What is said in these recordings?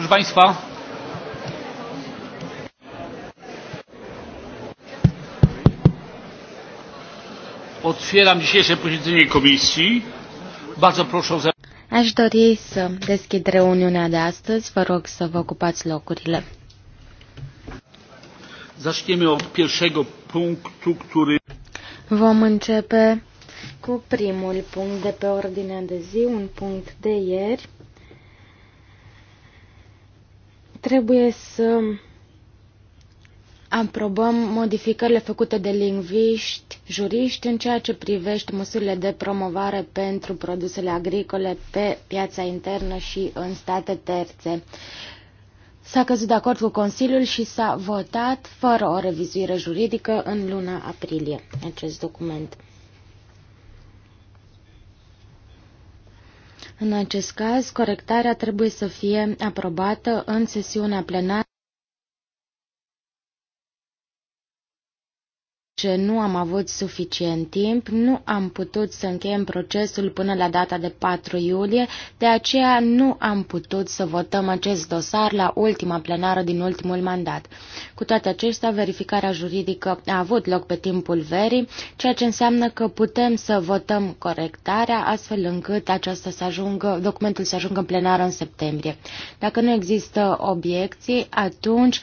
Proszę Państwa, otwieram dzisiejsze posiedzenie komisji. Bardzo proszę o Aș dori să deschid reuniunea de astăzi. Vă rog să vă ocupați locurile. Zaczniemy od pierwszego punktu, który... Vom începe cu primul punct de pe ordinea de zi, un punct de ieri. Trebuie să aprobăm modificările făcute de lingviști, juriști în ceea ce privește măsurile de promovare pentru produsele agricole pe piața internă și în state terțe. S-a căzut de acord cu Consiliul și s-a votat fără o revizuire juridică în luna aprilie acest document. În acest caz, corectarea trebuie să fie aprobată în sesiunea plenară. ce nu am avut suficient timp, nu am putut să încheiem procesul până la data de 4 iulie, de aceea nu am putut să votăm acest dosar la ultima plenară din ultimul mandat. Cu toate acestea, verificarea juridică a avut loc pe timpul verii, ceea ce înseamnă că putem să votăm corectarea astfel încât aceasta să ajungă, documentul să ajungă în plenară în septembrie. Dacă nu există obiecții, atunci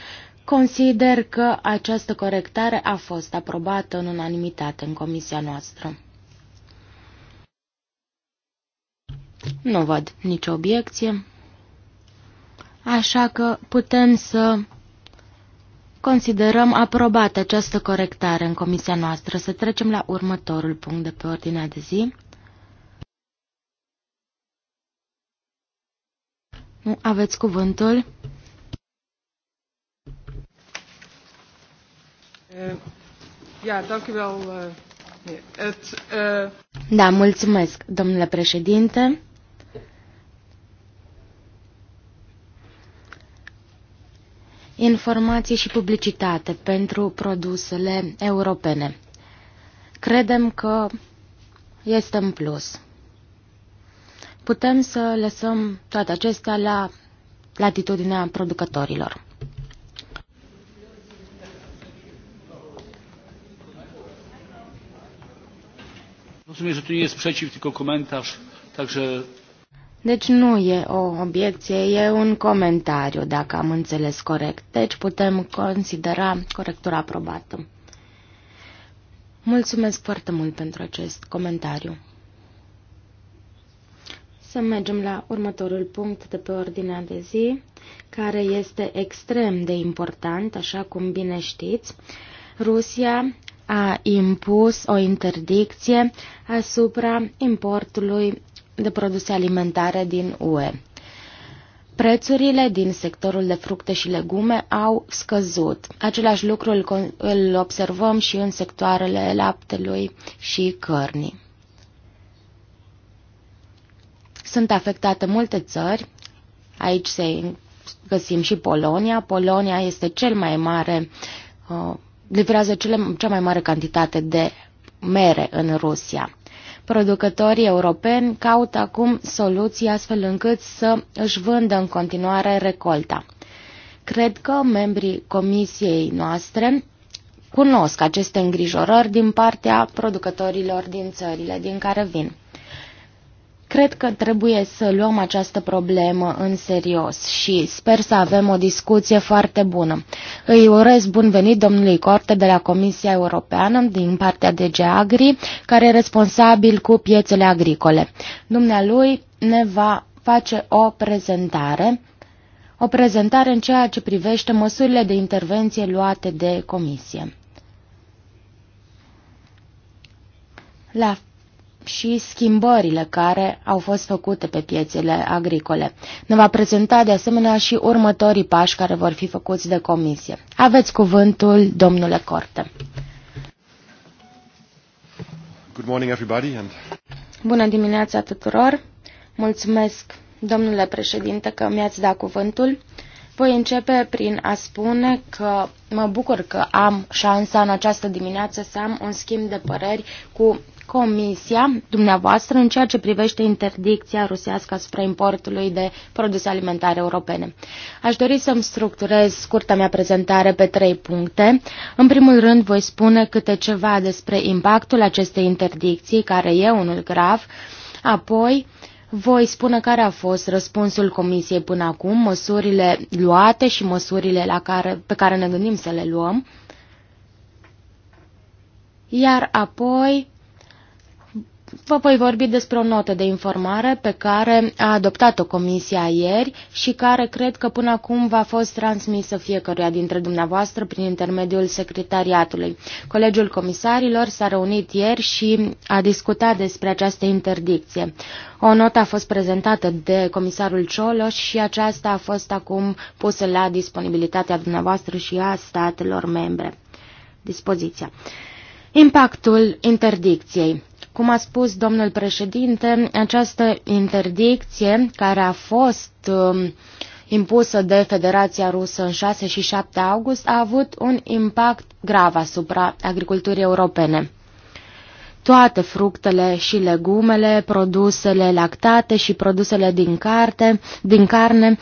Consider că această corectare a fost aprobată în unanimitate în comisia noastră. Nu văd nicio obiecție, așa că putem să considerăm aprobată această corectare în comisia noastră. Să trecem la următorul punct de pe ordinea de zi. Nu aveți cuvântul. Eh, eh, eh, da, mulțumesc, domnule președinte. Informații și publicitate pentru produsele europene. Credem că este în plus. Putem să lăsăm toate acestea la latitudinea producătorilor. Rozumiem, że to nie jest sprzeciw, tylko komentarz, także... Deci nu e o obiecție, e un comentariu, dacă am înțeles corect. Deci putem considera corectura aprobată. Mulțumesc foarte mult pentru acest comentariu. Să mergem la următorul punct de pe ordinea de zi, care este extrem de important, așa cum bine știți. Rusia a impus o interdicție asupra importului de produse alimentare din UE. Prețurile din sectorul de fructe și legume au scăzut. Același lucru îl, observăm și în sectoarele laptelui și cărnii. Sunt afectate multe țări. Aici se găsim și Polonia. Polonia este cel mai mare uh, livrează cele, cea mai mare cantitate de mere în Rusia. Producătorii europeni caută acum soluții astfel încât să își vândă în continuare recolta. Cred că membrii comisiei noastre cunosc aceste îngrijorări din partea producătorilor din țările din care vin. Cred că trebuie să luăm această problemă în serios și sper să avem o discuție foarte bună. Îi urez bun venit domnului Corte de la Comisia Europeană din partea de Agri, care e responsabil cu piețele agricole. Dumnealui ne va face o prezentare, o prezentare în ceea ce privește măsurile de intervenție luate de Comisie. La și schimbările care au fost făcute pe piețele agricole. Ne va prezenta de asemenea și următorii pași care vor fi făcuți de comisie. Aveți cuvântul, domnule Corte. Good morning everybody and... Bună dimineața tuturor! Mulțumesc, domnule președinte, că mi-ați dat cuvântul. Voi începe prin a spune că mă bucur că am șansa în această dimineață să am un schimb de păreri cu Comisia dumneavoastră în ceea ce privește interdicția rusească asupra importului de produse alimentare europene. Aș dori să-mi structurez scurta mea prezentare pe trei puncte. În primul rând voi spune câte ceva despre impactul acestei interdicții, care e unul grav, apoi voi spune care a fost răspunsul Comisiei până acum, măsurile luate și măsurile la care, pe care ne gândim să le luăm, iar apoi Vă voi vorbi despre o notă de informare pe care a adoptat-o Comisia ieri și care cred că până acum va fost transmisă fiecăruia dintre dumneavoastră prin intermediul secretariatului. Colegiul comisarilor s-a reunit ieri și a discutat despre această interdicție. O notă a fost prezentată de comisarul Cioloș și aceasta a fost acum pusă la disponibilitatea dumneavoastră și a statelor membre. Dispoziția. Impactul interdicției. Cum a spus domnul președinte, această interdicție care a fost um, impusă de Federația Rusă în 6 și 7 august a avut un impact grav asupra agriculturii europene toate fructele și legumele, produsele lactate și produsele din, carte, din carne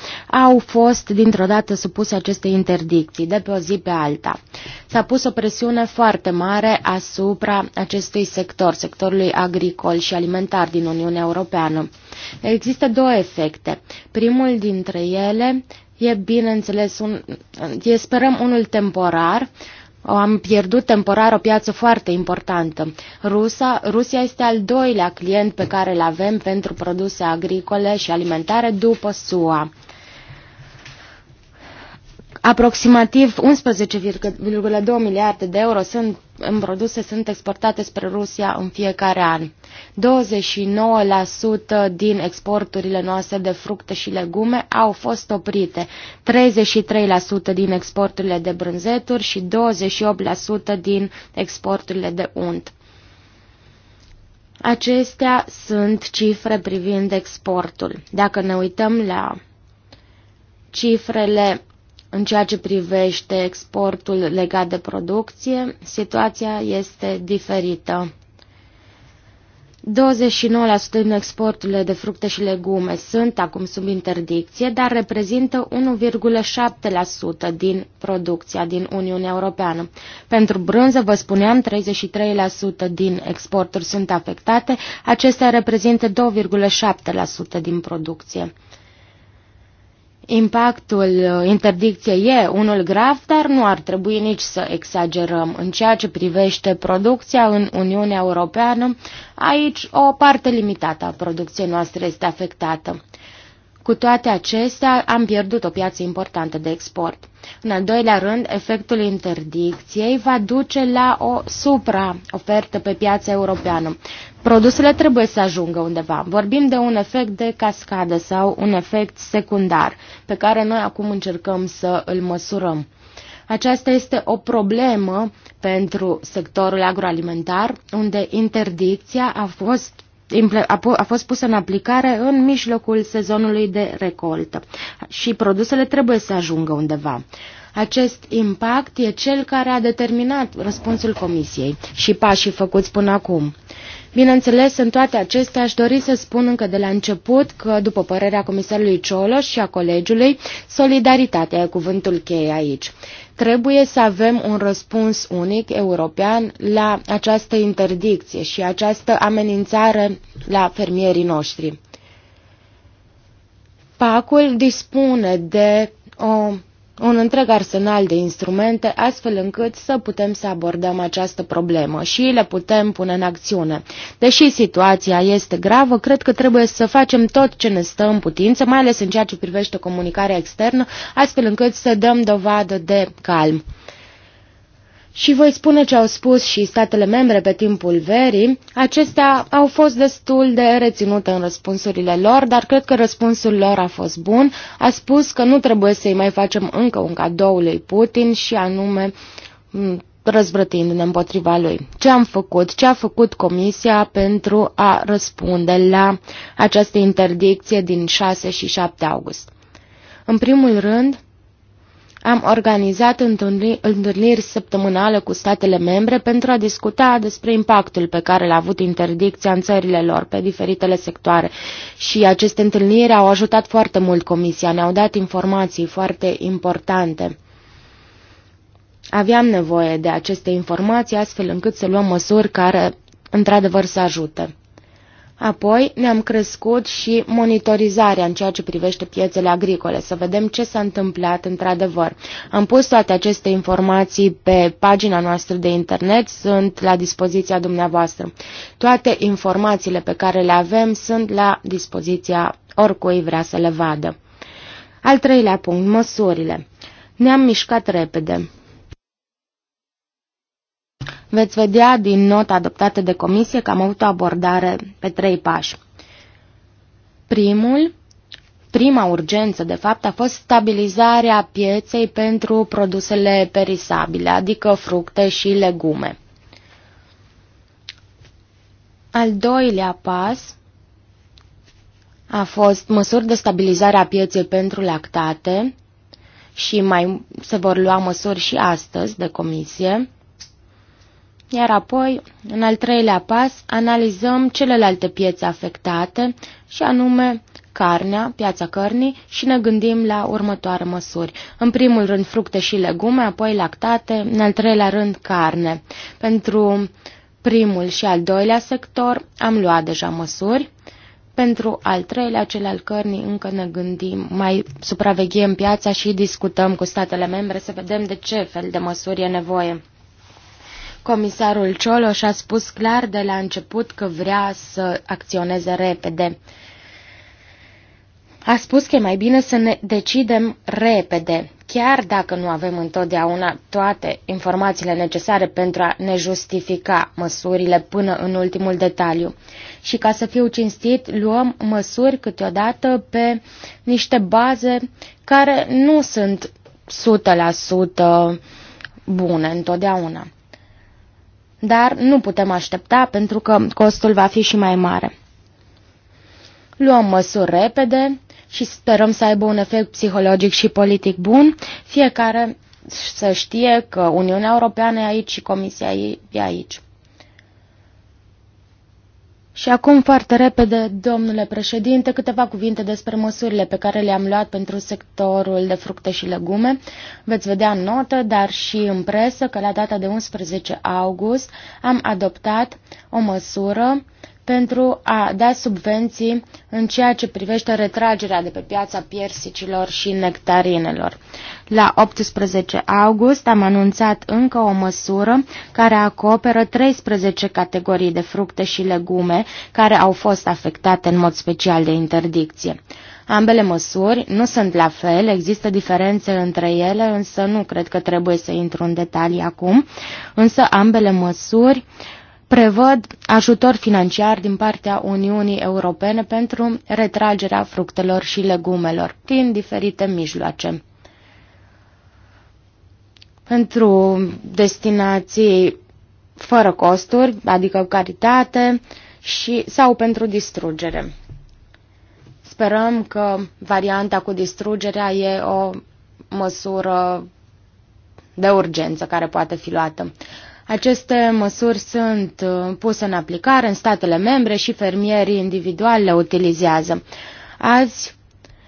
au fost dintr-o dată supuse acestei interdicții, de pe o zi pe alta. S-a pus o presiune foarte mare asupra acestui sector, sectorului agricol și alimentar din Uniunea Europeană. Există două efecte. Primul dintre ele e, bineînțeles, un, e sperăm unul temporar, am pierdut temporar o piață foarte importantă. Rusa, Rusia este al doilea client pe care îl avem pentru produse agricole și alimentare după SUA. Aproximativ 11,2 miliarde de euro sunt, în produse sunt exportate spre Rusia în fiecare an. 29% din exporturile noastre de fructe și legume au fost oprite, 33% din exporturile de brânzeturi și 28% din exporturile de unt. Acestea sunt cifre privind exportul. Dacă ne uităm la cifrele în ceea ce privește exportul legat de producție, situația este diferită. 29% din exporturile de fructe și legume sunt acum sub interdicție, dar reprezintă 1,7% din producția din Uniunea Europeană. Pentru brânză, vă spuneam, 33% din exporturi sunt afectate, acestea reprezintă 2,7% din producție. Impactul uh, interdicției e unul grav, dar nu ar trebui nici să exagerăm. În ceea ce privește producția în Uniunea Europeană, aici o parte limitată a producției noastre este afectată. Cu toate acestea, am pierdut o piață importantă de export. În al doilea rând, efectul interdicției va duce la o supraofertă pe piața europeană. Produsele trebuie să ajungă undeva. Vorbim de un efect de cascadă sau un efect secundar, pe care noi acum încercăm să îl măsurăm. Aceasta este o problemă pentru sectorul agroalimentar, unde interdicția a fost a fost pusă în aplicare în mijlocul sezonului de recoltă și produsele trebuie să ajungă undeva. Acest impact e cel care a determinat răspunsul Comisiei și pașii făcuți până acum. Bineînțeles, în toate acestea aș dori să spun încă de la început că, după părerea comisarului Cioloș și a colegiului, solidaritatea e cuvântul cheie aici. Trebuie să avem un răspuns unic european la această interdicție și această amenințare la fermierii noștri. Pacul dispune de o un întreg arsenal de instrumente astfel încât să putem să abordăm această problemă și le putem pune în acțiune. Deși situația este gravă, cred că trebuie să facem tot ce ne stă în putință, mai ales în ceea ce privește comunicarea externă, astfel încât să dăm dovadă de calm și voi spune ce au spus și statele membre pe timpul verii, acestea au fost destul de reținute în răspunsurile lor, dar cred că răspunsul lor a fost bun. A spus că nu trebuie să-i mai facem încă un cadou lui Putin și anume mm, răzvrătindu-ne împotriva lui. Ce am făcut? Ce a făcut Comisia pentru a răspunde la această interdicție din 6 și 7 august? În primul rând, am organizat întâlniri săptămânale cu statele membre pentru a discuta despre impactul pe care l-a avut interdicția în țările lor pe diferitele sectoare și aceste întâlniri au ajutat foarte mult Comisia, ne-au dat informații foarte importante. Aveam nevoie de aceste informații astfel încât să luăm măsuri care într-adevăr să ajute. Apoi ne-am crescut și monitorizarea în ceea ce privește piețele agricole, să vedem ce s-a întâmplat într-adevăr. Am pus toate aceste informații pe pagina noastră de internet, sunt la dispoziția dumneavoastră. Toate informațiile pe care le avem sunt la dispoziția oricui vrea să le vadă. Al treilea punct, măsurile. Ne-am mișcat repede. Veți vedea din nota adoptată de comisie că am avut o abordare pe trei pași. Primul, prima urgență, de fapt, a fost stabilizarea pieței pentru produsele perisabile, adică fructe și legume. Al doilea pas a fost măsuri de stabilizare a pieței pentru lactate și mai se vor lua măsuri și astăzi de comisie. Iar apoi, în al treilea pas, analizăm celelalte piețe afectate, și anume carnea, piața cărnii, și ne gândim la următoare măsuri. În primul rând fructe și legume, apoi lactate, în al treilea rând carne. Pentru primul și al doilea sector am luat deja măsuri. Pentru al treilea, cel al cărnii, încă ne gândim, mai supraveghem piața și discutăm cu statele membre să vedem de ce fel de măsuri e nevoie. Comisarul Cioloș a spus clar de la început că vrea să acționeze repede. A spus că e mai bine să ne decidem repede, chiar dacă nu avem întotdeauna toate informațiile necesare pentru a ne justifica măsurile până în ultimul detaliu. Și ca să fiu cinstit, luăm măsuri câteodată pe niște baze care nu sunt 100% bune întotdeauna dar nu putem aștepta pentru că costul va fi și mai mare. Luăm măsuri repede și sperăm să aibă un efect psihologic și politic bun. Fiecare să știe că Uniunea Europeană e aici și Comisia e aici. Și acum foarte repede, domnule președinte, câteva cuvinte despre măsurile pe care le-am luat pentru sectorul de fructe și legume. Veți vedea în notă, dar și în presă, că la data de 11 august am adoptat o măsură pentru a da subvenții în ceea ce privește retragerea de pe piața piersicilor și nectarinelor. La 18 august am anunțat încă o măsură care acoperă 13 categorii de fructe și legume care au fost afectate în mod special de interdicție. Ambele măsuri nu sunt la fel, există diferențe între ele, însă nu cred că trebuie să intru în detalii acum, însă ambele măsuri uh, prevăd ajutor financiar din partea Uniunii Europene pentru retragerea fructelor și legumelor prin diferite mijloace. Pentru destinații fără costuri, adică caritate, și, sau pentru distrugere. Sperăm că varianta cu distrugerea e o măsură de urgență care poate fi luată. Aceste măsuri sunt uh, puse în aplicare în statele membre și fermierii individuali le utilizează. Azi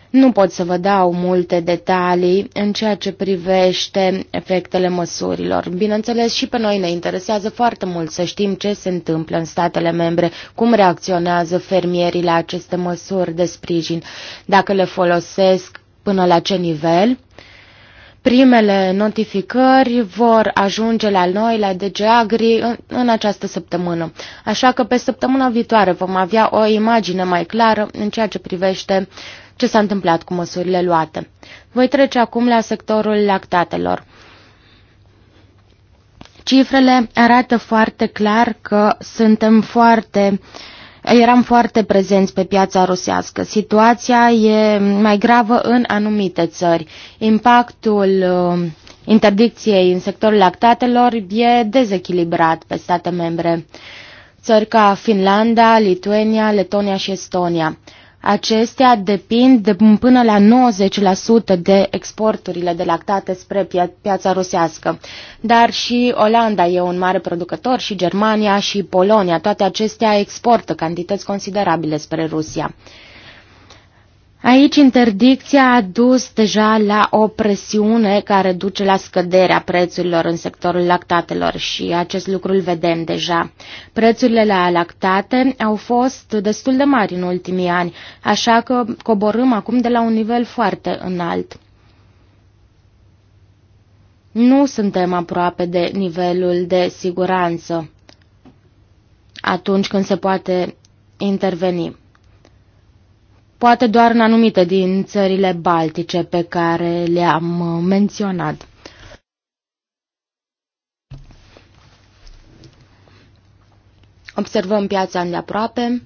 nu pot să vă dau multe detalii în ceea ce privește efectele măsurilor. Bineînțeles, și pe noi ne interesează foarte mult să știm ce se întâmplă în statele membre, cum reacționează fermierii la aceste măsuri de sprijin, dacă le folosesc, până la ce nivel Primele notificări vor ajunge la noi, la DG Agri, în, în această săptămână. Așa că pe săptămâna viitoare vom avea o imagine mai clară în ceea ce privește ce s-a întâmplat cu măsurile luate. Voi trece acum la sectorul lactatelor. Cifrele arată foarte clar că suntem foarte uh, eram foarte prezenți pe piața rusească. Situația e mai gravă în anumite țări. Impactul uh, interdicției în sectorul lactatelor e dezechilibrat pe state membre. Țări ca Finlanda, Lituania, Letonia și Estonia. Acestea depind de până la 90% de exporturile de lactate spre piața rusească. Dar și Olanda e un mare producător, și Germania, și Polonia, toate acestea exportă cantități considerabile spre Rusia. Aici interdicția a dus deja la o presiune care duce la scăderea prețurilor în sectorul lactatelor și acest lucru îl vedem deja. Prețurile la lactate au fost destul de mari în ultimii ani, așa că coborâm acum de la un nivel foarte înalt. Nu suntem aproape de nivelul de siguranță atunci când se poate interveni poate doar în anumite din țările baltice pe care le-am uh, menționat. Observăm piața îndeaproape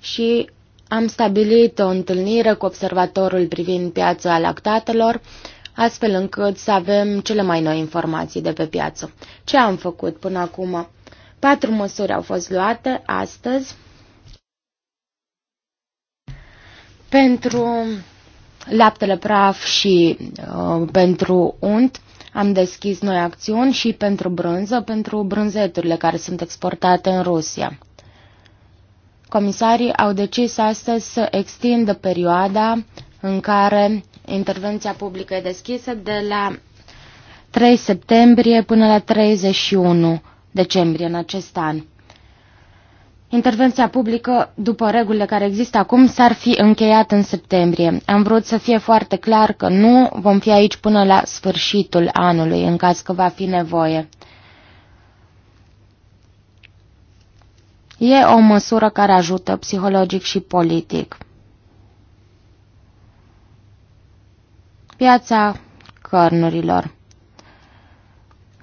și am stabilit o întâlnire cu observatorul privind piața lactatelor, astfel încât să avem cele mai noi informații de pe piață. Ce am făcut până acum? Patru măsuri au fost luate astăzi Pentru laptele praf și uh, pentru unt am deschis noi acțiuni și pentru brânză, pentru brânzeturile care sunt exportate în Rusia. Comisarii au decis astăzi să extindă perioada în care intervenția publică e deschisă de la 3 septembrie până la 31 decembrie în acest an. Intervenția publică, după regulile care există acum, s-ar fi încheiat în septembrie. Am vrut să fie foarte clar că nu vom fi aici până la sfârșitul anului, în caz că va fi nevoie. E o măsură care ajută psihologic și politic. Piața cărnurilor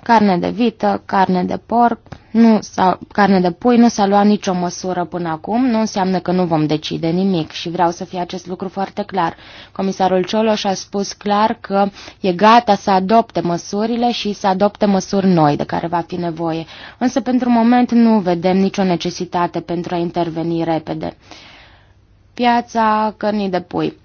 carne de vită, carne de porc, nu, sau carne de pui, nu s-a luat nicio măsură până acum, nu înseamnă că nu vom decide nimic și vreau să fie acest lucru foarte clar. Comisarul Cioloș a spus clar că e gata să adopte măsurile și să adopte măsuri noi de care va fi nevoie, însă pentru moment nu vedem nicio necesitate pentru a interveni repede. Piața cărnii de pui.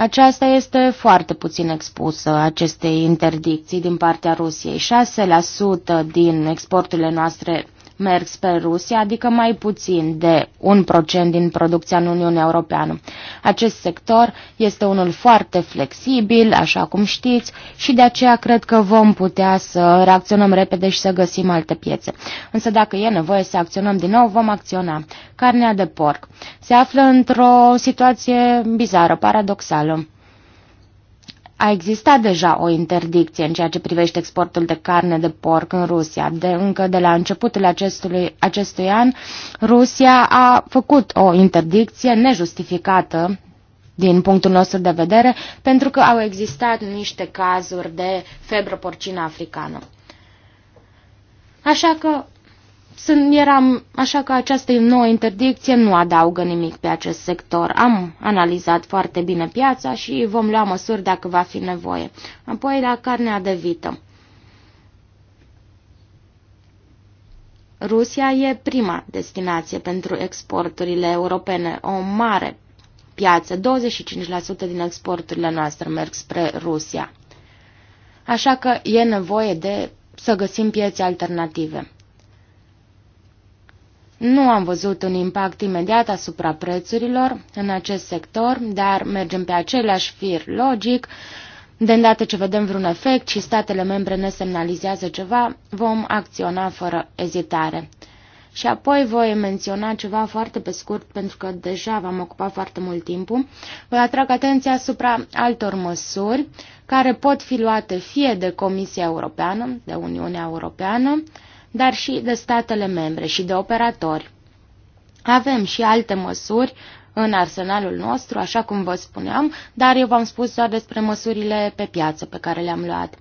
Aceasta este foarte puțin expusă acestei interdicții din partea Rusiei. 6% din exporturile noastre merg spre Rusia, adică mai puțin de 1% din producția în Uniunea Europeană. Acest sector este unul foarte flexibil, așa cum știți, și de aceea cred că vom putea să reacționăm repede și să găsim alte piețe. Însă dacă e nevoie să acționăm din nou, vom acționa. Carnea de porc se află într-o situație bizară, paradoxală. A existat deja o interdicție în ceea ce privește exportul de carne de porc în Rusia. De, încă de la începutul acestui, acestui an, Rusia a făcut o interdicție nejustificată din punctul nostru de vedere, pentru că au existat niște cazuri de febră porcină africană. Așa că sunt, eram, așa că această nouă interdicție nu adaugă nimic pe acest sector. Am analizat foarte bine piața și vom lua măsuri dacă va fi nevoie. Apoi la carnea de vită. Rusia e prima destinație pentru exporturile europene, o mare piață. 25% din exporturile noastre merg spre Rusia. Așa că e nevoie de să găsim piețe alternative. Nu am văzut un impact imediat asupra prețurilor în acest sector, dar mergem pe același fir logic. De îndată ce vedem vreun efect și statele membre ne semnalizează ceva, vom acționa fără ezitare. Și apoi voi menționa ceva foarte pe scurt, pentru că deja v-am ocupat foarte mult timpul. Vă atrag atenția asupra altor măsuri care pot fi luate fie de Comisia Europeană, de Uniunea Europeană, dar și de statele membre și de operatori. Avem și alte măsuri în arsenalul nostru, așa cum vă spuneam, dar eu v-am spus doar despre măsurile pe piață pe care le-am luat.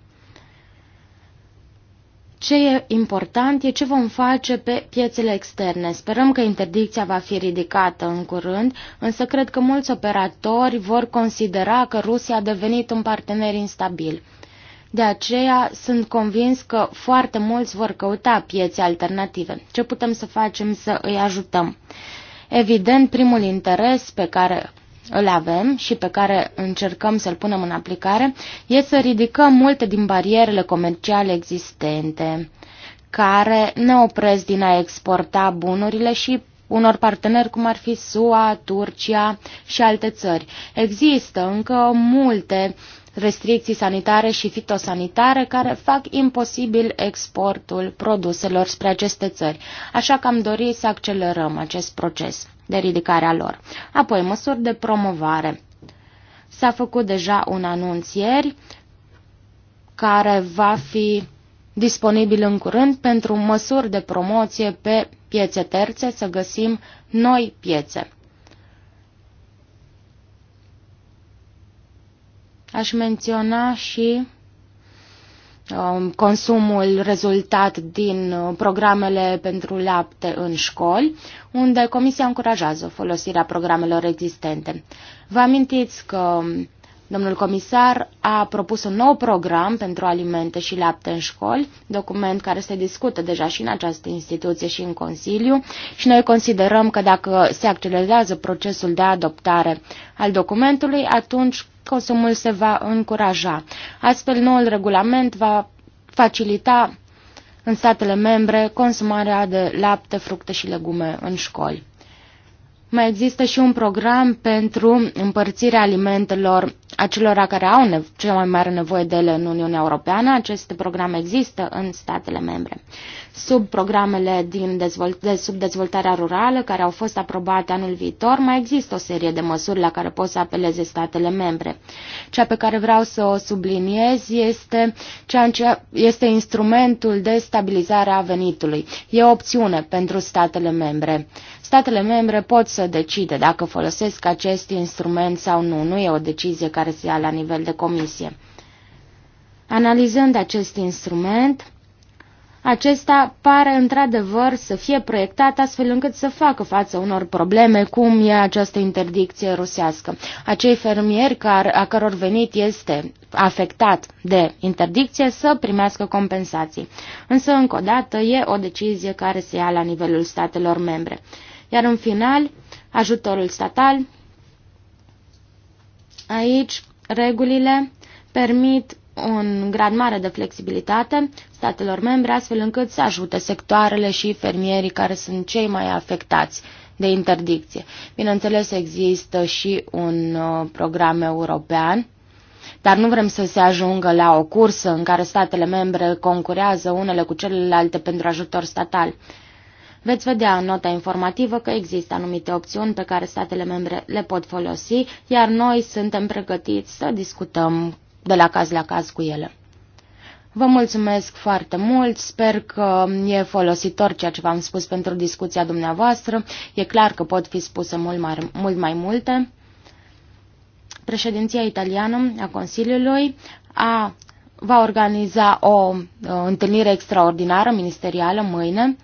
Ce e important e ce vom face pe piețele externe. Sperăm că interdicția va fi ridicată în curând, însă cred că mulți operatori vor considera că Rusia a devenit un partener instabil. De aceea sunt convins că foarte mulți vor căuta piețe alternative. Ce putem să facem să îi ajutăm? Evident, primul interes pe care îl avem și pe care încercăm să-l punem în aplicare e să ridicăm multe din barierele comerciale existente care ne opresc din a exporta bunurile și unor parteneri cum ar fi SUA, Turcia și alte țări. Există încă multe restricții sanitare și fitosanitare care fac imposibil exportul produselor spre aceste țări, așa că am dorit să accelerăm acest proces de ridicare a lor. Apoi, măsuri de promovare. S-a făcut deja un anunț ieri care va fi disponibil în curând pentru măsuri de promoție pe piețe terțe, să găsim noi piețe. Aș menționa și um, consumul rezultat din uh, programele pentru lapte în școli, unde Comisia încurajează folosirea programelor existente. Vă amintiți că um, Domnul comisar a propus un nou program pentru alimente și lapte în școli, document care se discută deja și în această instituție și în Consiliu și noi considerăm că dacă se accelerează procesul de adoptare al documentului, atunci consumul se va încuraja. Astfel, noul regulament va facilita în statele membre consumarea de lapte, fructe și legume în școli. Mai există și un program pentru împărțirea alimentelor acelora care au cea mai mare nevoie de ele în Uniunea Europeană. Aceste programe există în statele membre. Sub programele din dezvolt- de sub dezvoltarea rurală, care au fost aprobate anul viitor, mai există o serie de măsuri la care pot să apeleze statele membre. Cea pe care vreau să o subliniez este, ceea ce este instrumentul de stabilizare a venitului. E o opțiune pentru statele membre Statele membre pot să decide dacă folosesc acest instrument sau nu. Nu e o decizie care se ia la nivel de comisie. Analizând acest instrument, acesta pare într-adevăr să fie proiectat astfel încât să facă față unor probleme, cum e această interdicție rusească. Acei fermieri care, a căror venit este afectat de interdicție să primească compensații. Însă, încă o dată, e o decizie care se ia la nivelul statelor membre. Iar în final, ajutorul statal. Aici, regulile permit un grad mare de flexibilitate statelor membre, astfel încât să ajute sectoarele și fermierii care sunt cei mai afectați de interdicție. Bineînțeles, există și un uh, program european, dar nu vrem să se ajungă la o cursă în care statele membre concurează unele cu celelalte pentru ajutor statal. Veți vedea în nota informativă că există anumite opțiuni pe care statele membre le pot folosi, iar noi suntem pregătiți să discutăm de la caz la caz cu ele. Vă mulțumesc foarte mult, sper că e folositor ceea ce v-am spus pentru discuția dumneavoastră. E clar că pot fi spuse mult mai, mult mai multe. Președinția italiană a Consiliului a, va organiza o o uh, întâlnire extraordinară ministerială mâine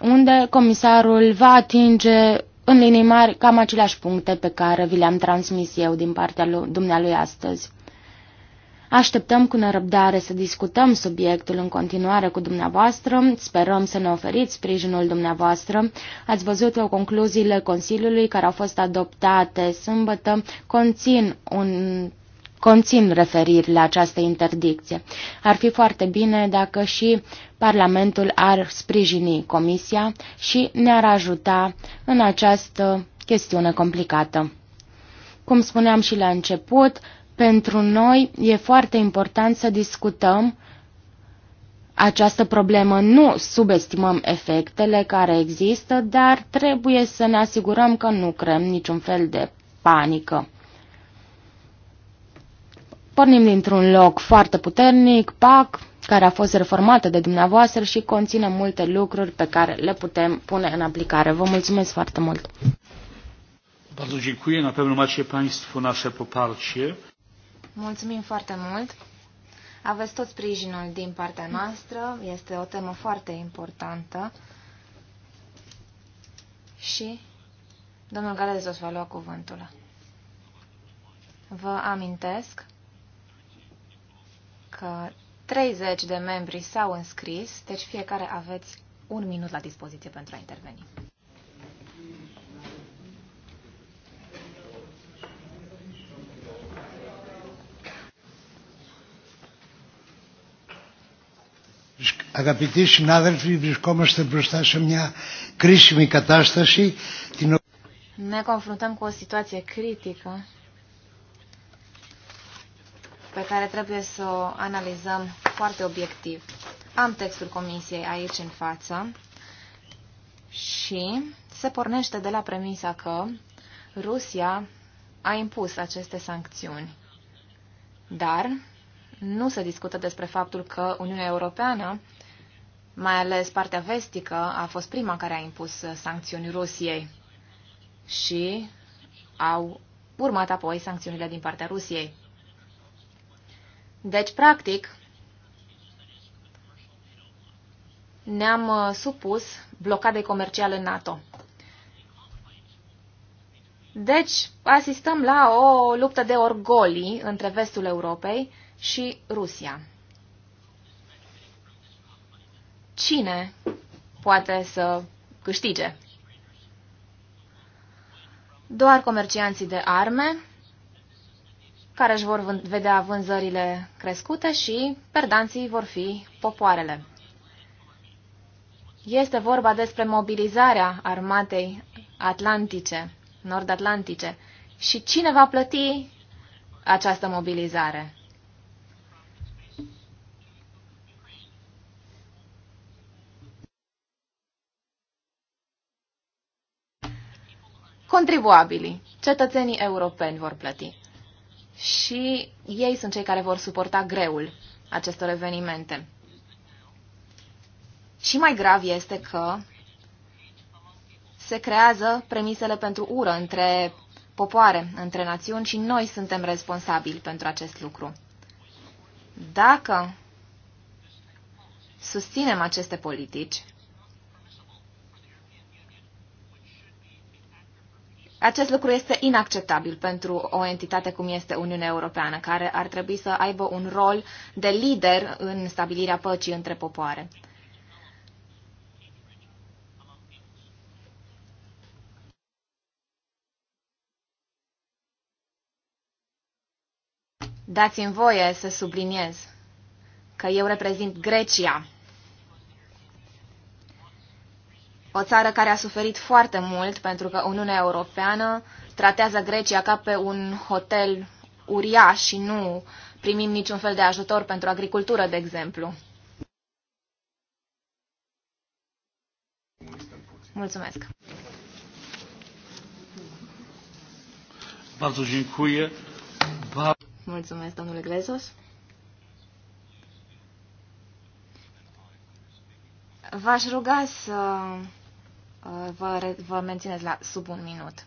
unde comisarul va atinge în linii mari cam aceleași puncte pe care vi le-am transmis eu din partea lui, dumnealui astăzi. Așteptăm cu nerăbdare să discutăm subiectul în continuare cu dumneavoastră, sperăm să ne oferiți sprijinul dumneavoastră. Ați văzut că concluziile Consiliului care au fost adoptate sâmbătă conțin un conțin referiri la această interdicție. Ar fi foarte bine dacă și Parlamentul ar sprijini Comisia și ne-ar ajuta în această chestiune complicată. Cum spuneam și la început, pentru noi e foarte important să discutăm această problemă. Nu subestimăm efectele care există, dar trebuie să ne asigurăm că nu creăm niciun fel de panică. Pornim dintr-un loc foarte puternic, PAC, care a fost reformată de dumneavoastră și conține multe lucruri pe care le putem pune în aplicare. Vă mulțumesc foarte mult! poparcie. Mulțumim foarte mult. Aveți tot sprijinul din partea noastră. Este o temă foarte importantă. Și domnul Galezos va lua cuvântul. Vă amintesc că 30 de membri s-au înscris, deci fiecare aveți un minut la dispoziție pentru a interveni. Αγαπητοί συνάδελφοι, βρισκόμαστε μπροστά σε μια κρίσιμη κατάσταση. Την... Ne confruntăm cu o situație critică pe care trebuie să o analizăm foarte obiectiv. Am textul comisiei aici în față și se pornește de la premisa că Rusia a impus aceste sancțiuni. Dar nu se discută despre faptul că Uniunea Europeană, mai ales partea vestică, a fost prima care a impus sancțiuni Rusiei și au urmat apoi sancțiunile din partea Rusiei. Deci, practic, ne-am uh, supus blocadei comerciale NATO. Deci, asistăm la o luptă de orgolii între vestul Europei și Rusia. Cine poate să câștige? Doar comercianții de arme care își vor vedea vânzările crescute și perdanții vor fi popoarele. Este vorba despre mobilizarea armatei atlantice, nord-atlantice, și cine va plăti această mobilizare. Contribuabilii, cetățenii europeni vor plăti și ei sunt cei care vor suporta greul acestor evenimente. Și mai grav este că se creează premisele pentru ură între popoare, între națiuni și noi suntem responsabili pentru acest lucru. Dacă susținem aceste politici, Acest lucru este inacceptabil pentru o entitate cum este Uniunea Europeană, care ar trebui să aibă un rol de lider în stabilirea păcii între popoare. Dați-mi voie să subliniez că eu reprezint Grecia o țară care a suferit foarte mult pentru că Uniunea Europeană tratează Grecia ca pe un hotel uriaș și nu primim niciun fel de ajutor pentru agricultură, de exemplu. Mulțumesc. Mulțumesc, domnule Grezos. V-aș ruga să Uh, vă, vă mențineți la sub un minut.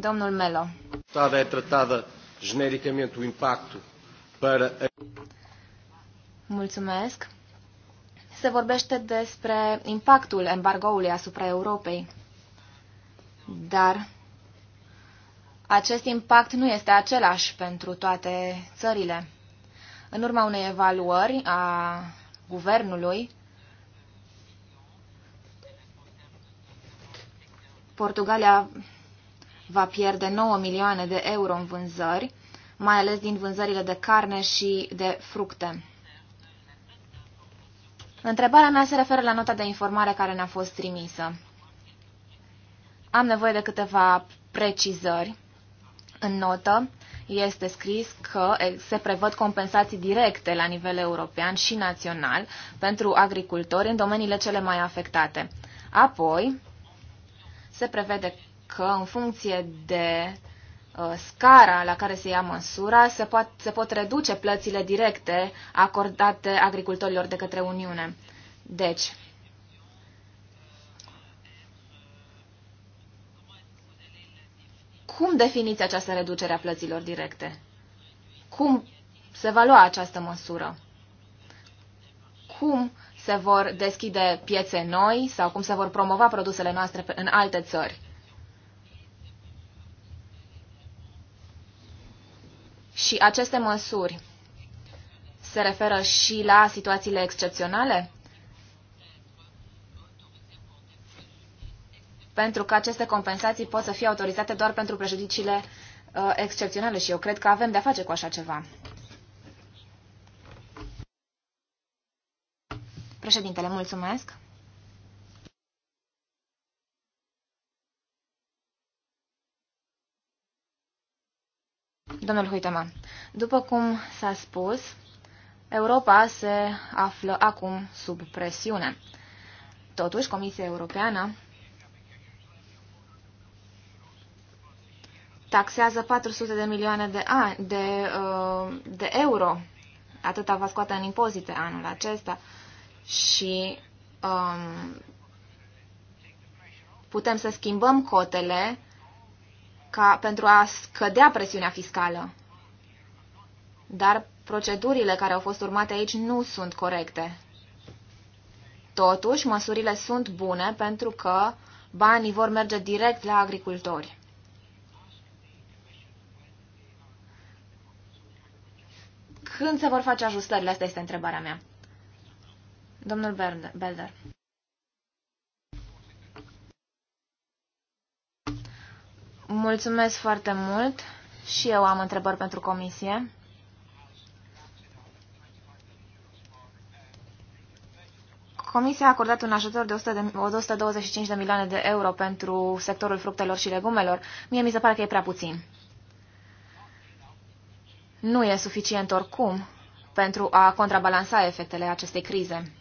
Domnul Melo. Tratada e tratada genericamente o impacto para Mulțumesc. Se vorbește despre impactul embargoului asupra Europei. Dar acest impact nu este același pentru toate țările. În urma unei evaluări a guvernului, Portugalia va pierde 9 milioane de euro în vânzări, mai ales din vânzările de carne și de fructe. Întrebarea mea se referă la nota de informare care ne-a fost trimisă. Am nevoie de câteva precizări în notă este scris că se prevăd compensații directe la nivel european și național pentru agricultori în domeniile cele mai afectate. Apoi, se prevede că în funcție de uh, scara la care se ia măsura, se, pot, se pot reduce plățile directe acordate agricultorilor de către Uniune. Deci, Cum definiți această reducere a plăților directe? Cum se va lua această măsură? Cum se vor deschide piețe noi sau cum se vor promova produsele noastre în alte țări? Și aceste măsuri se referă și la situațiile excepționale? pentru că aceste compensații pot să fie autorizate doar pentru prejudiciile uh, excepționale și eu cred că avem de-a face cu așa ceva. Președintele, mulțumesc. Domnul Huitema, după cum s-a spus, Europa se află acum sub presiune. Totuși, Comisia Europeană taxează 400 de milioane de, ani, de, uh, de euro. Atâta va scoate în impozite anul acesta. Și um, putem să schimbăm cotele ca, pentru a scădea presiunea fiscală. Dar procedurile care au fost urmate aici nu sunt corecte. Totuși, măsurile sunt bune pentru că banii vor merge direct la agricultori. Când se vor face ajustările? Asta este întrebarea mea. Domnul Belder. Mulțumesc foarte mult. Și eu am întrebări pentru comisie. Comisia a acordat un ajutor de 100 de, 125 de milioane de euro pentru sectorul fructelor și legumelor. Mie mi se pare că e prea puțin nu e suficient oricum pentru a contrabalansa efectele acestei crize.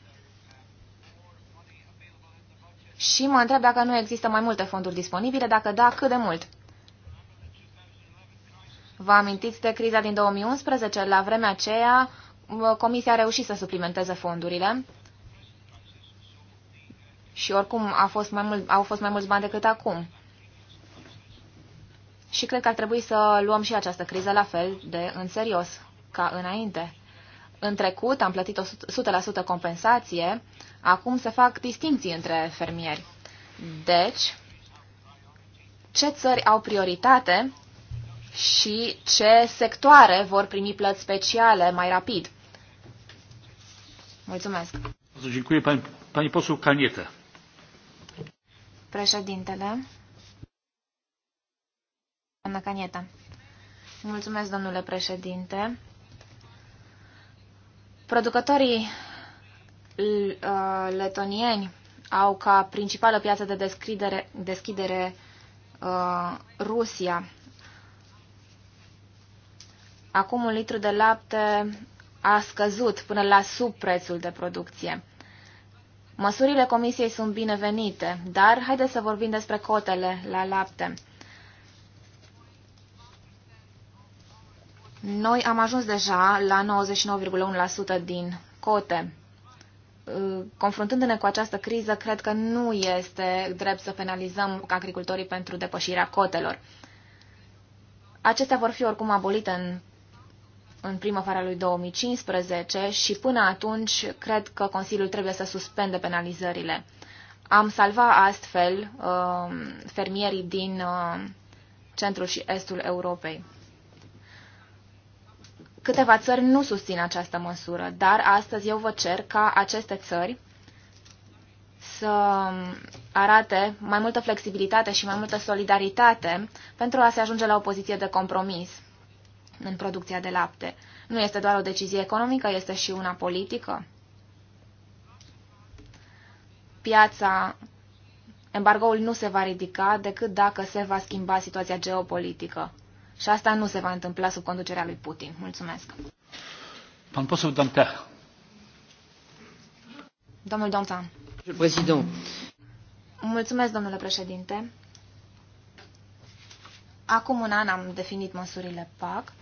Și mă întreb dacă nu există mai multe fonduri disponibile, dacă da, cât de mult. Vă amintiți de criza din 2011? La vremea aceea, Comisia a reușit să suplimenteze fondurile și oricum a fost mai mult, au fost mai mulți bani decât acum. Și cred că ar trebui să luăm și această criză la fel de în serios ca înainte. În trecut am plătit 100% compensație, acum se fac distinții între fermieri. Deci, ce țări au prioritate și ce sectoare vor primi plăți speciale mai rapid? Mulțumesc. Mulțumesc, pani, pani poseł Kalniete. Președintele. Doamna Canieta. Mulțumesc, domnule președinte. Producătorii uh, letonieni au ca principală piață de deschidere, deschidere uh, Rusia. Acum un litru de lapte a scăzut până la sub prețul de producție. Măsurile comisiei sunt binevenite, dar haideți să vorbim despre cotele la lapte. Noi am ajuns deja la 99,1% din cote. Uh, confruntându-ne cu această criză, cred că nu este drept să penalizăm agricultorii pentru depășirea cotelor. Acestea vor fi oricum abolite în, în primăvara lui 2015 și până atunci cred că Consiliul trebuie să suspende penalizările. Am salvat astfel uh, fermierii din uh, centrul și estul Europei. Câteva țări nu susțin această măsură, dar astăzi eu vă cer ca aceste țări să arate mai multă flexibilitate și mai multă solidaritate pentru a se ajunge la o poziție de compromis în producția de lapte. Nu este doar o decizie economică, este și una politică. Piața, embargoul nu se va ridica decât dacă se va schimba situația geopolitică. Și asta nu se va întâmpla sub conducerea lui Putin. Mulțumesc. Pan poseł Domnul Domțan. Mulțumesc, domnule președinte. Acum un an am definit măsurile PAC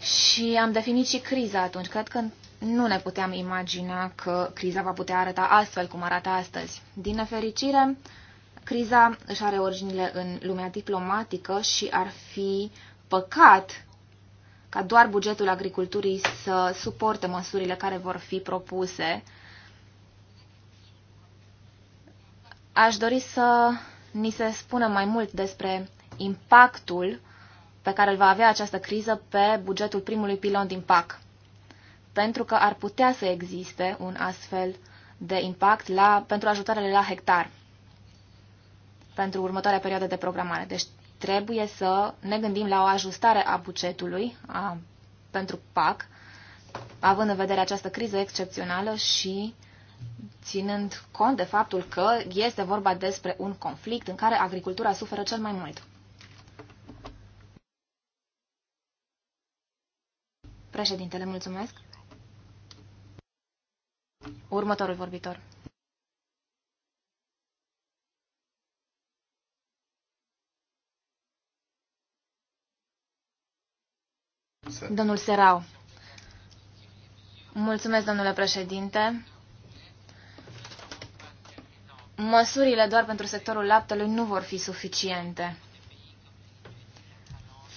și am definit și criza atunci. Cred că nu ne puteam imagina că criza va putea arăta astfel cum arată astăzi. Din nefericire, Criza își are originile în lumea diplomatică și ar fi păcat ca doar bugetul agriculturii să suporte măsurile care vor fi propuse. Aș dori să ni se spună mai mult despre impactul pe care îl va avea această criză pe bugetul primului pilon din PAC, pentru că ar putea să existe un astfel de impact la, pentru ajutoarele la hectar pentru următoarea perioadă de programare. Deci trebuie să ne gândim la o ajustare a bugetului a, pentru PAC, având în vedere această criză excepțională și ținând cont de faptul că este vorba despre un conflict în care agricultura suferă cel mai mult. Președintele, mulțumesc. Următorul vorbitor. Domnul Serau. Mulțumesc, domnule președinte. Măsurile doar pentru sectorul laptelui nu vor fi suficiente.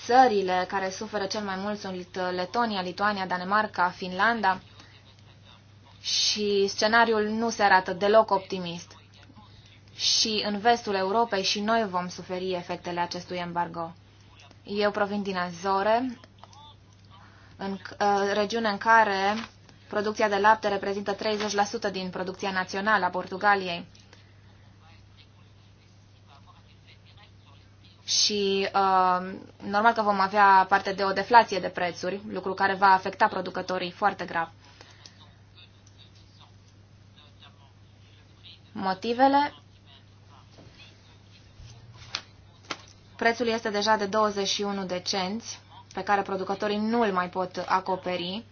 Țările care suferă cel mai mult sunt Letonia, Lituania, Danemarca, Finlanda și scenariul nu se arată deloc optimist. Și în vestul Europei și noi vom suferi efectele acestui embargo. Eu provin din Azore, în uh, regiune în care producția de lapte reprezintă 30% din producția națională a Portugaliei. Și uh, normal că vom avea parte de o deflație de prețuri, lucru care va afecta producătorii foarte grav. Motivele? Prețul este deja de 21 de cenți pe care producătorii nu îl mai pot acoperi.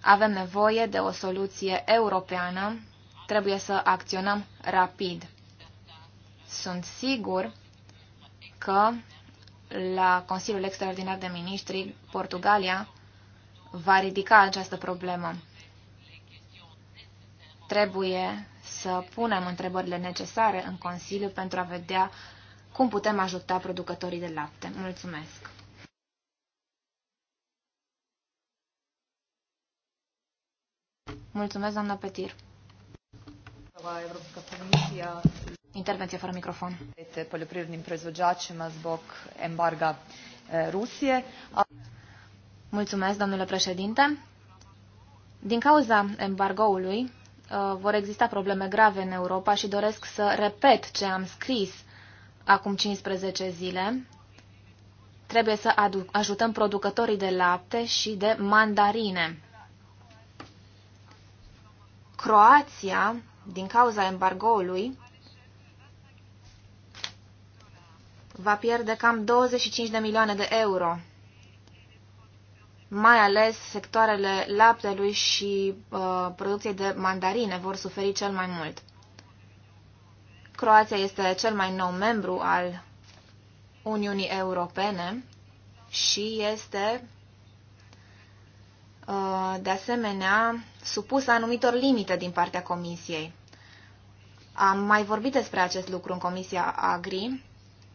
Avem nevoie de o soluție europeană. Trebuie să acționăm rapid. Sunt sigur că la Consiliul Extraordinar de Ministri, Portugalia va ridica această problemă. Trebuie să punem întrebările necesare în Consiliu pentru a vedea cum putem ajuta producătorii de lapte. Mulțumesc! Mulțumesc, doamna Petir. Intervenție fără microfon. Mulțumesc, domnule președinte. Din cauza embargoului vor exista probleme grave în Europa și doresc să repet ce am scris acum 15 zile. Trebuie să ajutăm producătorii de lapte și de mandarine. Croația, din cauza embargoului, va pierde cam 25 de milioane de euro, mai ales sectoarele laptelui și uh, producției de mandarine vor suferi cel mai mult. Croația este cel mai nou membru al Uniunii Europene și este Uh, de asemenea, supus anumitor limite din partea Comisiei. Am mai vorbit despre acest lucru în Comisia Agri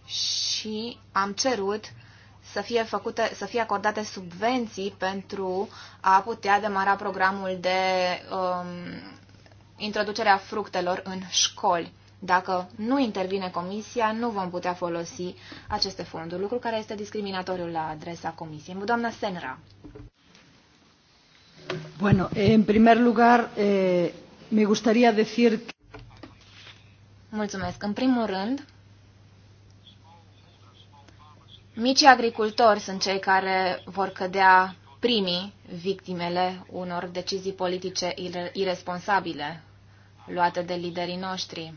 și am cerut să fie, făcute, să fie acordate subvenții pentru a putea demara programul de um, introducerea fructelor în școli. Dacă nu intervine Comisia, nu vom putea folosi aceste fonduri, lucru care este discriminatoriu la adresa Comisiei. Doamna Senra. Bueno, en primer lugar, eh, me gustaría decir que... Mulțumesc. În primul rând, micii agricultori sunt cei care vor cădea primii victimele unor decizii politice irresponsabile luate de liderii noștri.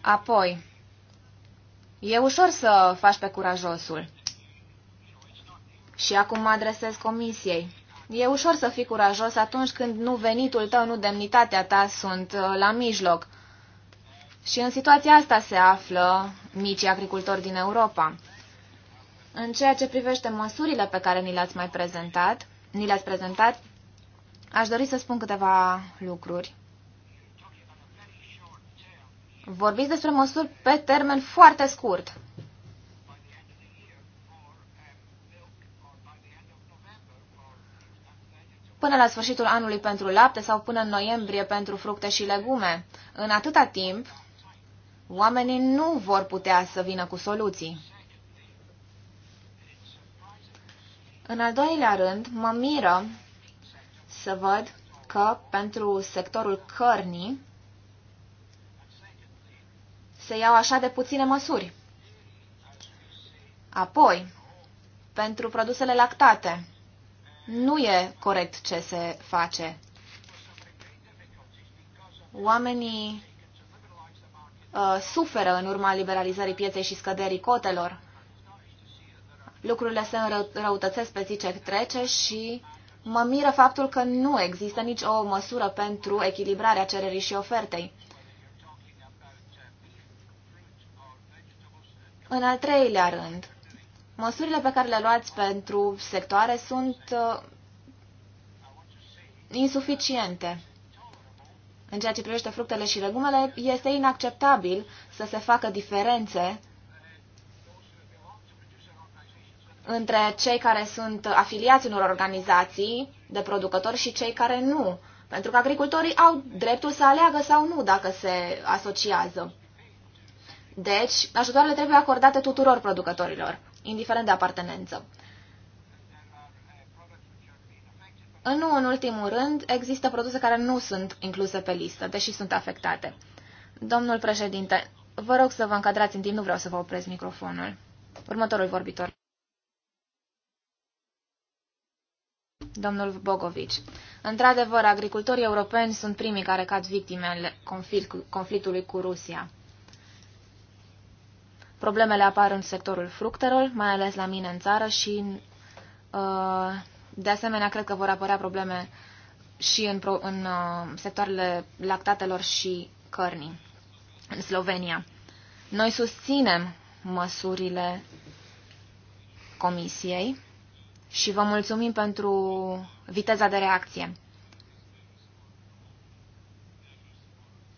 Apoi, e ușor să faci pe curajosul. Și acum mă adresez comisiei. E ușor să fii curajos atunci când nu venitul tău, nu demnitatea ta sunt uh, la mijloc. Și în situația asta se află micii agricultori din Europa. În ceea ce privește măsurile pe care ni le-ați mai prezentat, ni le-ați prezentat, aș dori să spun câteva lucruri. Vorbiți despre măsuri pe termen foarte scurt. până la sfârșitul anului pentru lapte sau până în noiembrie pentru fructe și legume. În atâta timp, oamenii nu vor putea să vină cu soluții. În al doilea rând, mă miră să văd că pentru sectorul cărnii se iau așa de puține măsuri. Apoi, pentru produsele lactate, nu e corect ce se face. Oamenii uh, suferă în urma liberalizării pieței și scăderii cotelor. Lucrurile se înrăutățesc pe zi ce trece și mă miră faptul că nu există nici o măsură pentru echilibrarea cererii și ofertei. În al treilea rând, Măsurile pe care le luați pentru sectoare sunt uh, insuficiente. În ceea ce privește fructele și legumele, este inacceptabil să se facă diferențe între cei care sunt afiliați unor organizații de producători și cei care nu. Pentru că agricultorii au dreptul să aleagă sau nu dacă se asociază. Deci, ajutoarele trebuie acordate tuturor producătorilor indiferent de apartenență. Nu în ultimul rând, există produse care nu sunt incluse pe listă, deși sunt afectate. Domnul președinte, vă rog să vă încadrați în timp, nu vreau să vă opresc microfonul. Următorul vorbitor. Domnul Bogovici. Într-adevăr, agricultorii europeni sunt primii care cad victimele conflictului cu Rusia. Problemele apar în sectorul fructelor, mai ales la mine în țară și uh, de asemenea cred că vor apărea probleme și în, în uh, sectoarele lactatelor și cărnii în Slovenia. Noi susținem măsurile Comisiei și vă mulțumim pentru viteza de reacție.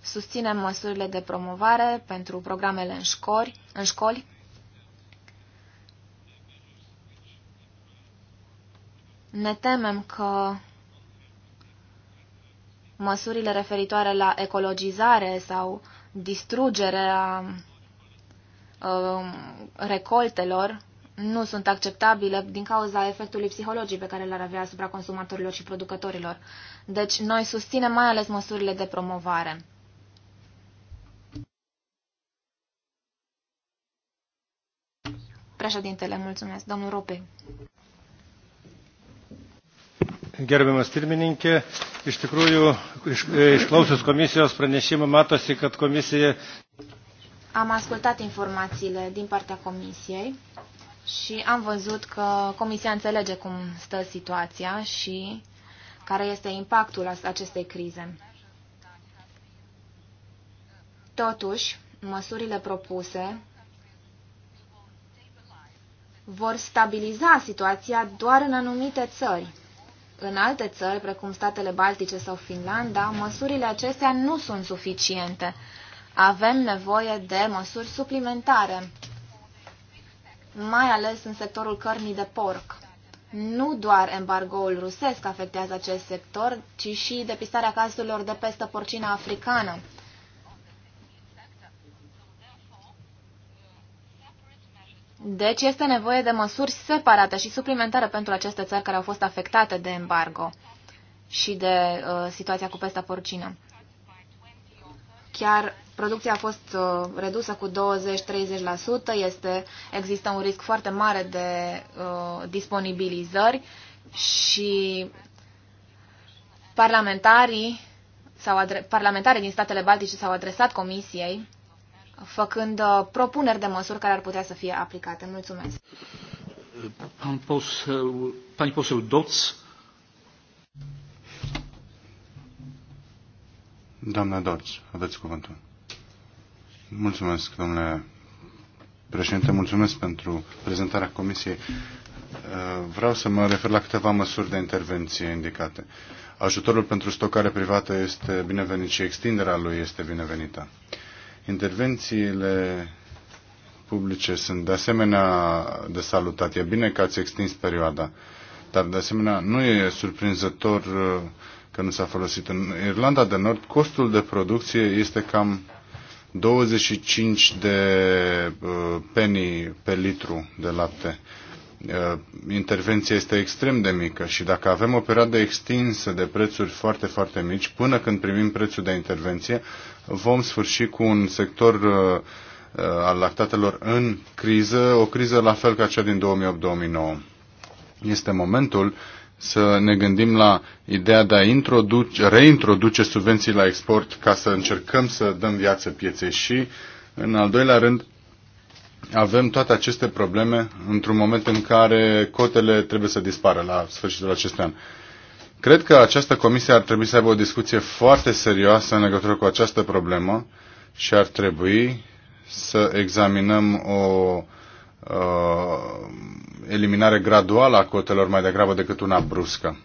susținem măsurile de promovare pentru programele în școli, în școli ne temem că măsurile referitoare la ecologizare sau distrugerea um, recoltelor nu sunt acceptabile din cauza efectului psihologic pe care l-ar avea asupra consumatorilor și producătorilor. Deci noi susținem mai ales măsurile de promovare. Președintele, mulțumesc. Domnul Rope. Gerbiamas pirmininkė, iš tikrųjų, iš, išklausius komisijos pranešimą, matosi, kad komisija. Am ascultat informațiile din partea comisiei și am văzut că comisia înțelege cum stă situația și care este impactul acestei crize. Totuși, măsurile propuse vor stabiliza situația doar în anumite țări. În alte țări, precum statele Baltice sau Finlanda, măsurile acestea nu sunt suficiente. Avem nevoie de măsuri suplimentare, mai ales în sectorul cărnii de porc. Nu doar embargoul rusesc afectează acest sector, ci și depistarea cazurilor de pestă porcină africană. Deci este nevoie de măsuri separate și suplimentare pentru aceste țări care au fost afectate de embargo și de uh, situația cu pesta porcină. Chiar producția a fost uh, redusă cu 20-30%, există un risc foarte mare de uh, disponibilizări și parlamentarii sau parlamentarii din statele baltice s-au adresat comisiei făcând uh, propuneri de măsuri care ar putea să fie aplicate. Mulțumesc. Pan poseł, pani poseł Doț. Doamna Doț, aveți cuvântul. Mulțumesc, domnule președinte, mulțumesc pentru prezentarea comisiei. Uh, vreau să mă refer la câteva măsuri de intervenție indicate. Ajutorul pentru stocare privată este binevenit și extinderea lui este binevenită. Intervențiile publice sunt de asemenea de salutat. E bine că ați extins perioada, dar de asemenea nu e surprinzător uh, că nu s-a folosit. În Irlanda de Nord, costul de producție este cam 25 de uh, penny pe litru de lapte. Uh, intervenția este extrem de mică și dacă avem o perioadă extinsă de prețuri foarte, foarte mici, până când primim prețul de intervenție, vom sfârși cu un sector uh, uh, al lactatelor în criză, o criză la fel ca cea din 2008-2009. Este momentul să ne gândim la ideea de a introduce, reintroduce subvenții la export ca să încercăm să dăm viață pieței și, în al doilea rând, avem toate aceste probleme într-un moment în care cotele trebuie să dispară la sfârșitul acestui an. Cred că această comisie ar trebui să aibă o discuție foarte serioasă în legătură cu această problemă și ar trebui să examinăm o uh, eliminare graduală a cotelor mai degrabă decât una bruscă.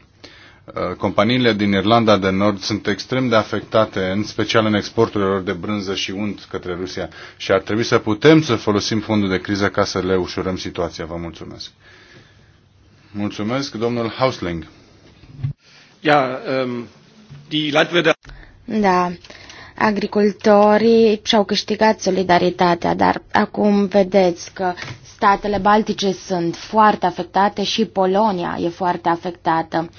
Uh, companiile din Irlanda de Nord sunt extrem de afectate, în special în exporturile lor de brânză și unt către Rusia și ar trebui să putem să folosim fondul de criză ca să le ușurăm situația. Vă mulțumesc. Mulțumesc, domnul Hausling. Ja, um, die Landwirte... Da, agricultorii și-au câștigat solidaritatea, dar acum vedeți că statele baltice sunt foarte afectate și Polonia e foarte afectată.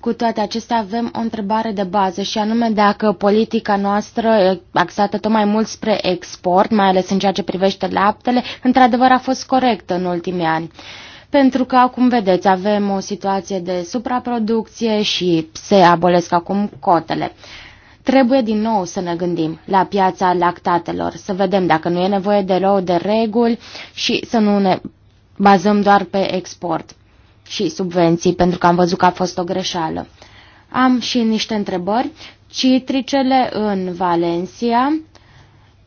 Cu toate acestea avem o întrebare de bază și anume dacă politica noastră axată tot mai mult spre export, mai ales în ceea ce privește laptele, într-adevăr a fost corectă în ultimii ani. Pentru că acum vedeți, avem o situație de supraproducție și se abolesc acum cotele. Trebuie din nou să ne gândim la piața lactatelor, să vedem dacă nu e nevoie de rău de reguli și să nu ne bazăm doar pe export și subvenții, pentru că am văzut că a fost o greșeală. Am și niște întrebări. Citricele în Valencia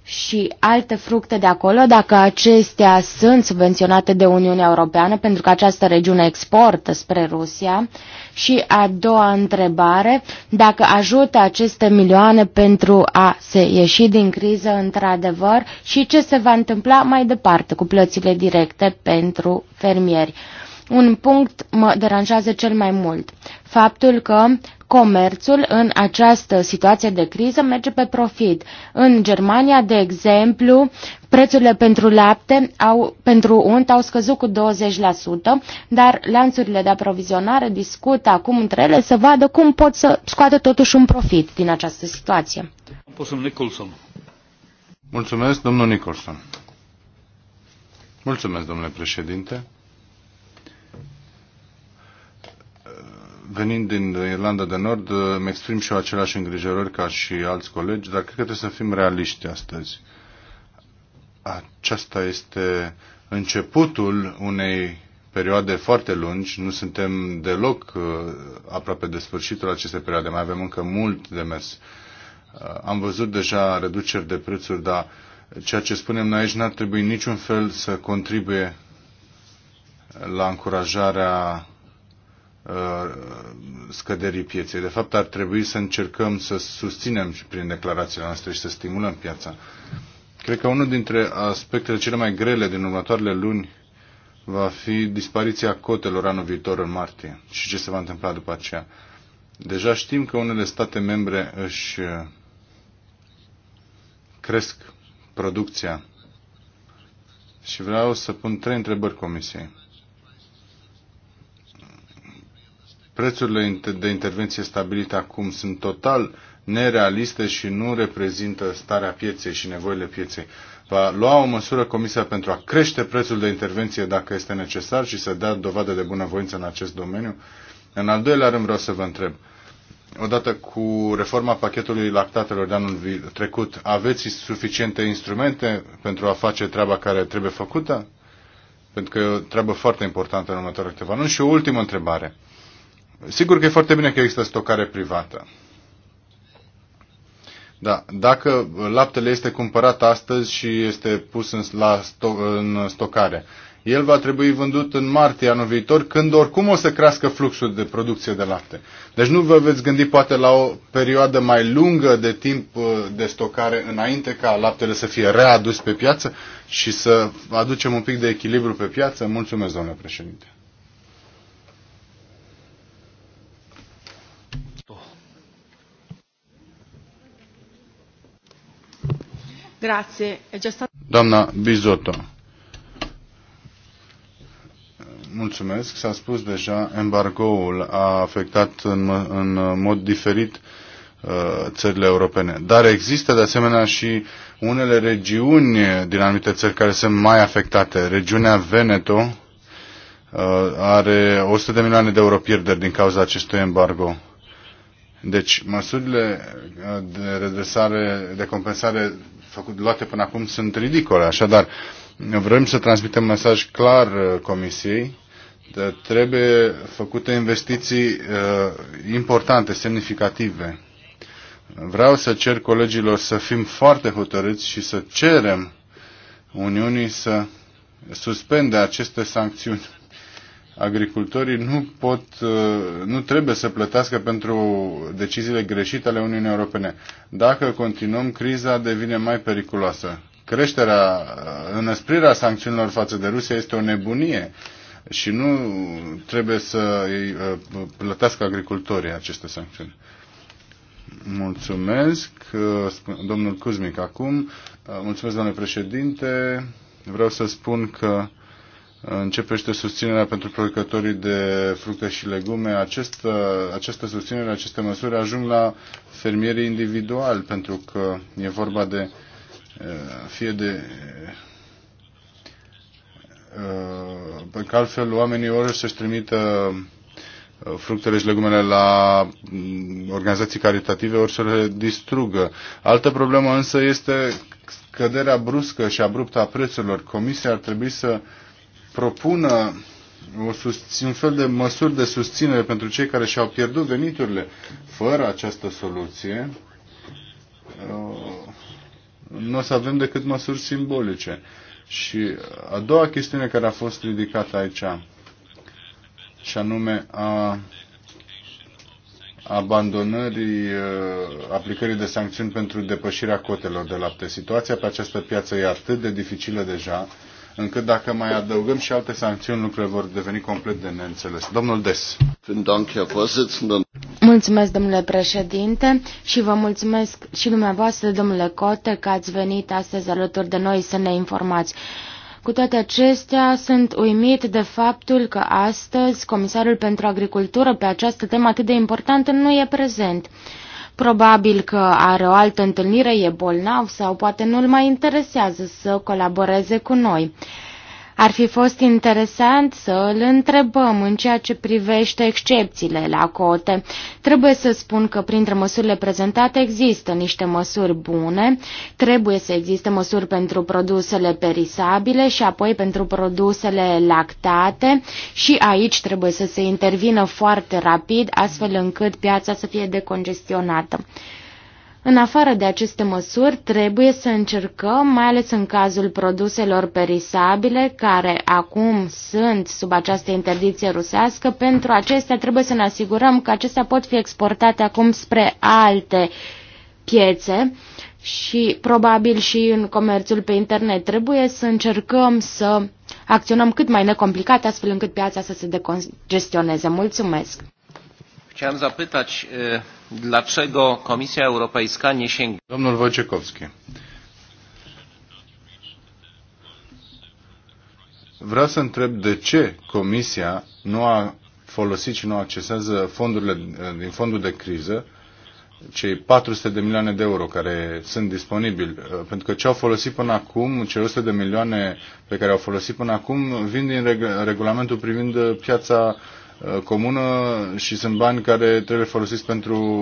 și alte fructe de acolo, dacă acestea sunt subvenționate de Uniunea Europeană, pentru că această regiune exportă spre Rusia. Și a doua întrebare, dacă ajută aceste milioane pentru a se ieși din criză într-adevăr și ce se va întâmpla mai departe cu plățile directe pentru fermieri. Un punct mă deranjează cel mai mult, faptul că comerțul în această situație de criză merge pe profit. În Germania, de exemplu, prețurile pentru lapte au, pentru unt au scăzut cu 20%, dar lanțurile de aprovizionare discută acum între ele să vadă cum pot să scoată totuși un profit din această situație. Nicholson. Mulțumesc, domnul Nicholson. Mulțumesc, domnule președinte. venind din Irlanda de Nord, îmi exprim și eu aceleași îngrijorări ca și alți colegi, dar cred că trebuie să fim realiști astăzi. Aceasta este începutul unei perioade foarte lungi, nu suntem deloc uh, aproape de sfârșitul acestei perioade, mai avem încă mult de mers. Uh, am văzut deja reduceri de prețuri, dar ceea ce spunem noi aici n-ar trebui niciun fel să contribuie la încurajarea Uh, scăderii pieței. De fapt, ar trebui să încercăm să susținem și prin declarațiile noastre și să stimulăm piața. Cred că unul dintre aspectele cele mai grele din următoarele luni va fi dispariția cotelor anul viitor în martie și ce se va întâmpla după aceea. Deja știm că unele state membre își uh, cresc producția și vreau să pun trei întrebări comisiei. Prețurile de intervenție stabilite acum sunt total nerealiste și nu reprezintă starea pieței și nevoile pieței. Va lua o măsură Comisia pentru a crește prețul de intervenție dacă este necesar și să dea dovadă de bunăvoință în acest domeniu? În al doilea rând vreau să vă întreb. Odată cu reforma pachetului lactatelor de anul trecut, aveți suficiente instrumente pentru a face treaba care trebuie făcută? Pentru că e o treabă foarte importantă în următoarea câteva luni. Și o ultimă întrebare. Sigur că e foarte bine că există stocare privată. Da, dacă laptele este cumpărat astăzi și este pus în, la sto- în stocare, el va trebui vândut în martie anul viitor, când oricum o să crească fluxul de producție de lapte. Deci nu vă veți gândi poate la o perioadă mai lungă de timp uh, de stocare înainte ca laptele să fie readus pe piață și să aducem un pic de echilibru pe piață. Mulțumesc, domnule președinte. Grazie. Doamna Bizotto. Mulțumesc. S-a spus deja, embargoul a afectat în, în mod diferit uh, țările europene. Dar există de asemenea și unele regiuni din anumite țări care sunt mai afectate. Regiunea Veneto uh, are 100 de milioane de euro pierderi din cauza acestui embargo. Deci măsurile uh, de redresare, de compensare făcut, luate până acum sunt ridicole. Așadar, vrem să transmitem mesaj clar uh, Comisiei că trebuie făcute investiții uh, importante, semnificative. Vreau să cer colegilor să fim foarte hotărâți și să cerem Uniunii să suspende aceste sancțiuni agricultorii nu pot, uh, nu trebuie să plătească pentru deciziile greșite ale Uniunii Europene. Dacă continuăm, criza devine mai periculoasă. Creșterea, uh, înăsprirea sancțiunilor față de Rusia este o nebunie și nu trebuie să îi uh, plătească agricultorii aceste sancțiuni. Mulțumesc, domnul Cuzmic, acum. Mulțumesc, domnule președinte. Vreau să spun că începește susținerea pentru producătorii de fructe și legume. Această, uh, această susținere, aceste măsuri ajung la fermierii individuali, pentru că e vorba de uh, fie de pe uh, că altfel oamenii ori să-și trimită fructele și legumele la mm, organizații caritative, ori să le distrugă. Altă problemă însă este scăderea bruscă și abruptă a prețurilor. Comisia ar trebui să uh, propună o un fel de măsuri de susținere pentru cei care și-au pierdut veniturile fără această soluție, uh, nu o să avem decât măsuri simbolice. Și a doua chestiune care a fost ridicată aici, și anume a abandonării uh, aplicării de sancțiuni pentru depășirea cotelor de lapte. Situația pe această piață e atât de dificilă deja încât dacă mai adăugăm și alte sancțiuni, lucrurile vor deveni complet de neînțeles. Domnul Des. Mulțumesc, domnule președinte, și vă mulțumesc și dumneavoastră, domnule Cote, că ați venit astăzi alături de noi să ne informați. Cu toate acestea, sunt uimit de faptul că astăzi Comisarul pentru Agricultură pe această temă atât de importantă nu e prezent. Probabil că are o altă întâlnire, e bolnav sau poate nu-l mai interesează să colaboreze cu noi. Ar fi fost interesant să îl întrebăm în ceea ce privește excepțiile la cote. Trebuie să spun că printre măsurile prezentate există niște măsuri bune, trebuie să existe măsuri pentru produsele perisabile și apoi pentru produsele lactate și aici trebuie să se intervină foarte rapid astfel încât piața să fie decongestionată. În afară de aceste măsuri, trebuie să încercăm, mai ales în cazul produselor perisabile, care acum sunt sub această interdicție rusească, pentru acestea trebuie să ne asigurăm că acestea pot fi exportate acum spre alte piețe și probabil și în comerțul pe internet. Trebuie să încercăm să acționăm cât mai necomplicat, astfel încât piața să se decongestioneze. Mulțumesc! Chciałem zapytać, e dlaczego Komisja Europejska nie sięga... Domnul Wojciechowski. Vreau să întreb de ce Comisia nu a folosit și nu accesează fondurile eh, din fondul de criză, cei 400 de milioane de euro care sunt disponibili, eh, pentru că ce au folosit până acum, cele 100 de milioane pe care au folosit până acum, vin din regulamentul privind piața Uh, comună și sunt bani care trebuie folosiți pentru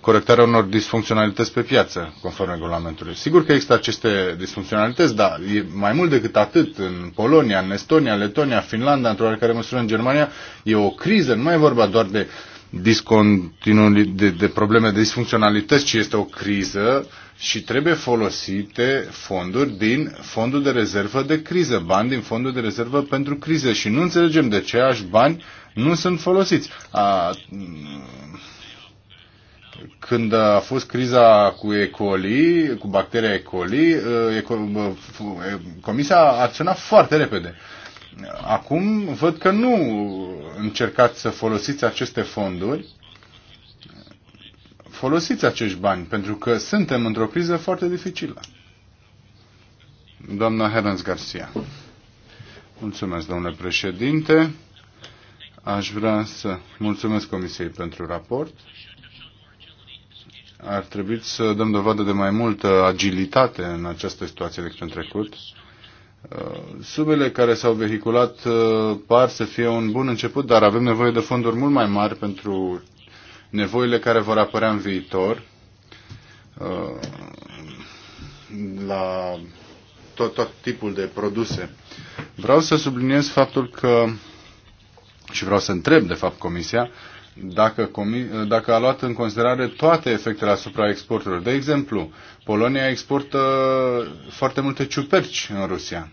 corectarea unor disfuncționalități pe piață, conform regulamentului. Sigur că există aceste disfuncționalități, dar e mai mult decât atât în Polonia, în Estonia, Letonia, Finlanda, într-o oarecare măsură în Germania, e o criză, nu mai e vorba doar de uh, de, de probleme de disfuncționalități, ci este o criză și trebuie folosite fonduri din fondul de rezervă de criză, bani din fondul de rezervă pentru criză și nu înțelegem de ce aș bani nu sunt folosiți. A, când a fost criza cu E. coli, cu bacteria E. coli, uh, Comisia a acționat foarte repede. Acum văd că nu încercați să folosiți aceste fonduri, folosiți acești bani, pentru că suntem într-o criză foarte dificilă. Doamna Herans Garcia. Mulțumesc, domnule președinte. Aș vrea să mulțumesc Comisiei pentru raport. Ar trebui să dăm dovadă de mai multă agilitate în această situație decât în trecut. Uh, sumele care s-au vehiculat uh, par să fie un bun început, dar avem nevoie de fonduri mult mai mari pentru nevoile care vor apărea în viitor uh, la tot, tot tipul de produse. Vreau să subliniez faptul că și vreau să întreb, de fapt, Comisia, dacă, dacă a luat în considerare toate efectele asupra exporturilor. De exemplu, Polonia exportă foarte multe ciuperci în Rusia.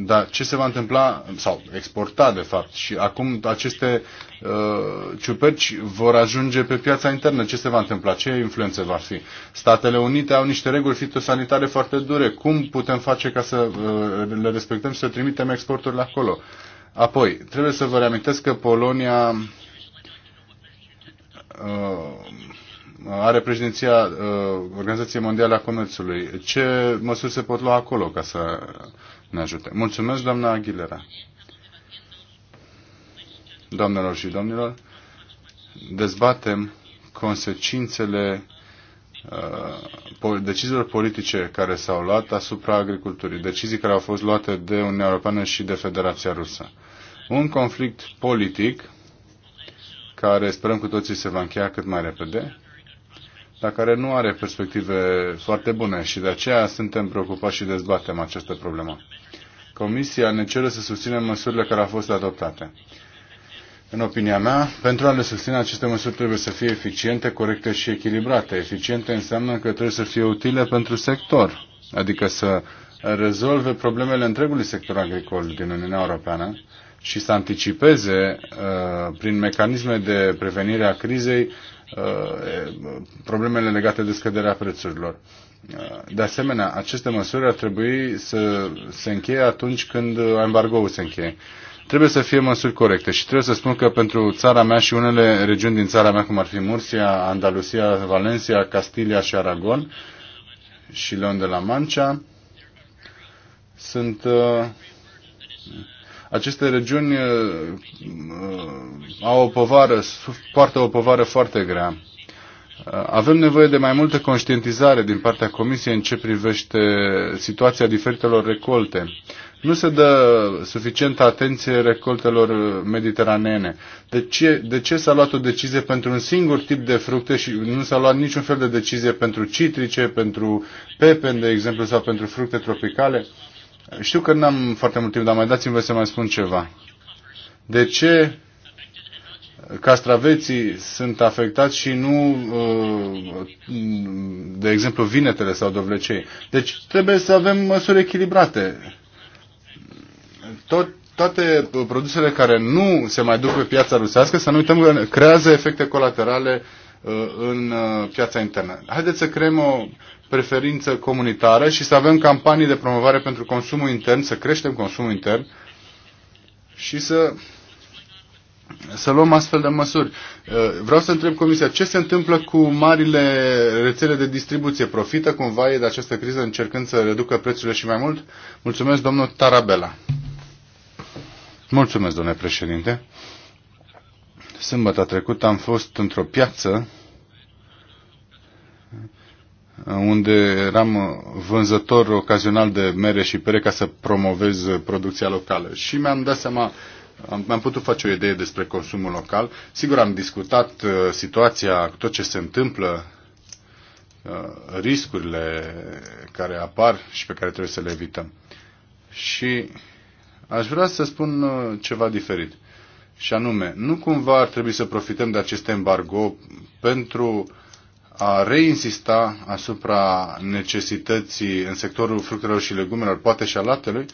Dar ce se va întâmpla, sau exporta de fapt, și acum aceste uh, ciuperci vor ajunge pe piața internă. Ce se va întâmpla? Ce influențe va fi? Statele Unite au niște reguli fitosanitare foarte dure. Cum putem face ca să uh, le respectăm și să trimitem exporturile acolo? Uh, Apoi, trebuie să vă reamintesc că Polonia uh, are președinția uh, Organizației Mondiale a Comerțului. Ce măsuri se pot lua acolo ca să ne ajute? Mulțumesc, doamna Aguilera. Doamnelor și domnilor, dezbatem consecințele Uh, deciziilor politice care s-au luat asupra agriculturii, decizii care au fost luate de Uniunea Europeană și de Federația Rusă. Un conflict politic care sperăm cu toții se va încheia cât mai repede, dar care nu are perspective foarte bune și de aceea suntem preocupați și dezbatem această problemă. Comisia ne cere să susținem măsurile care au fost adoptate în opinia mea, pentru a le susține, aceste măsuri trebuie să fie eficiente, corecte și echilibrate. Eficiente înseamnă că trebuie să fie utile pentru sector, adică să rezolve problemele întregului sector agricol din Uniunea Europeană și să anticipeze uh, prin mecanisme de prevenire a crizei uh, problemele legate de scăderea prețurilor. Uh, de asemenea, aceste măsuri ar trebui să se încheie atunci când embargoul se încheie trebuie să fie măsuri corecte. Și trebuie să spun că pentru țara mea și unele regiuni din țara mea, cum ar fi Murcia, Andalusia, Valencia, Castilia și Aragon și Leon de la Mancia, sunt uh, aceste regiuni uh, uh, au o povară, poartă o povară foarte grea. Uh, avem nevoie de mai multă conștientizare din partea Comisiei în ce privește situația diferitelor recolte nu se dă suficientă atenție recoltelor uh, mediteraneene. De ce, de ce s-a luat o decizie pentru un singur tip de fructe și nu s-a luat niciun fel de decizie pentru citrice, pentru pepen, de exemplu, sau pentru fructe tropicale? Știu că n-am foarte mult timp, dar mai dați-mi să mai spun ceva. De ce castraveții sunt afectați și nu, uh, de exemplu, vinetele sau dovlecei? Deci trebuie să avem măsuri echilibrate tot, toate produsele care nu se mai duc pe piața rusească, să nu uităm că creează efecte colaterale uh, în uh, piața internă. Haideți să creăm o preferință comunitară și să avem campanii de promovare pentru consumul intern, să creștem consumul intern și să, să luăm astfel de măsuri. Uh, vreau să întreb Comisia, ce se întâmplă cu marile rețele de distribuție? Profită cumva ei de această criză încercând să reducă prețurile și mai mult? Mulțumesc, domnul Tarabela. Mulțumesc, domnule președinte. Sâmbătă trecută am fost într-o piață unde eram vânzător ocazional de mere și pere ca să promovez producția locală. Și mi-am dat seama, am, mi-am putut face o idee despre consumul local. Sigur, am discutat uh, situația, tot ce se întâmplă, uh, riscurile care apar și pe care trebuie să le evităm. Și Aș vrea să spun uh, ceva diferit. Și anume, nu cumva ar trebui să profităm de acest embargo pentru a reinsista asupra necesității în sectorul fructelor și legumelor, poate și a laptelui,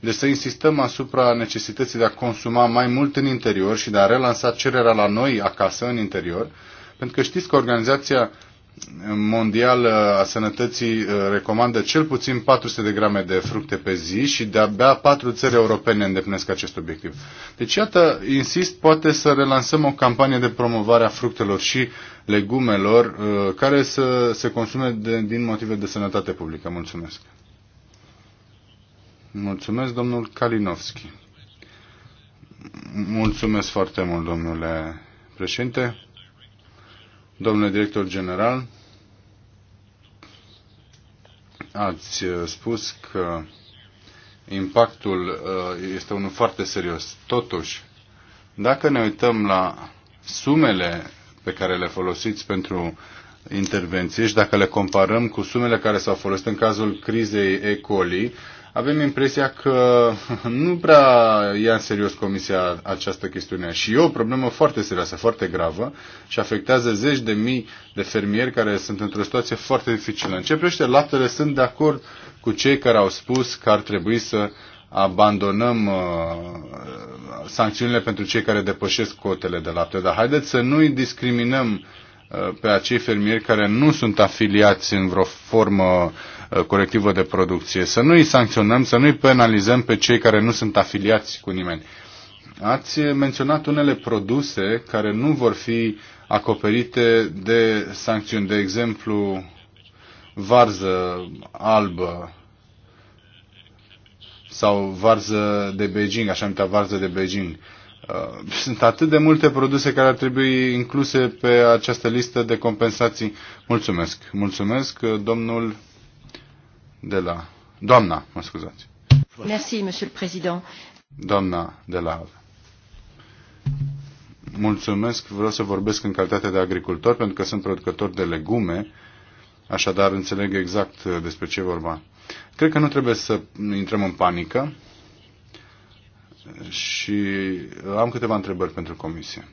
deci să insistăm asupra necesității de a consuma mai mult în interior și de a relansa cererea la noi acasă, în interior, pentru că știți că Organizația Mondial a Sănătății uh, recomandă cel puțin 400 de grame de fructe pe zi și de-abia patru țări europene îndeplinesc acest obiectiv. Deci, iată, insist, poate să relansăm o campanie de promovare a fructelor și legumelor uh, care să se consume de, din motive de sănătate publică. Mulțumesc. Mulțumesc, domnul Kalinowski. Mulțumesc foarte mult, domnule președinte. Domnule director general, ați uh, spus că impactul uh, este unul foarte serios. Totuși, dacă ne uităm la sumele pe care le folosiți pentru intervenție și dacă le comparăm cu sumele care s-au folosit în cazul crizei E. coli, avem impresia că nu prea ia în serios Comisia această chestiune. Și e o problemă foarte serioasă, foarte gravă și afectează zeci de mii de fermieri care sunt într-o situație foarte dificilă. În ce privește laptele, sunt de acord cu cei care au spus că ar trebui să abandonăm uh, sancțiunile pentru cei care depășesc cotele de lapte. Dar haideți să nu-i discriminăm uh, pe acei fermieri care nu sunt afiliați în vreo formă uh, Uh, colectivă de producție, să nu-i sancționăm, să nu-i penalizăm pe cei care nu sunt afiliați cu nimeni. Ați menționat unele produse care nu vor fi acoperite de sancțiuni, de exemplu varză albă sau varză de Beijing, așa numită varză de Beijing. Uh, sunt atât de multe produse care ar trebui incluse pe această listă de compensații. Mulțumesc. Mulțumesc, domnul de la... Doamna, mă scuzați. Merci, monsieur le président. Doamna de la... Mulțumesc, vreau să vorbesc în calitate de agricultor, pentru că sunt producător de legume, așadar înțeleg exact uh, despre ce vorba. Cred că nu trebuie să intrăm în panică și am câteva întrebări pentru comisie.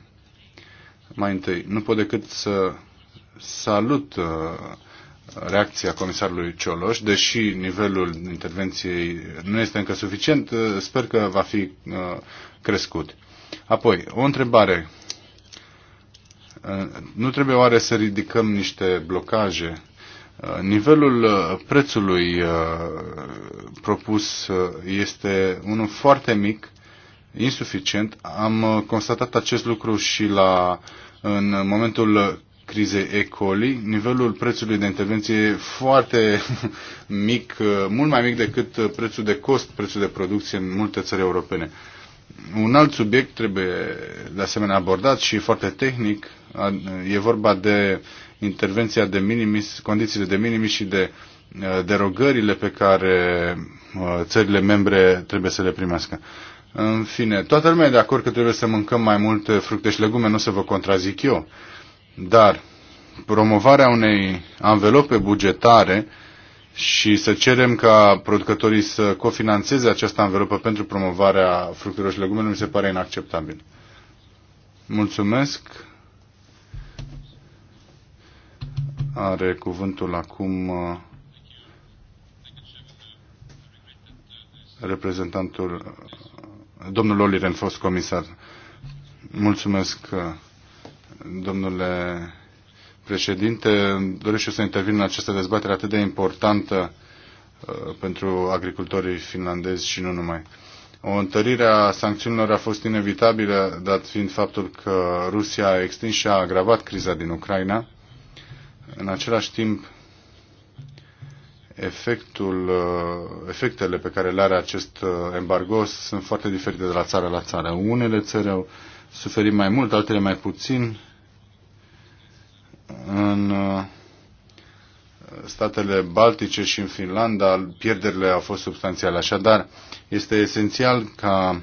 Mai întâi, nu pot decât să salut uh, reacția comisarului Cioloș, deși nivelul intervenției nu este încă suficient, uh, sper că va fi uh, crescut. Apoi, o întrebare. Uh, nu trebuie oare să ridicăm niște blocaje? Nivelul prețului propus este unul foarte mic, insuficient. Am constatat acest lucru și la în momentul crizei E. coli, nivelul prețului de intervenție e foarte mic, uh, mult mai mic decât uh, prețul de cost, prețul de producție în multe țări europene. Un alt subiect trebuie de asemenea abordat și foarte tehnic, uh, e vorba de intervenția de minimis, condițiile de minimis și de derogările pe care țările membre trebuie să le primească. În fine, toată lumea e de acord că trebuie să mâncăm mai multe fructe și legume, nu o să vă contrazic eu. Dar promovarea unei anvelope bugetare și să cerem ca producătorii să cofinanțeze această anvelopă pentru promovarea fructelor și legumelor mi se pare inacceptabil. Mulțumesc. Are cuvântul acum uh, reprezentantul, uh, domnul Oli fost comisar. Mulțumesc uh, domnule președinte. Doresc și eu să intervin în această dezbatere atât de importantă uh, pentru agricultorii finlandezi și nu numai. O întărire a sancțiunilor a fost inevitabilă, dat fiind faptul că Rusia a extins și a agravat criza din Ucraina. În același timp, efectul, uh, efectele pe care le are acest uh, embargo sunt foarte diferite de la țară la țară. Unele țări au suferi mai mult, altele mai puțin. În uh, statele Baltice și în Finlanda pierderile au fost substanțiale. Așadar, este esențial ca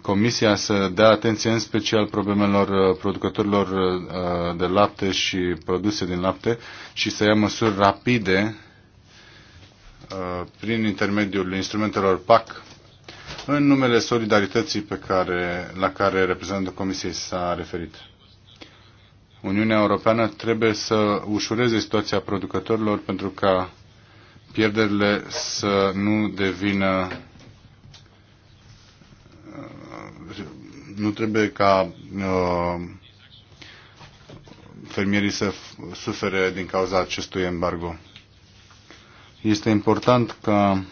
Comisia să dea atenție în special problemelor uh, producătorilor uh, de lapte și produse din lapte și să ia măsuri rapide prin intermediul instrumentelor PAC în numele solidarității pe care, la care reprezentantul Comisiei s-a referit. Uniunea Europeană trebuie să ușureze situația producătorilor pentru ca pierderile să nu devină nu trebuie ca uh, fermierii să sufere din cauza acestui embargo. Este important ca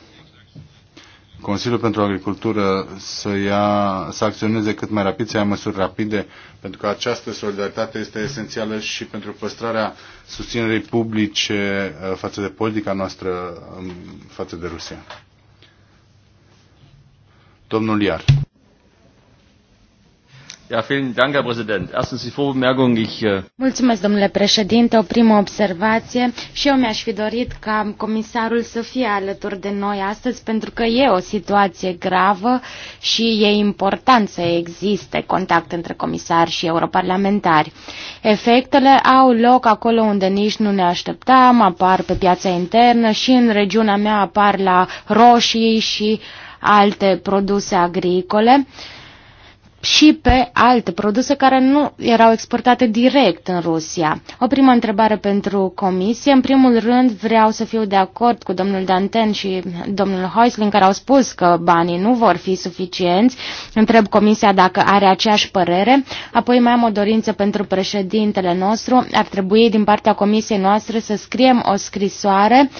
Consiliul pentru Agricultură să, ia, să acționeze cât mai rapid, să ia măsuri rapide, pentru că această solidaritate este esențială și pentru păstrarea susținerii publice uh, față de politica noastră um, față de Rusia. Domnul Iar. Äh, Mulțumesc, domnule președinte. O primă observație. Și eu mi-aș fi dorit ca comisarul să fie alături de noi astăzi, pentru că e o situație gravă și e important să existe contact între comisari și europarlamentari. Efectele au loc acolo unde nici nu ne așteptam, apar pe piața internă și în regiunea mea apar la roșii și alte produse agricole. Uh, și pe alte produse care nu erau exportate direct în Rusia. O primă întrebare pentru comisie. În primul rând vreau să fiu de acord cu domnul Danten și domnul Heusling care au spus că banii nu vor fi suficienți. Întreb comisia dacă are aceeași părere. Apoi mai am o dorință pentru președintele nostru. Ar trebui din partea comisiei noastre să scriem o scrisoare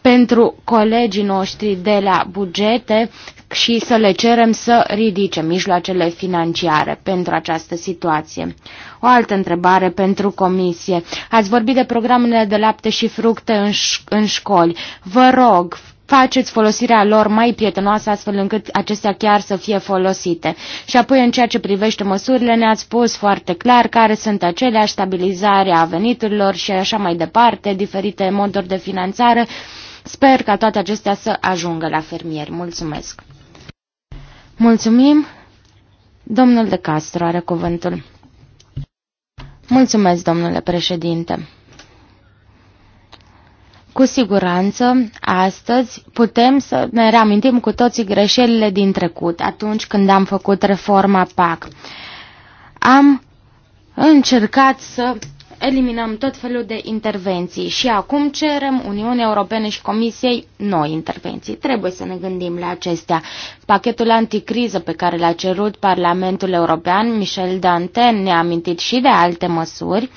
pentru colegii noștri de la bugete și să le cerem să ridice mijloacele financiare pentru această situație. O altă întrebare pentru comisie. Ați vorbit de programele de lapte și fructe în, ș- în școli. Vă rog, faceți folosirea lor mai prietenoasă astfel încât acestea chiar să fie folosite. Și apoi în ceea ce privește măsurile ne-ați spus foarte clar care sunt acelea, stabilizarea veniturilor și așa mai departe, diferite moduri de finanțare. Sper ca toate acestea să ajungă la fermieri. Mulțumesc! Mulțumim. Domnul de Castro are cuvântul. Mulțumesc, domnule președinte. Cu siguranță, astăzi putem să ne reamintim cu toții greșelile din trecut, atunci când am făcut reforma PAC. Am încercat să eliminăm tot felul de intervenții și acum cerem Uniunii Europene și Comisiei noi intervenții. Trebuie să ne gândim la acestea. Pachetul anticriză pe care l-a cerut Parlamentul European, Michel Danten ne-a amintit și de alte măsuri.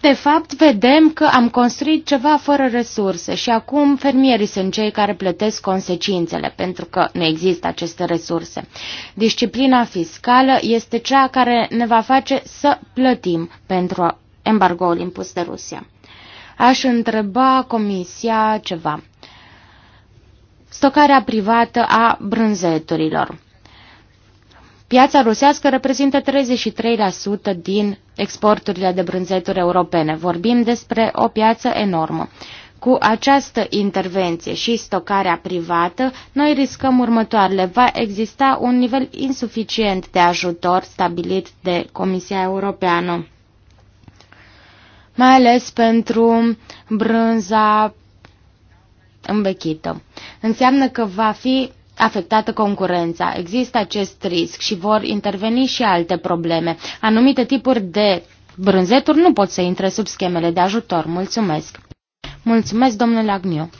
De fapt, vedem că am construit ceva fără resurse și acum fermierii sunt cei care plătesc consecințele, pentru că nu există aceste resurse. Disciplina fiscală este cea care ne va face să plătim pentru embargoul impus de Rusia. Aș întreba Comisia ceva. Stocarea privată a brânzeturilor. Piața rusească reprezintă 33% din exporturile de brânzeturi europene. Vorbim despre o piață enormă. Cu această intervenție și stocarea privată, noi riscăm următoarele. Va exista un nivel insuficient de ajutor stabilit de Comisia Europeană mai ales pentru brânza îmbechită. Înseamnă că va fi afectată concurența. Există acest risc și vor interveni și alte probleme. Anumite tipuri de brânzeturi nu pot să intre sub schemele de ajutor. Mulțumesc! Mulțumesc, domnule Agniu.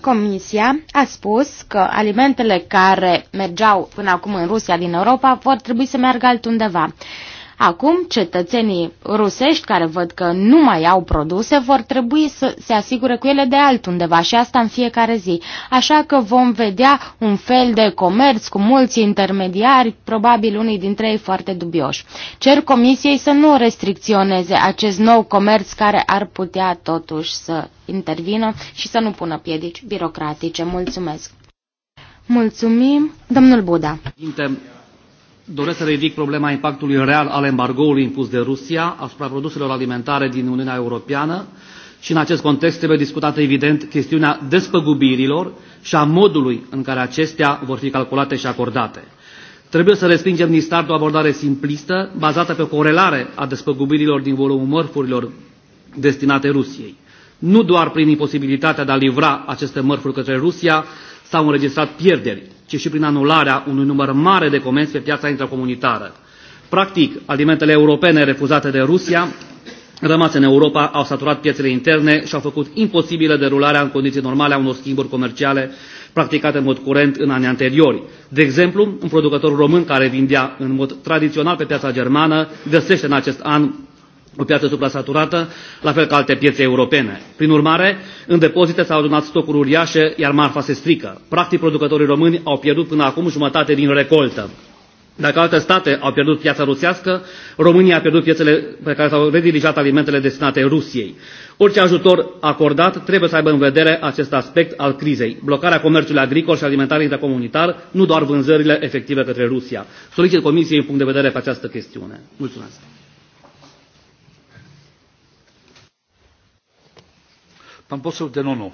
Comisia a spus că alimentele care mergeau până acum în Rusia din Europa vor trebui să meargă altundeva. Acum, cetățenii rusești care văd că nu mai au produse vor trebui să se asigure cu ele de altundeva și asta în fiecare zi. Așa că vom vedea un fel de comerț cu mulți intermediari, probabil unii dintre ei foarte dubioși. Cer comisiei să nu restricționeze acest nou comerț care ar putea totuși să intervină și să nu pună piedici birocratice. Mulțumesc! Mulțumim, domnul Buda. Inter doresc să ridic problema impactului real al embargoului impus de Rusia asupra produselor alimentare din Uniunea Europeană și în acest context trebuie discutată evident chestiunea despăgubirilor și a modului în care acestea vor fi calculate și acordate. Trebuie să respingem din start o abordare simplistă bazată pe corelare a despăgubirilor din volumul mărfurilor destinate Rusiei. Nu doar prin imposibilitatea de a livra aceste mărfuri către Rusia s-au înregistrat pierderi, ci și prin anularea unui număr mare de comenzi pe piața intracomunitară. Practic, alimentele europene refuzate de Rusia, rămase în Europa, au saturat piețele interne și au făcut imposibilă derularea în condiții normale a unor schimburi comerciale practicate în mod curent în anii anteriori. De exemplu, un producător român care vindea în mod tradițional pe piața germană găsește în acest an o piață suprasaturată, la fel ca alte piețe europene. Prin urmare, în depozite s-au adunat stocuri uriașe, iar marfa se strică. Practic, producătorii români au pierdut până acum jumătate din recoltă. Dacă alte state au pierdut piața rusească, România a pierdut piețele pe care s-au redirijat alimentele destinate Rusiei. Orice ajutor acordat trebuie să aibă în vedere acest aspect al crizei, blocarea comerțului agricol și alimentar intercomunitar, nu doar vânzările efective către Rusia. Solicit Comisiei un punct de vedere pe această chestiune. Mulțumesc! Pan poseł Denono.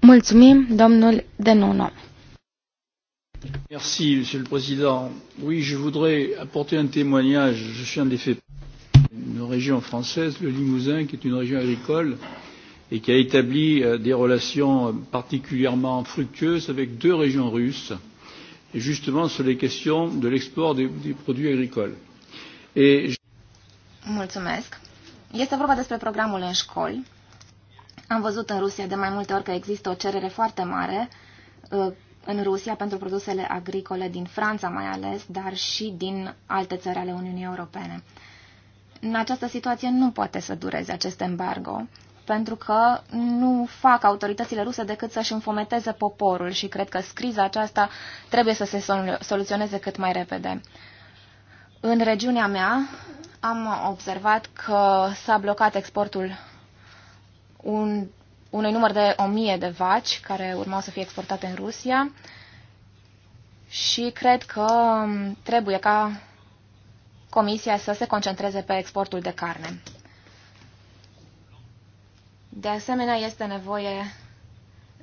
Mulțumim, domnul Denono. Merci, Monsieur le Président. Oui, je voudrais apporter un témoignage. Je suis en effet une région française, le Limousin, qui est une région agricole et qui a établi euh, des relations particulièrement fructueuses avec deux régions russes, et justement sur les questions de l'export des, des produits agricoles. Et... Mulțumesc. Este vorba despre programul în școli am văzut în Rusia de mai multe ori că există o cerere foarte mare uh, în Rusia pentru produsele agricole din Franța mai ales, dar și din alte țări ale Uniunii Europene. În această situație nu poate să dureze acest embargo, pentru că nu fac autoritățile ruse decât să-și înfometeze poporul și cred că scriza aceasta trebuie să se soluționeze cât mai repede. În regiunea mea am observat că s-a blocat exportul un, unui număr de 1000 de vaci care urmau să fie exportate în Rusia și cred că um, trebuie ca Comisia să se concentreze pe exportul de carne. De asemenea, este nevoie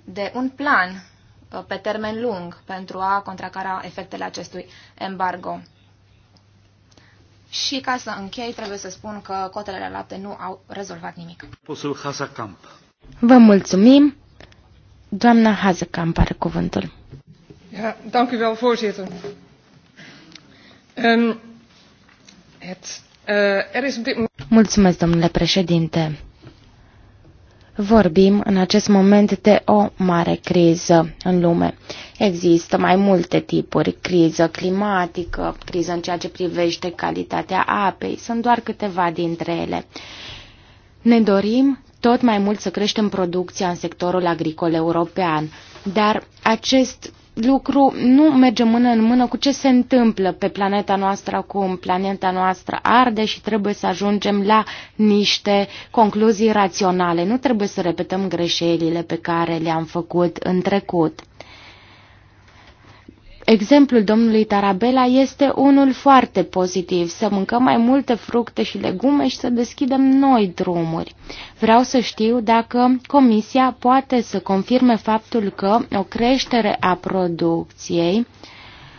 de un plan uh, pe termen lung pentru a contracara efectele acestui embargo. Și ca să închei, trebuie să spun că cotele la lapte nu au rezolvat nimic. Vă mulțumim. Doamna Hazacamp are cuvântul. Ja, dank u wel, voorzitter. Um, het, uh, er is op dit moment... Mulțumesc, domnule președinte. Vorbim în acest moment de o mare criză în lume. Există mai multe tipuri, criză climatică, criză în ceea ce privește calitatea apei, sunt doar câteva dintre ele. Ne dorim tot mai mult să creștem producția în sectorul agricol european, dar acest lucru nu merge mână în mână cu ce se întâmplă pe planeta noastră acum. Planeta noastră arde și trebuie să ajungem la niște concluzii raționale. Nu trebuie să repetăm greșelile pe care le-am făcut în trecut. Exemplul domnului Tarabela este unul foarte pozitiv, să mâncăm mai multe fructe și legume și să deschidem noi drumuri. Vreau să știu dacă Comisia poate să confirme faptul că o creștere a producției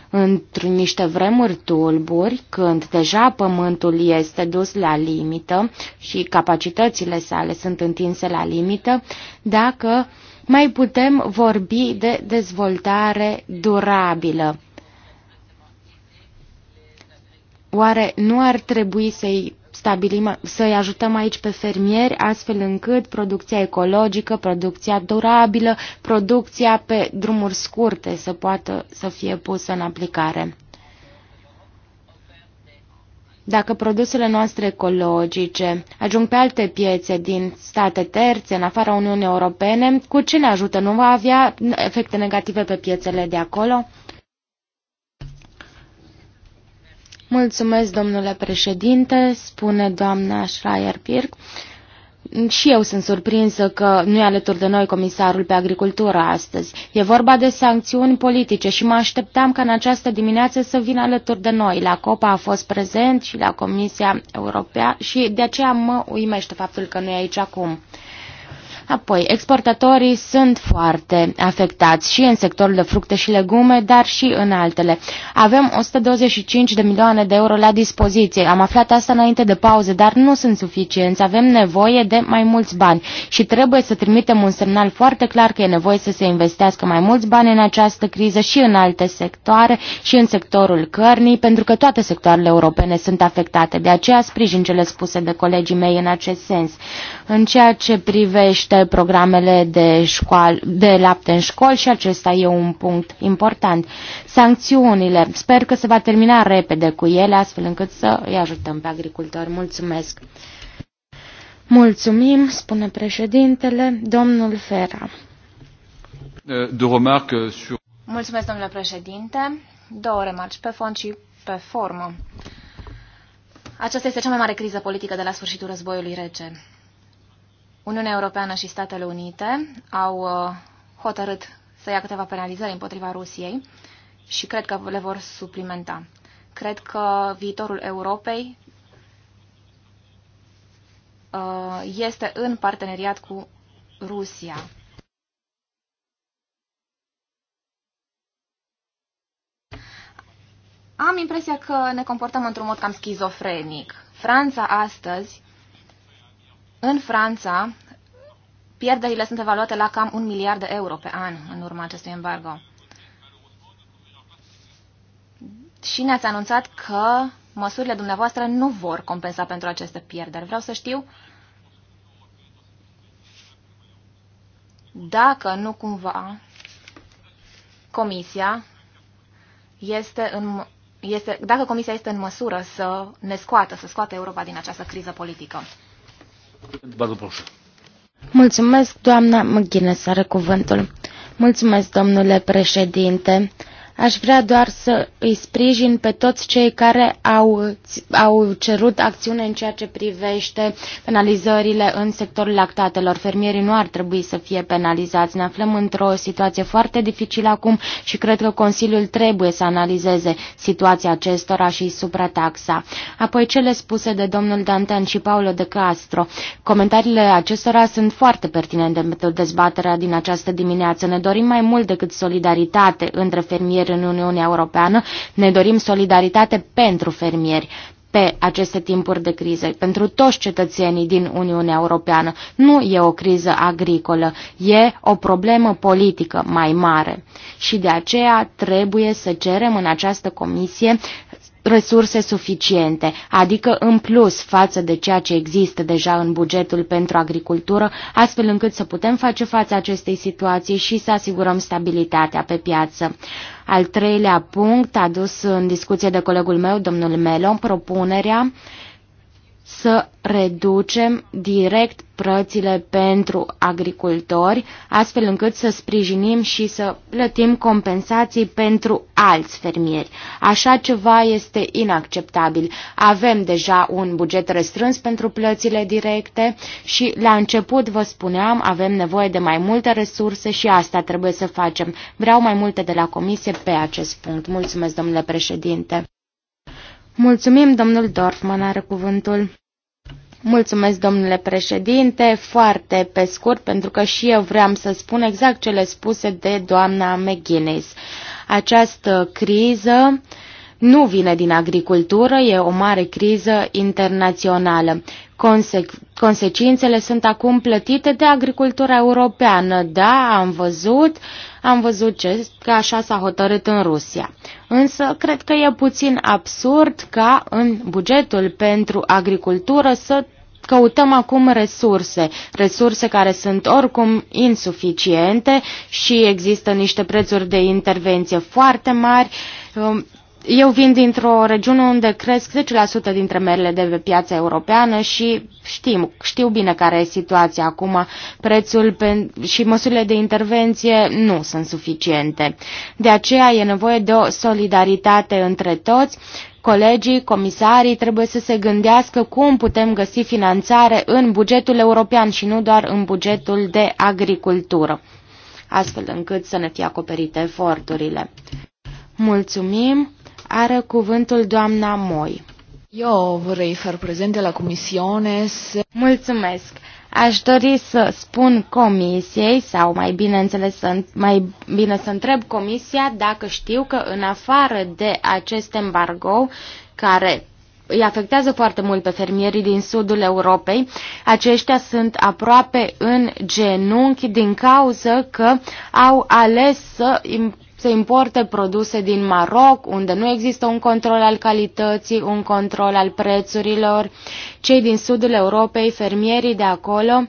într niște vremuri tulburi, când deja pământul este dus la limită și capacitățile sale sunt întinse la limită, dacă mai putem vorbi de dezvoltare durabilă. Oare nu ar trebui să-i stabilim, să-i ajutăm aici pe fermieri astfel încât producția ecologică, producția durabilă, producția pe drumuri scurte să poată să fie pusă în aplicare? Dacă produsele noastre ecologice ajung pe alte piețe din state terțe, în afara Uniunii Europene, cu ce ne ajută? Nu va avea efecte negative pe piețele de acolo? Mulțumesc, domnule președinte, spune doamna Schreier-Pirk. Și eu sunt surprinsă că nu e alături de noi comisarul pe agricultură astăzi. E vorba de sancțiuni politice și mă așteptam ca în această dimineață să vină alături de noi. La COPA a fost prezent și la Comisia Europeană și de aceea mă uimește faptul că nu e aici acum. Apoi, exportatorii sunt foarte afectați și în sectorul de fructe și legume, dar și în altele. Avem 125 de milioane de euro la dispoziție. Am aflat asta înainte de pauză, dar nu sunt suficienți. Avem nevoie de mai mulți bani și trebuie să trimitem un semnal foarte clar că e nevoie să se investească mai mulți bani în această criză și în alte sectoare și în sectorul cărnii, pentru că toate sectoarele europene sunt afectate. De aceea sprijin cele spuse de colegii mei în acest sens. În ceea ce privește programele de, școal, de lapte în școli și acesta e un punct important. Sancțiunile. Sper că se va termina repede cu ele, astfel încât să îi ajutăm pe agricultori. Mulțumesc! Mulțumim, spune președintele, domnul Fera. Mulțumesc, domnule președinte. Două remarci pe fond și pe formă. Aceasta este cea mai mare criză politică de la sfârșitul războiului rece. Uniunea Europeană și Statele Unite au uh, hotărât să ia câteva penalizări împotriva Rusiei și cred că le vor suplimenta. Cred că viitorul Europei uh, este în parteneriat cu Rusia. Am impresia că ne comportăm într-un mod cam schizofrenic. Franța astăzi în Franța, pierderile sunt evaluate la cam un miliard de euro pe an în urma acestui embargo. Și ne-ați anunțat că măsurile dumneavoastră nu vor compensa pentru aceste pierderi. Vreau să știu dacă nu cumva Comisia este în, este, dacă Comisia este în măsură să ne scoată, să scoată Europa din această criză politică. Mulțumesc, doamna McGuinness are cuvântul. Mulțumesc, domnule președinte. Aș vrea doar să îi sprijin pe toți cei care au, au cerut acțiune în ceea ce privește penalizările în sectorul lactatelor. Fermierii nu ar trebui să fie penalizați. Ne aflăm într-o situație foarte dificilă acum și cred că Consiliul trebuie să analizeze situația acestora și suprataxa. Apoi cele spuse de domnul Dantean și Paulo de Castro. Comentariile acestora sunt foarte pertinente pentru dezbaterea din această dimineață. Ne dorim mai mult decât solidaritate între fermieri fermieri în Uniunea Europeană. Ne dorim solidaritate pentru fermieri pe aceste timpuri de criză, pentru toți cetățenii din Uniunea Europeană. Nu e o criză agricolă, e o problemă politică mai mare. Și de aceea trebuie să cerem în această comisie resurse suficiente, adică în plus față de ceea ce există deja în bugetul pentru agricultură, astfel încât să putem face față acestei situații și să asigurăm stabilitatea pe piață. Al treilea punct adus în discuție de colegul meu, domnul Melon, propunerea să reducem direct prățile pentru agricultori, astfel încât să sprijinim și să plătim compensații pentru alți fermieri. Așa ceva este inacceptabil. Avem deja un buget restrâns pentru plățile directe și la început vă spuneam, avem nevoie de mai multe resurse și asta trebuie să facem. Vreau mai multe de la comisie pe acest punct. Mulțumesc, domnule președinte. Mulțumim, domnul Dorfman are cuvântul. Mulțumesc, domnule președinte, foarte pe scurt, pentru că și eu vreau să spun exact cele spuse de doamna McGuinness. Această criză uh, nu vine din agricultură, e o mare criză internațională. Conse consecințele sunt acum plătite de agricultura europeană. Da, am văzut, am văzut ce, că așa s-a hotărât în Rusia. Însă, cred că e puțin absurd ca în bugetul pentru agricultură să căutăm acum resurse, resurse care sunt oricum insuficiente și există niște prețuri de intervenție foarte mari um, eu vin dintr-o regiune unde cresc 10% dintre merele de pe piața europeană și știm, știu bine care e situația acum. Prețul pe, și măsurile de intervenție nu sunt suficiente. De aceea e nevoie de o solidaritate între toți. Colegii, comisarii trebuie să se gândească cum putem găsi finanțare în bugetul european și nu doar în bugetul de agricultură, astfel încât să ne fie acoperite eforturile. Mulțumim! Are cuvântul doamna Moi. Eu vrei să prezente la comisiune să... Mulțumesc. Aș dori să spun comisiei, sau mai bine, înțeles, să, mai bine să întreb comisia dacă știu că în afară de acest embargo, care îi afectează foarte mult pe fermierii din sudul Europei. Aceștia sunt aproape în genunchi din cauza că au ales să se importe produse din Maroc, unde nu există un control al calității, un control al prețurilor. Cei din sudul Europei, fermierii de acolo,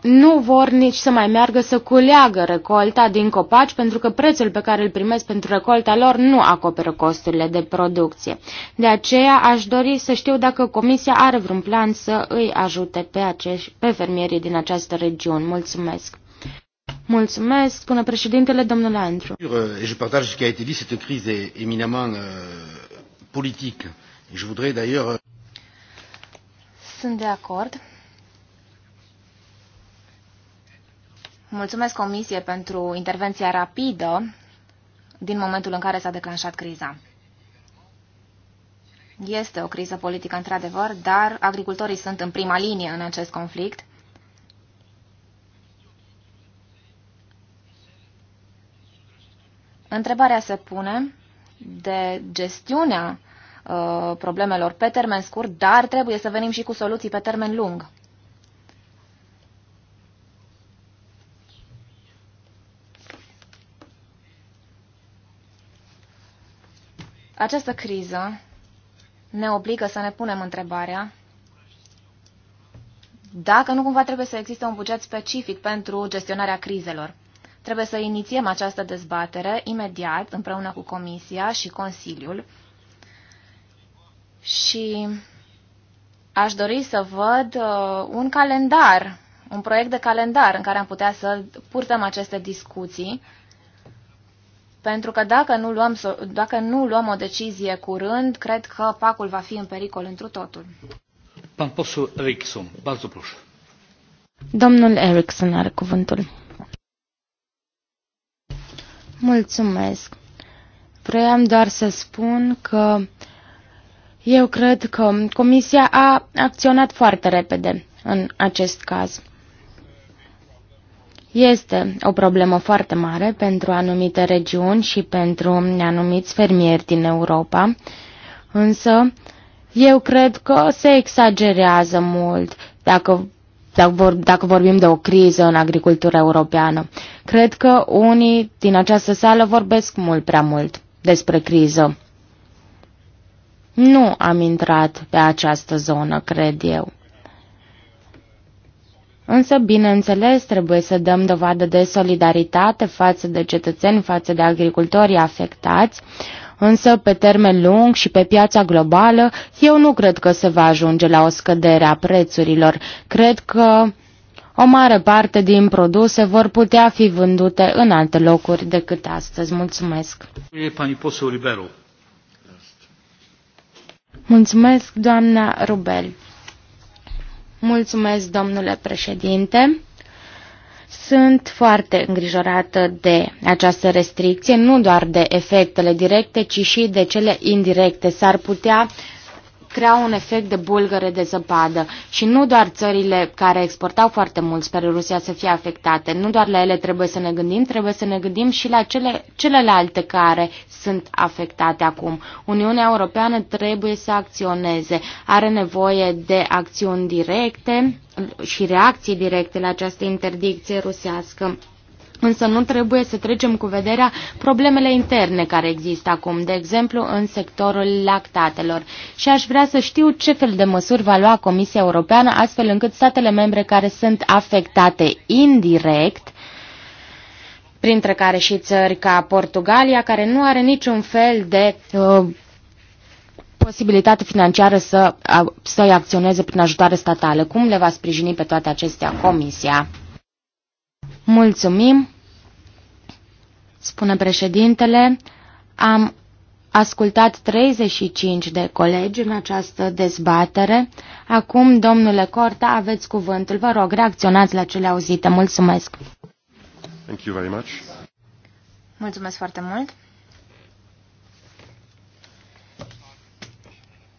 nu vor nici să mai meargă să culeagă recolta din copaci pentru că prețul pe care îl primesc pentru recolta lor nu acoperă costurile de producție. De aceea aș dori să știu dacă Comisia are vreun plan să îi ajute pe, acești, pe fermierii din această regiune. Mulțumesc! Mulțumesc, spune președintele, domnule Andru. Euh, je partage ce a été dit, cette crise est éminemment euh, politique. Je voudrais d'ailleurs... Euh, sunt de acord. Mulțumesc Comisie pentru intervenția rapidă din momentul în care s-a declanșat criza. Este o criză politică, într-adevăr, dar agricultorii sunt în prima linie în acest conflict Întrebarea se pune de gestiunea uh, problemelor pe termen scurt, dar trebuie să venim și cu soluții pe termen lung. Această criză ne obligă să ne punem întrebarea dacă nu cumva trebuie să existe un buget specific pentru gestionarea crizelor. Trebuie să inițiem această dezbatere imediat, împreună cu Comisia și Consiliul. Și aș dori să văd uh, un calendar, un proiect de calendar în care am putea să purtăm aceste discuții. Pentru că dacă nu luăm, dacă nu luăm o decizie curând, cred că pacul va fi în pericol întru totul. Pan posul Erickson, bardzo proszę. Domnul Erickson are cuvântul. Mulțumesc. Vreau doar să spun că eu cred că Comisia a acționat foarte repede în acest caz. Este o problemă foarte mare pentru anumite regiuni și pentru anumiți fermieri din Europa, însă eu cred că se exagerează mult dacă dacă vorbim de o criză în agricultura europeană. Cred că unii din această sală vorbesc mult prea mult despre criză. Nu am intrat pe această zonă, cred eu. Însă, bineînțeles, trebuie să dăm dovadă de solidaritate față de cetățeni, față de agricultorii afectați, însă pe termen lung și pe piața globală eu nu cred că se va ajunge la o scădere a prețurilor. Cred că o mare parte din produse vor putea fi vândute în alte locuri decât astăzi. Mulțumesc! Mulțumesc, doamna Rubel! Mulțumesc, domnule președinte! Sunt foarte îngrijorată de această restricție, nu doar de efectele directe, ci și de cele indirecte. S-ar putea crea un efect de bulgăre de zăpadă și nu doar țările care exportau foarte mult spre Rusia să fie afectate, nu doar la ele trebuie să ne gândim, trebuie să ne gândim și la cele, celelalte care sunt afectate acum. Uniunea Europeană trebuie să acționeze, are nevoie de acțiuni directe și reacții directe la această interdicție rusească. Însă nu trebuie să trecem cu vederea problemele interne care există acum, de exemplu în sectorul lactatelor. Și aș vrea să știu ce fel de măsuri va lua Comisia Europeană astfel încât statele membre care sunt afectate indirect printre care și țări ca Portugalia, care nu are niciun fel de uh, posibilitate financiară să, uh, să acționeze prin ajutoare statală. Cum le va sprijini pe toate acestea Comisia? Mulțumim, spune președintele. Am ascultat 35 de colegi în această dezbatere. Acum, domnule Corta, aveți cuvântul. Vă rog, reacționați la cele auzite. Mulțumesc. Thank you very much. Mulțumesc foarte mult.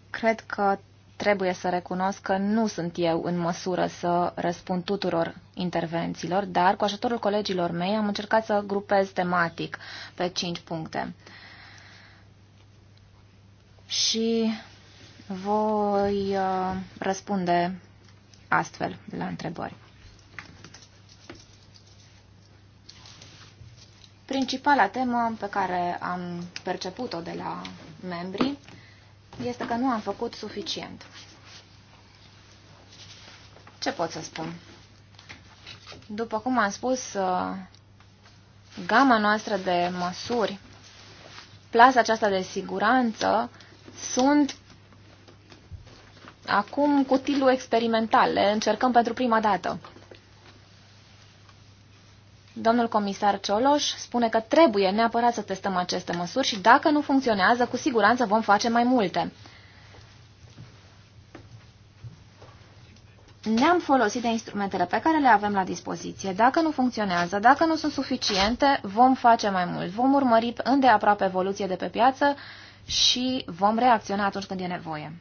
Cred că trebuie să recunosc că nu sunt eu în măsură să răspund tuturor intervențiilor, dar cu ajutorul colegilor mei am încercat să grupez tematic pe cinci puncte. Și voi uh, răspunde astfel la întrebări. Principala temă pe care am perceput-o de la membrii este că nu am făcut suficient. Ce pot să spun? După cum am spus, uh, gama noastră de măsuri, plasa aceasta de siguranță, sunt acum cu experimental. Le încercăm pentru prima dată. Domnul comisar Cioloș spune că trebuie neapărat să testăm aceste măsuri și dacă nu funcționează, cu siguranță vom face mai multe. Ne-am folosit de instrumentele pe care le avem la dispoziție. Dacă nu funcționează, dacă nu sunt suficiente, vom face mai mult. Vom urmări îndeaproape evoluție de pe piață și vom reacționa atunci când e nevoie.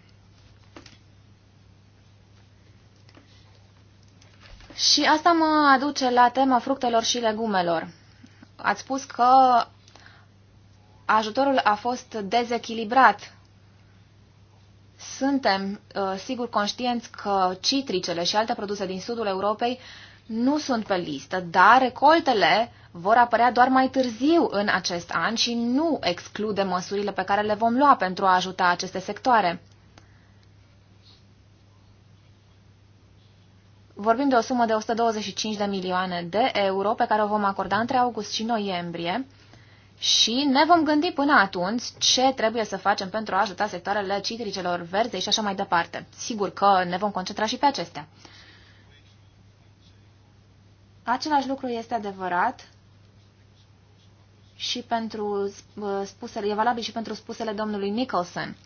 Și asta mă aduce la tema fructelor și legumelor. Ați spus că ajutorul a fost dezechilibrat. Suntem uh, sigur conștienți că citricele și alte produse din sudul Europei nu sunt pe listă, dar recoltele vor apărea doar mai târziu în acest an și nu exclude măsurile pe care le vom lua pentru a ajuta aceste sectoare. Vorbim de o sumă de 125 de milioane de euro pe care o vom acorda între august și noiembrie și ne vom gândi până atunci ce trebuie să facem pentru a ajuta sectoarele citricelor verzi și așa mai departe. Sigur că ne vom concentra și pe acestea. Același lucru este adevărat și pentru spusele, e valabil și pentru spusele domnului Nicholson,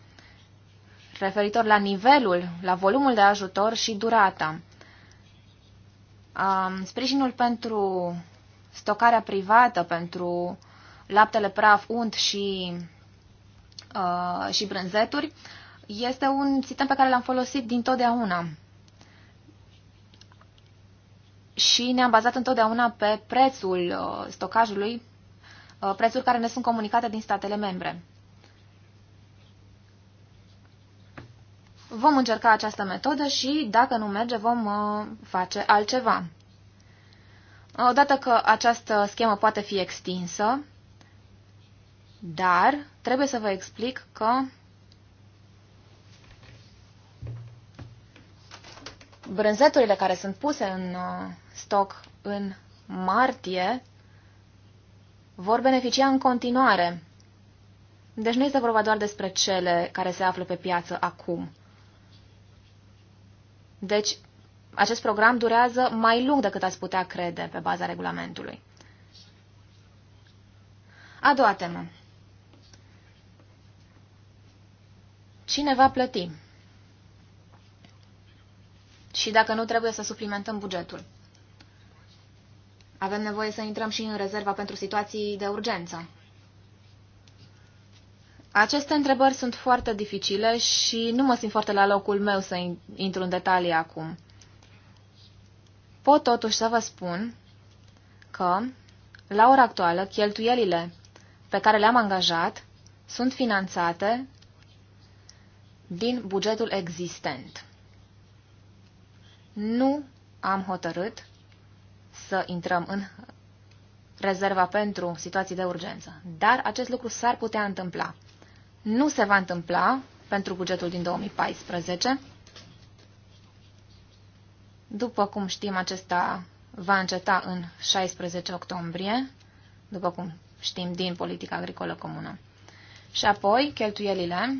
referitor la nivelul, la volumul de ajutor și durata sprijinul pentru stocarea privată, pentru laptele praf, unt și, uh, și brânzeturi, este un sistem pe care l-am folosit din totdeauna. Și ne-am bazat întotdeauna pe prețul uh, stocajului, uh, prețuri care ne sunt comunicate din statele membre. Vom încerca această metodă și, dacă nu merge, vom uh, face altceva. Uh, odată că această schemă poate fi extinsă, dar trebuie să vă explic că brânzeturile care sunt puse în uh, stoc în martie vor beneficia în continuare. Deci nu este vorba doar despre cele care se află pe piață acum. Deci, acest program durează mai lung decât ați putea crede pe baza regulamentului. A doua temă. Cine va plăti? Și dacă nu, trebuie să suplimentăm bugetul. Avem nevoie să intrăm și în rezerva pentru situații de urgență. Aceste întrebări sunt foarte dificile și nu mă simt foarte la locul meu să intru în detalii acum. Pot totuși să vă spun că, la ora actuală, cheltuielile pe care le-am angajat sunt finanțate din bugetul existent. Nu am hotărât să intrăm în rezerva pentru situații de urgență, dar acest lucru s-ar putea întâmpla nu se va întâmpla pentru bugetul din 2014. După cum știm, acesta va înceta în 16 octombrie, după cum știm din politica agricolă comună. Și apoi, cheltuielile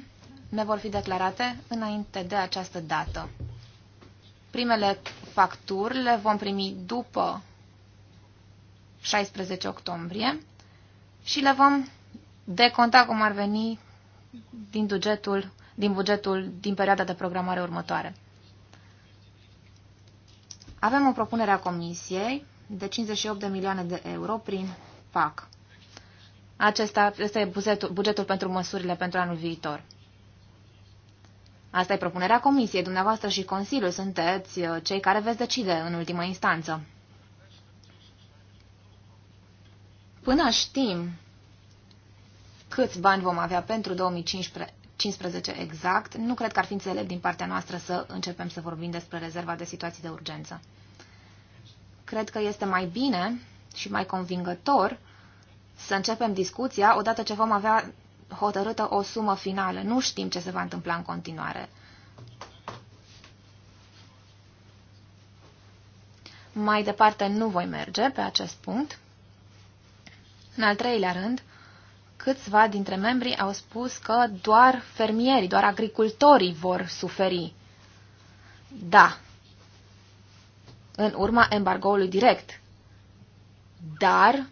ne vor fi declarate înainte de această dată. Primele facturi le vom primi după 16 octombrie și le vom deconta cum ar veni din bugetul din, bugetul din perioada de programare următoare. Avem o propunere a Comisiei de 58 de milioane de euro prin PAC. Acesta este bugetul, bugetul pentru măsurile pentru anul viitor. Asta e propunerea Comisiei. Dumneavoastră și Consiliul sunteți uh, cei care veți decide în ultima instanță. Până știm câți bani vom avea pentru 2015 exact, nu cred că ar fi înțelept din partea noastră să începem să vorbim despre rezerva de situații de urgență. Cred că este mai bine și mai convingător să începem discuția odată ce vom avea hotărâtă o sumă finală. Nu știm ce se va întâmpla în continuare. Mai departe nu voi merge pe acest punct. În al treilea rând, câțiva dintre membrii au spus că doar fermierii, doar agricultorii vor suferi. Da. În urma embargoului direct. Dar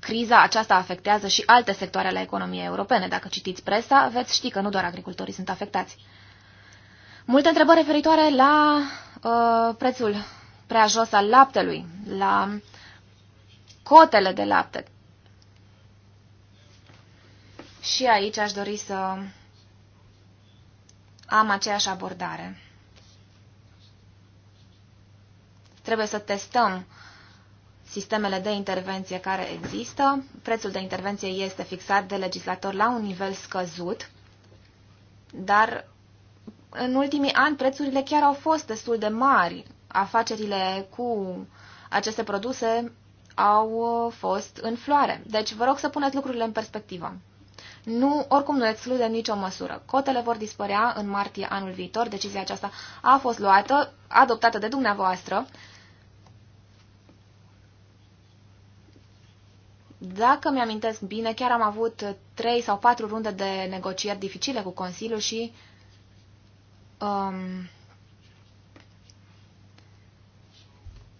criza aceasta afectează și alte sectoare ale economiei europene. Dacă citiți presa, veți ști că nu doar agricultorii sunt afectați. Multe întrebări referitoare la uh, prețul prea jos al laptelui, la cotele de lapte. Și aici aș dori să am aceeași abordare. Trebuie să testăm sistemele de intervenție care există. Prețul de intervenție este fixat de legislator la un nivel scăzut, dar în ultimii ani prețurile chiar au fost destul de mari. Afacerile cu aceste produse au uh, fost în floare. Deci vă rog să puneți lucrurile în perspectivă nu, oricum nu exclude nicio măsură. Cotele vor dispărea în martie anul viitor. Decizia aceasta a fost luată, adoptată de dumneavoastră. Dacă mi-amintesc bine, chiar am avut trei sau patru runde de negocieri dificile cu Consiliul și um,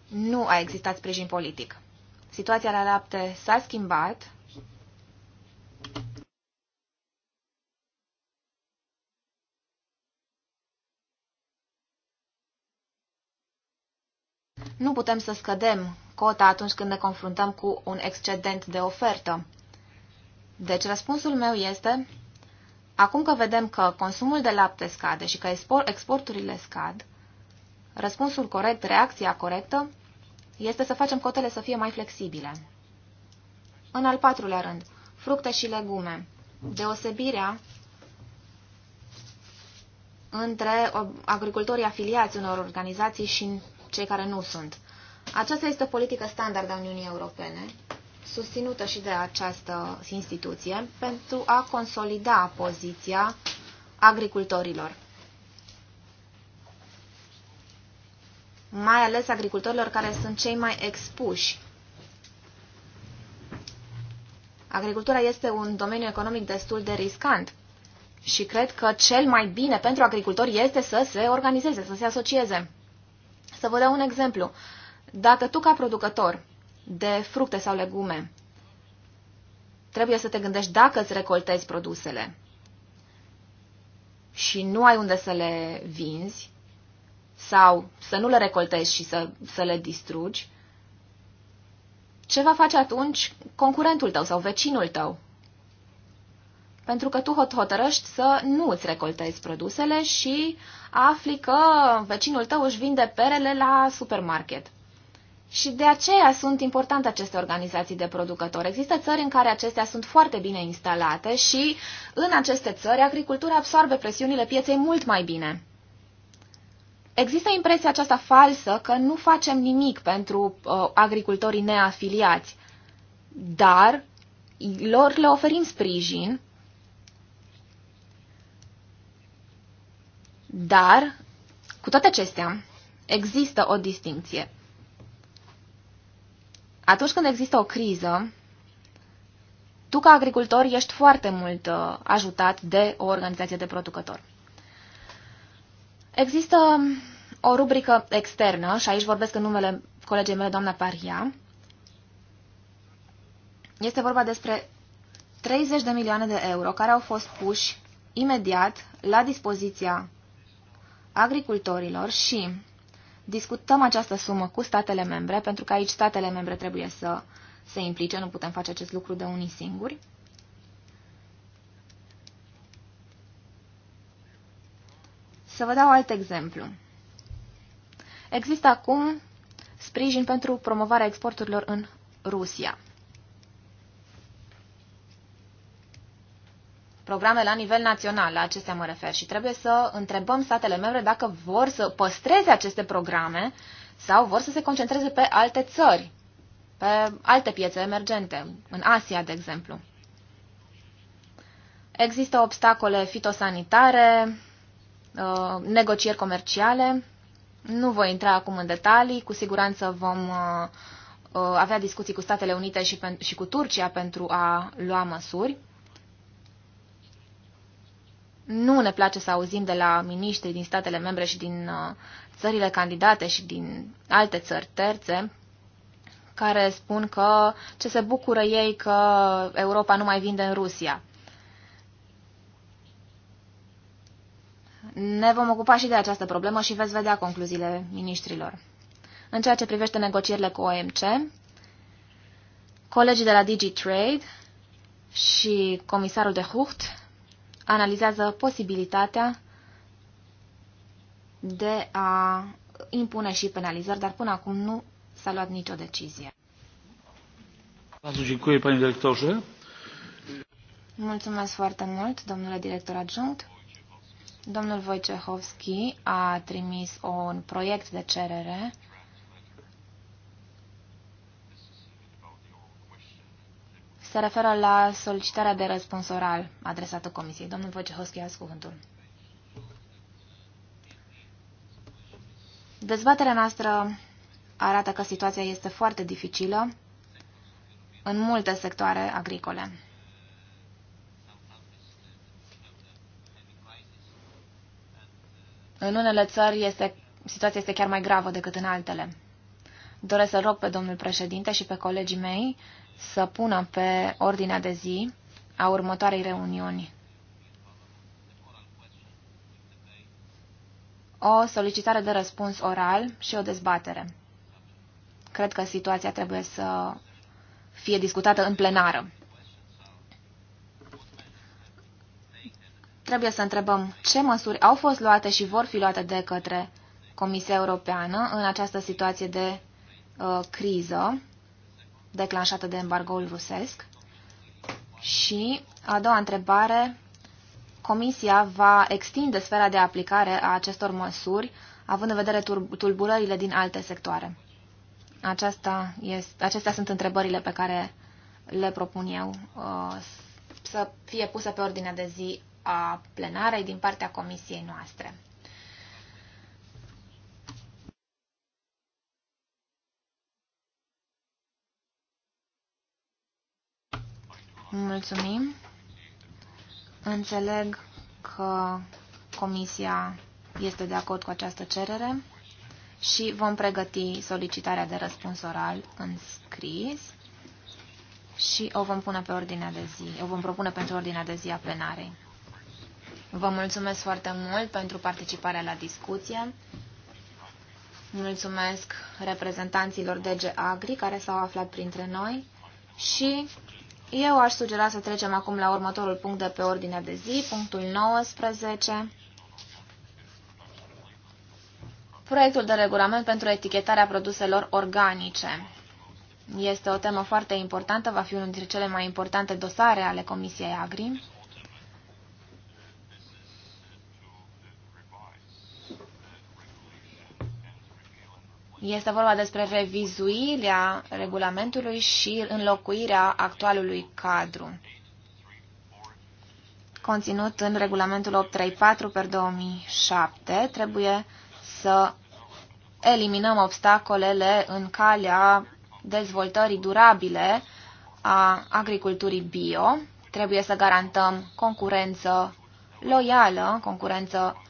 nu a existat sprijin politic. Situația la lapte s-a schimbat Nu putem să scădem cota atunci când ne confruntăm cu un excedent de ofertă. Deci răspunsul meu este, acum că vedem că consumul de lapte scade și că exporturile scad, răspunsul corect, reacția corectă, este să facem cotele să fie mai flexibile. În al patrulea rând, fructe și legume. Deosebirea între agricultorii afiliați unor organizații și cei care nu sunt. Aceasta este o politică standard a Uniunii Europene, susținută și de această instituție, pentru a consolida poziția agricultorilor. Mai ales agricultorilor care sunt cei mai expuși. Agricultura este un domeniu economic destul de riscant și cred că cel mai bine pentru agricultori este să se organizeze, să se asocieze. Să vă dau un exemplu. Dacă tu, ca producător de fructe sau legume, trebuie să te gândești dacă îți recoltezi produsele și nu ai unde să le vinzi sau să nu le recoltezi și să, să le distrugi, ce va face atunci concurentul tău sau vecinul tău? Pentru că tu hotărăști să nu îți recoltezi produsele și afli că vecinul tău își vinde perele la supermarket. Și de aceea sunt importante aceste organizații de producători. Există țări în care acestea sunt foarte bine instalate și în aceste țări agricultura absorbe presiunile pieței mult mai bine. Există impresia aceasta falsă că nu facem nimic pentru uh, agricultorii neafiliați, dar lor le oferim sprijin Dar, cu toate acestea, există o distinție. Atunci când există o criză, tu ca agricultor ești foarte mult uh, ajutat de o organizație de producători. Există um, o rubrică externă, și aici vorbesc în numele colegii mele, doamna Paria. Este vorba despre 30 de milioane de euro care au fost puși imediat la dispoziția agricultorilor și discutăm această sumă cu statele membre, pentru că aici statele membre trebuie să se implice, nu putem face acest lucru de unii singuri. Să vă dau alt exemplu. Există acum sprijin pentru promovarea exporturilor în Rusia. programe la nivel național, la acestea mă refer, și trebuie să întrebăm statele membre dacă vor să păstreze aceste programe sau vor să se concentreze pe alte țări, pe alte piețe emergente, în Asia, de exemplu. Există obstacole fitosanitare, uh, negocieri comerciale. Nu voi intra acum în detalii, cu siguranță vom uh, uh, avea discuții cu Statele Unite și, și cu Turcia pentru a lua măsuri nu ne place să auzim de la miniștri din statele membre și din uh, țările candidate și din alte țări terțe care spun că ce se bucură ei că Europa nu mai vinde în Rusia. Ne vom ocupa și de această problemă și veți vedea concluziile miniștrilor. În ceea ce privește negocierile cu OMC, colegii de la DigiTrade și comisarul de Hucht analizează posibilitatea de a impune și penalizări, dar până acum nu s-a luat nicio decizie. Mulțumesc foarte mult, domnule director adjunct. Domnul Wojciechowski a trimis un proiect de cerere se referă la solicitarea de răspuns oral adresată Comisiei. Domnul Vocehoschi, ați cuvântul. Dezbaterea noastră arată că situația este foarte dificilă în multe sectoare agricole. În unele țări este, situația este chiar mai gravă decât în altele. Doresc să rog pe domnul președinte și pe colegii mei să pună pe ordinea de zi a următoarei reuniuni o solicitare de răspuns oral și o dezbatere. Cred că situația trebuie să fie discutată în plenară. Trebuie să întrebăm ce măsuri au fost luate și vor fi luate de către Comisia Europeană în această situație de uh, criză declanșată de embargoul rusesc? Și a doua întrebare, Comisia va extinde sfera de aplicare a acestor măsuri, având în vedere tulburările din alte sectoare. Aceasta este, acestea sunt întrebările pe care le propun eu uh, să fie pusă pe ordinea de zi a plenarei din partea comisiei noastre. Mulțumim. Înțeleg că Comisia este de acord cu această cerere și vom pregăti solicitarea de răspuns oral în scris și o vom pune pe ordinea de zi, o vom propune pentru ordinea de zi a plenarei. Vă mulțumesc foarte mult pentru participarea la discuție. Mulțumesc reprezentanților DG Agri care s-au aflat printre noi și eu aș sugera să trecem acum la următorul punct de pe ordinea de zi, punctul 19. Proiectul de regulament pentru etichetarea produselor organice. Este o temă foarte importantă, va fi unul dintre cele mai importante dosare ale Comisiei Agri. Este vorba despre revizuirea regulamentului și înlocuirea actualului cadru conținut în regulamentul 834 per 2007 trebuie să eliminăm obstacolele în calea dezvoltării durabile a agriculturii bio. Trebuie să garantăm concurență loială, concurență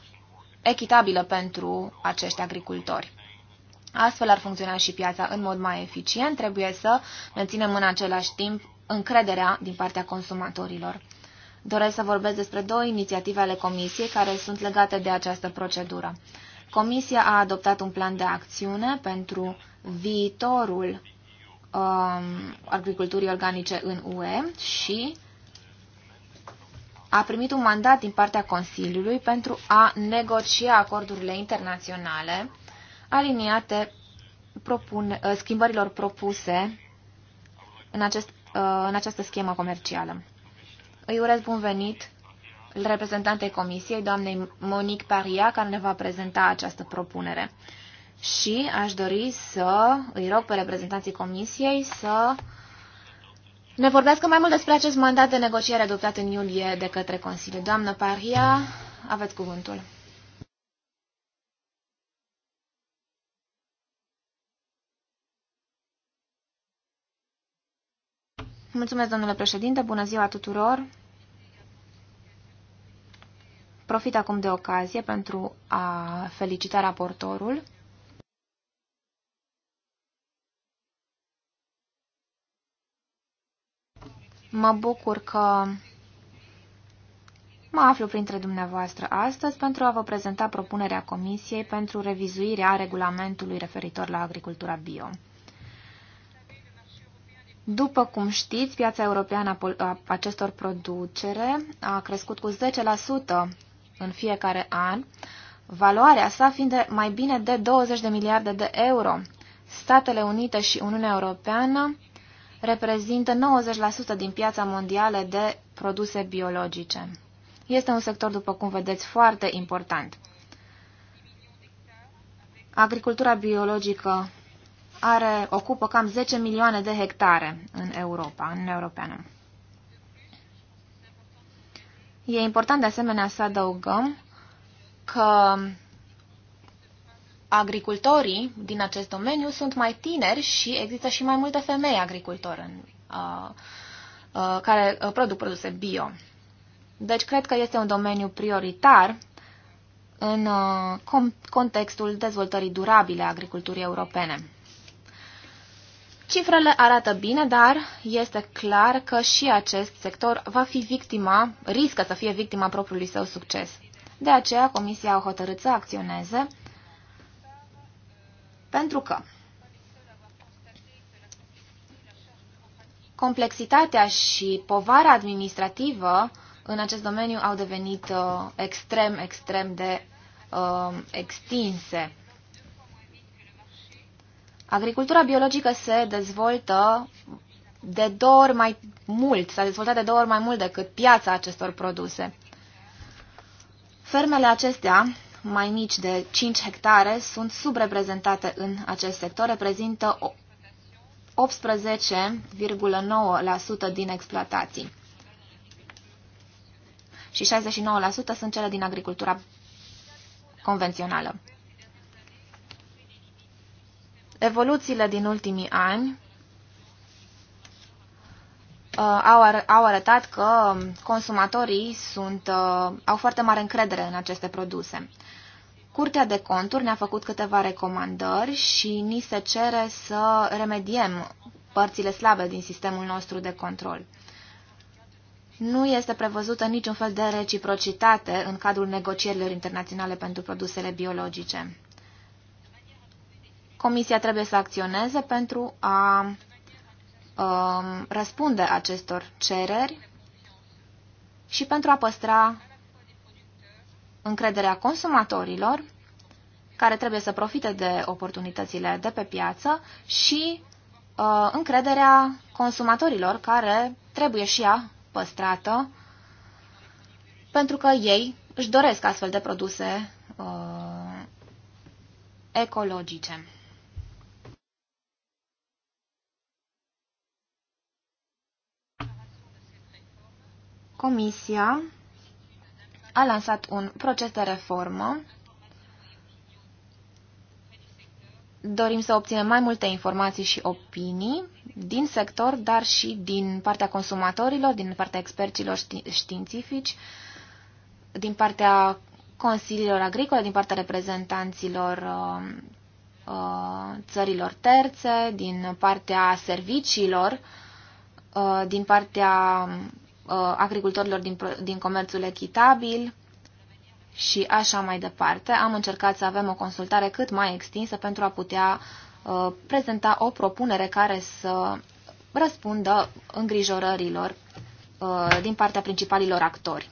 echitabilă pentru acești agricultori. Astfel ar funcționa și piața în mod mai eficient. Trebuie să ne ținem în același timp încrederea din partea consumatorilor. Doresc să vorbesc despre două inițiative ale Comisiei care sunt legate de această procedură. Comisia a adoptat un plan de acțiune pentru viitorul um, agriculturii organice în UE și a primit un mandat din partea Consiliului pentru a negocia acordurile internaționale aliniate propun, uh, schimbărilor propuse în, acest, uh, în această schemă comercială. Îi urez bun venit reprezentantei Comisiei, doamnei Monique Paria, care ne va prezenta această propunere. Și aș dori să îi rog pe reprezentanții Comisiei să ne vorbească mai mult despre acest mandat de negociere adoptat în iulie de către Consiliu. Doamnă Paria, aveți cuvântul. Mulțumesc, domnule președinte. Bună ziua tuturor. Profit acum de ocazie pentru a felicita raportorul. Mă bucur că mă aflu printre dumneavoastră astăzi pentru a vă prezenta propunerea Comisiei pentru revizuirea regulamentului referitor la agricultura bio. După cum știți, piața europeană a acestor producere a crescut cu 10% în fiecare an, valoarea sa fiind de mai bine de 20 de miliarde de euro. Statele Unite și Uniunea Europeană reprezintă 90% din piața mondială de produse biologice. Este un sector, după cum vedeți, foarte important. Agricultura biologică are, ocupă cam 10 milioane de hectare în Europa, în Europeană. E important de asemenea să adăugăm că agricultorii din acest domeniu sunt mai tineri și există și mai multe femei agricultori în, uh, uh, care produc produse bio. Deci cred că este un domeniu prioritar în uh, contextul dezvoltării durabile a agriculturii europene. Cifrele arată bine, dar este clar că și acest sector va fi victima, riscă să fie victima propriului său succes. De aceea, Comisia a hotărât să acționeze pentru că complexitatea și povara administrativă în acest domeniu au devenit uh, extrem, extrem de uh, extinse. Agricultura biologică se dezvoltă de două ori mai mult, s-a dezvoltat de două ori mai mult decât piața acestor produse. Fermele acestea, mai mici de 5 hectare, sunt subreprezentate în acest sector, reprezintă 18,9% din exploatații și 69% sunt cele din agricultura convențională. Evoluțiile din ultimii ani uh, au, ar, au arătat că consumatorii sunt, uh, au foarte mare încredere în aceste produse. Curtea de conturi ne-a făcut câteva recomandări și ni se cere să remediem părțile slabe din sistemul nostru de control. Nu este prevăzută niciun fel de reciprocitate în cadrul negocierilor internaționale pentru produsele biologice. Comisia trebuie să acționeze pentru a um, răspunde acestor cereri și pentru a păstra încrederea consumatorilor care trebuie să profite de oportunitățile de pe piață și uh, încrederea consumatorilor care trebuie și ea păstrată pentru că ei își doresc astfel de produse uh, ecologice. Comisia a lansat un proces de reformă. Dorim să obținem mai multe informații și opinii din sector, dar și din partea consumatorilor, din partea experților științifici, din partea consiliilor agricole, din partea reprezentanților uh, uh, țărilor terțe, din partea serviciilor, uh, din partea Uh, agricultorilor din, din comerțul echitabil și așa mai departe. Am încercat să avem o consultare cât mai extinsă pentru a putea uh, prezenta o propunere care să răspundă îngrijorărilor uh, din partea principalilor actori.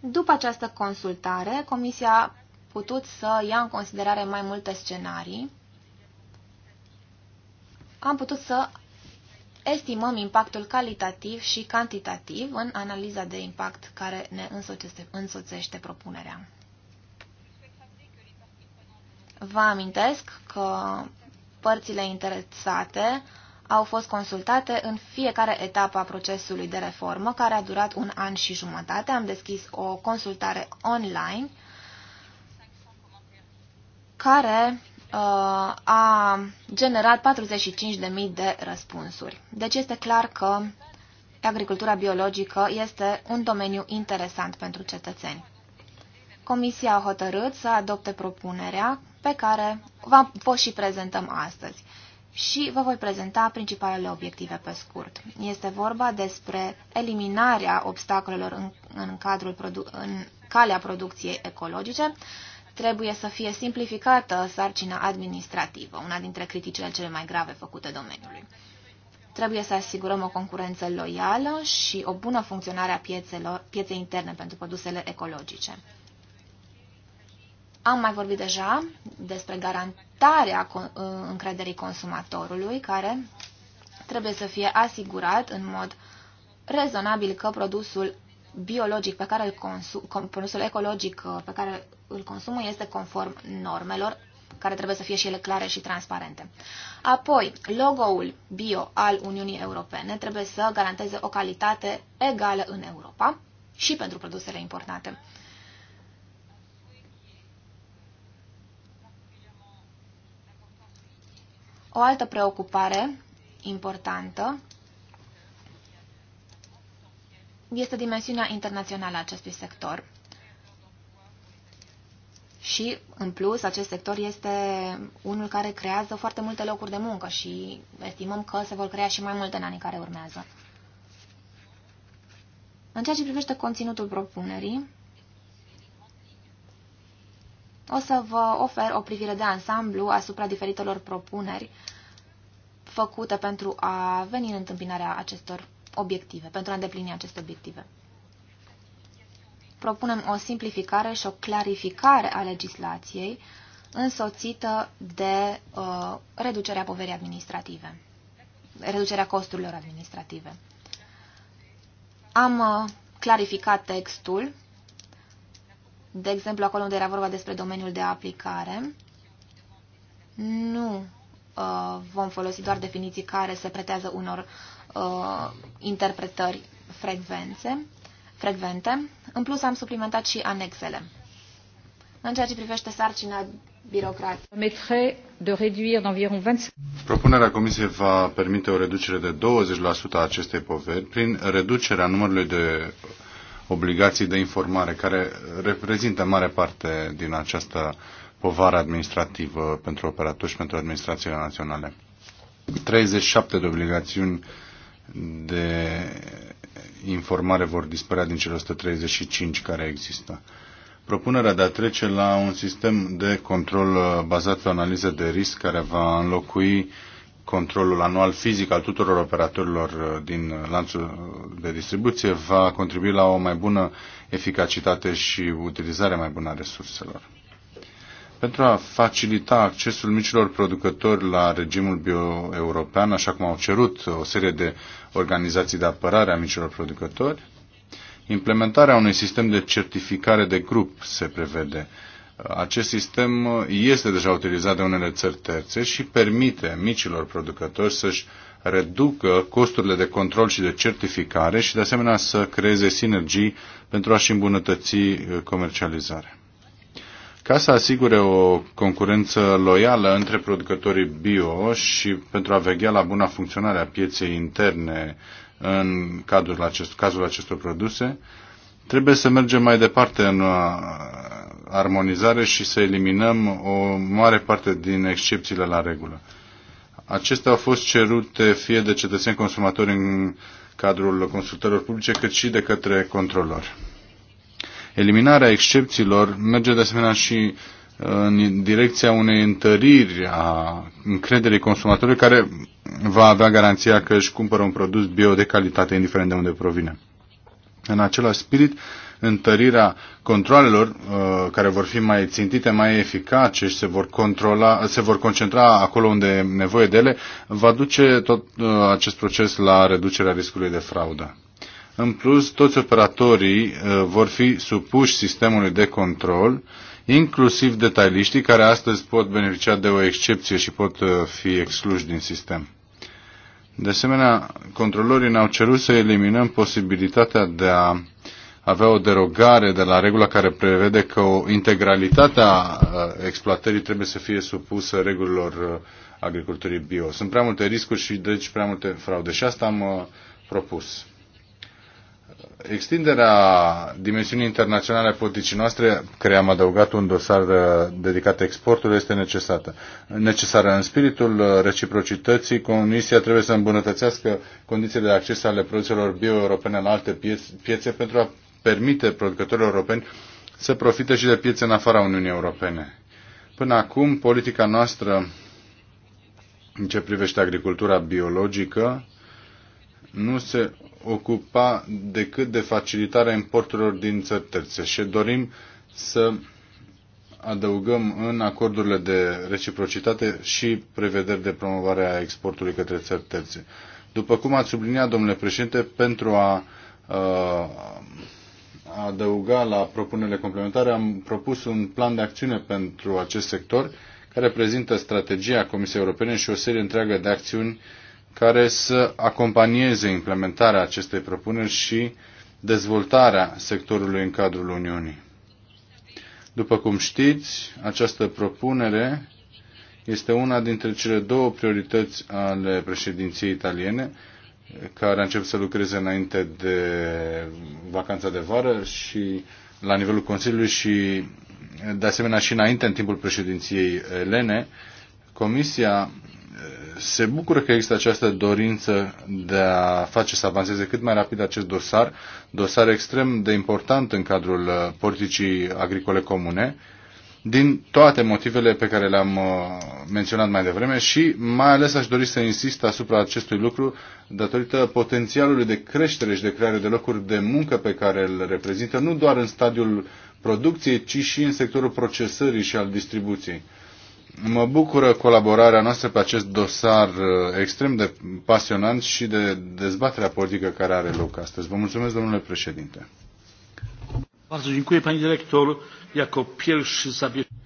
După această consultare, Comisia a putut să ia în considerare mai multe scenarii am putut să estimăm impactul calitativ și cantitativ în analiza de impact care ne însoțește, însoțește propunerea. Vă amintesc că părțile interesate au fost consultate în fiecare etapă a procesului de reformă, care a durat un an și jumătate. Am deschis o consultare online care Uh, a generat 45.000 de răspunsuri. Deci este clar că agricultura biologică este un domeniu interesant pentru cetățeni. Comisia a hotărât să adopte propunerea pe care vă și prezentăm astăzi și vă voi prezenta principalele obiective pe scurt. Este vorba despre eliminarea obstacolelor în, în, cadrul produ- în calea producției ecologice, trebuie să fie simplificată sarcina administrativă, una dintre criticile cele mai grave făcute domeniului. Trebuie să asigurăm o concurență loială și o bună funcționare a piețelor, pieței interne pentru produsele ecologice. Am mai vorbit deja despre garantarea încrederii consumatorului, care trebuie să fie asigurat în mod rezonabil că produsul biologic pe care îl consum, produsul ecologic uh, pe care îl consumă este conform normelor care trebuie să fie și ele clare și transparente. Apoi, logo-ul bio al Uniunii Europene trebuie să garanteze o calitate egală în Europa și pentru produsele importate. O altă preocupare importantă este dimensiunea internațională a acestui sector. Și, în plus, acest sector este unul care creează foarte multe locuri de muncă și estimăm că se vor crea și mai multe în anii care urmează. În ceea ce privește conținutul propunerii, o să vă ofer o privire de ansamblu asupra diferitelor propuneri făcute pentru a veni în întâmpinarea acestor obiective, pentru a îndeplini aceste obiective. Propunem o simplificare și o clarificare a legislației însoțită de uh, reducerea poverii administrative, reducerea costurilor administrative. Am uh, clarificat textul, de exemplu acolo unde era vorba despre domeniul de aplicare, nu Uh, vom folosi doar definiții care se pretează unor uh, interpretări frecvențe, frecvente. În plus, am suplimentat și anexele. În ceea ce privește sarcina Propunerea Comisiei va permite o reducere de 20% a acestei poveri prin reducerea numărului de obligații de informare, care reprezintă mare parte din această povară administrativă pentru operatori și pentru administrațiile naționale. 37 de obligațiuni de informare vor dispărea din cele 135 care există. Propunerea de a trece la un sistem de control uh, bazat pe analiză de risc care va înlocui controlul anual fizic al tuturor operatorilor uh, din lanțul de distribuție va contribui la o mai bună eficacitate și utilizare mai bună a resurselor pentru a facilita accesul micilor producători la regimul bio-european, așa cum au cerut o serie de organizații de apărare a micilor producători. Implementarea unui sistem de certificare de grup se prevede. Acest sistem este deja utilizat de unele țări terțe și permite micilor producători să-și reducă costurile de control și de certificare și de asemenea să creeze sinergii pentru a-și îmbunătăți comercializarea ca să asigure o concurență loială între producătorii bio și pentru a veghea la buna funcționare a pieței interne în cadrul acest, cazul acestor produse, trebuie să mergem mai departe în uh, armonizare și să eliminăm o mare parte din excepțiile la regulă. Acestea au fost cerute fie de cetățeni consumatori în cadrul consultărilor publice, cât și de către controlori. Eliminarea excepțiilor merge de asemenea și uh, în direcția unei întăriri a încrederii consumatorului care va avea garanția că își cumpără un produs bio de calitate, indiferent de unde provine. În același spirit, întărirea controlelor uh, care vor fi mai țintite, mai eficace și se vor, controla, se vor concentra acolo unde e nevoie de ele, va duce tot uh, acest proces la reducerea riscului de fraudă. În plus, toți operatorii uh, vor fi supuși sistemului de control, inclusiv detailiștii care astăzi pot beneficia de o excepție și pot uh, fi excluși din sistem. De asemenea, controlorii ne-au cerut să eliminăm posibilitatea de a avea o derogare de la regula care prevede că o integralitatea exploatării trebuie să fie supusă regulilor uh, agriculturii bio. Sunt prea multe riscuri și deci prea multe fraude și asta am propus extinderea dimensiunii internaționale a politicii noastre, care am adăugat un dosar uh, dedicat exportului, este necesară. necesară. În spiritul uh, reciprocității, Comisia trebuie să îmbunătățească condițiile de acces ale produselor bio-europene la alte piețe pentru a permite producătorilor europeni să profite și de piețe în afara Uniunii Europene. Până acum, politica noastră în ce privește agricultura biologică nu se ocupa decât de facilitarea importurilor din țări terțe și dorim să adăugăm în acordurile de reciprocitate și prevederi de promovare a exportului către țări terțe. După cum ați subliniat, domnule președinte, pentru a, a adăuga la propunerile complementare, am propus un plan de acțiune pentru acest sector care prezintă strategia Comisiei Europene și o serie întreagă de acțiuni uh, care să acompanieze implementarea acestei propuneri și dezvoltarea sectorului în cadrul Uniunii. După cum știți, această propunere este una dintre cele două priorități ale președinției italiene, care a început să lucreze înainte de vacanța de vară și la nivelul Consiliului și de asemenea și înainte în timpul președinției elene. Comisia se bucură că există această dorință de a face să avanseze cât mai rapid acest dosar, dosar extrem de important în cadrul uh, politicii agricole comune, din toate motivele pe care le-am uh, menționat mai devreme și mai ales aș dori să insist asupra acestui lucru datorită potențialului de creștere și de creare de locuri de muncă pe care îl reprezintă, nu doar în stadiul producției, ci și în sectorul procesării și al distribuției. Mă bucură colaborarea noastră pe acest dosar uh, extrem de pasionant și de dezbaterea politică care are loc astăzi. Vă mulțumesc, domnule președinte.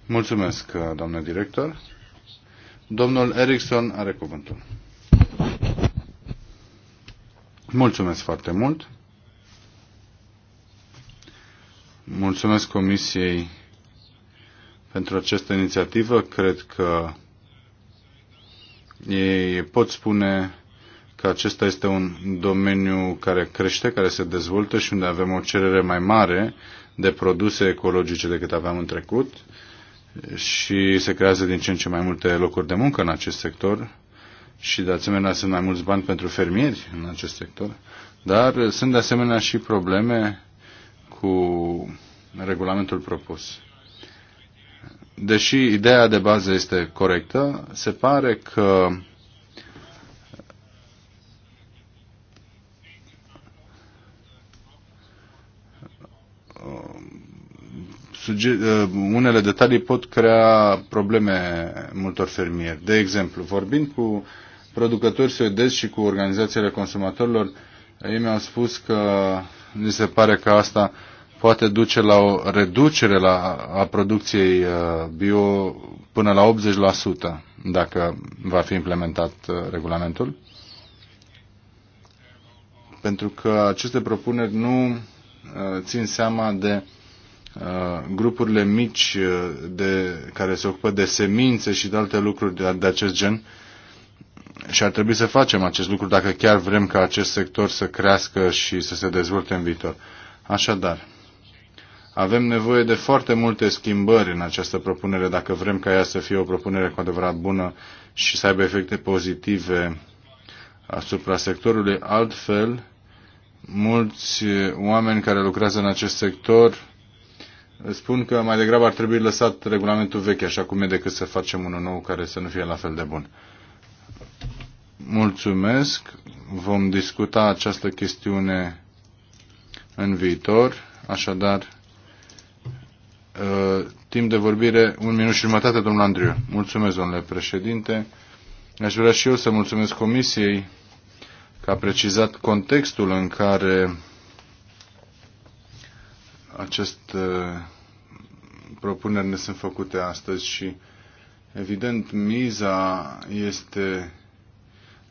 Mulțumesc, uh, domnule director. Domnul Erickson are cuvântul. Mulțumesc foarte mult. Mulțumesc Comisiei pentru această inițiativă. Cred că ei pot spune că acesta este un domeniu care crește, care se dezvoltă și unde avem o cerere mai mare de produse ecologice decât aveam în trecut și se creează din ce în ce mai multe locuri de muncă în acest sector și de asemenea sunt mai mulți bani pentru fermieri în acest sector, dar sunt de asemenea și probleme cu regulamentul propus deși ideea de bază este corectă, se pare că uh, unele detalii pot crea probleme multor fermieri. De exemplu, vorbind cu producători suedezi și cu organizațiile consumatorilor, ei mi-au spus că li se pare că asta poate duce la o reducere la, a producției uh, bio până la 80% dacă va fi implementat uh, regulamentul. Pentru că aceste propuneri nu uh, țin seama de grupurile mici de, care se ocupă de semințe și de alte lucruri de, de acest gen și ar trebui să facem acest lucru dacă chiar vrem ca acest sector să crească și să se dezvolte în viitor. Așadar, avem nevoie de foarte multe schimbări în această propunere dacă vrem ca ea să fie o propunere cu adevărat bună și să aibă efecte pozitive asupra sectorului. Altfel, mulți oameni care lucrează în acest sector spun că mai degrabă ar trebui lăsat regulamentul vechi așa cum e decât să facem unul nou care să nu fie la fel de bun. Mulțumesc. Vom discuta această chestiune în viitor. Așadar, Uh, timp de vorbire, un minut și jumătate, domnul Andriu. Mulțumesc, domnule președinte. Aș vrea și eu să mulțumesc Comisiei că a precizat contextul în care aceste uh, propuneri ne sunt făcute astăzi și, evident, miza este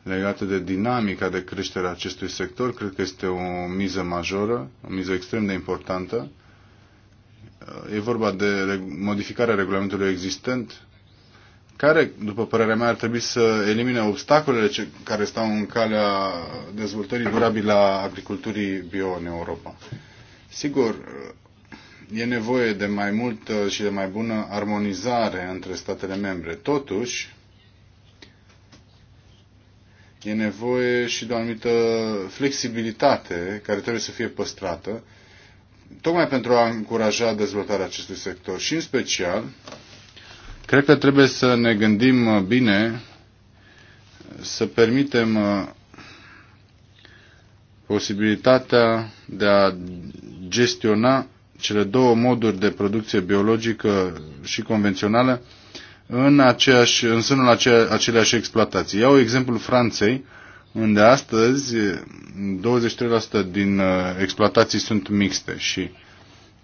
legată de dinamica de creștere a acestui sector. Cred că este o miză majoră, o miză extrem de importantă E vorba de modificarea regulamentului existent, care, după părerea mea, ar trebui să elimine obstacolele ce, care stau în calea dezvoltării durabile a agriculturii bio în Europa. Sigur, e nevoie de mai multă uh, și de mai bună armonizare între statele membre. Totuși, e nevoie și de o anumită flexibilitate care trebuie să fie păstrată tocmai pentru a încuraja dezvoltarea acestui sector și în special cred că trebuie să ne gândim uh, bine să permitem uh, posibilitatea de a gestiona cele două moduri de producție biologică și convențională în, aceeași, în sânul aceleași exploatații. Iau exemplul Franței, unde astăzi 23% din uh, exploatații sunt mixte și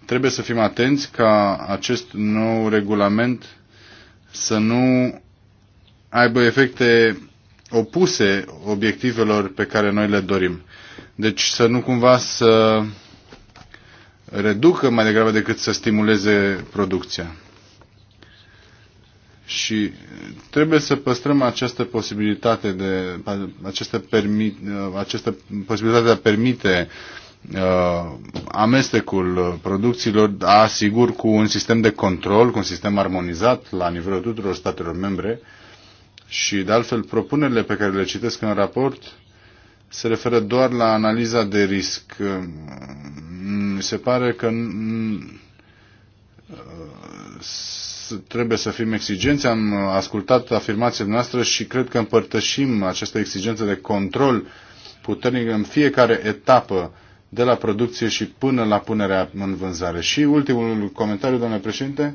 trebuie să fim atenți ca acest nou regulament să nu aibă efecte opuse obiectivelor pe care noi le dorim. Deci să nu cumva să reducă mai degrabă decât să stimuleze producția și trebuie să păstrăm această posibilitate de această, permit, această posibilitate de a permite uh, amestecul producțiilor asigur cu un sistem de control, cu un sistem armonizat la nivelul tuturor statelor membre și de altfel propunerile pe care le citesc în raport se referă doar la analiza de risc. Mi se pare că trebuie să fim exigenți. Am ascultat afirmațiile noastre și cred că împărtășim această exigență de control puternic în fiecare etapă de la producție și până la punerea în vânzare. Și ultimul comentariu, domnule președinte,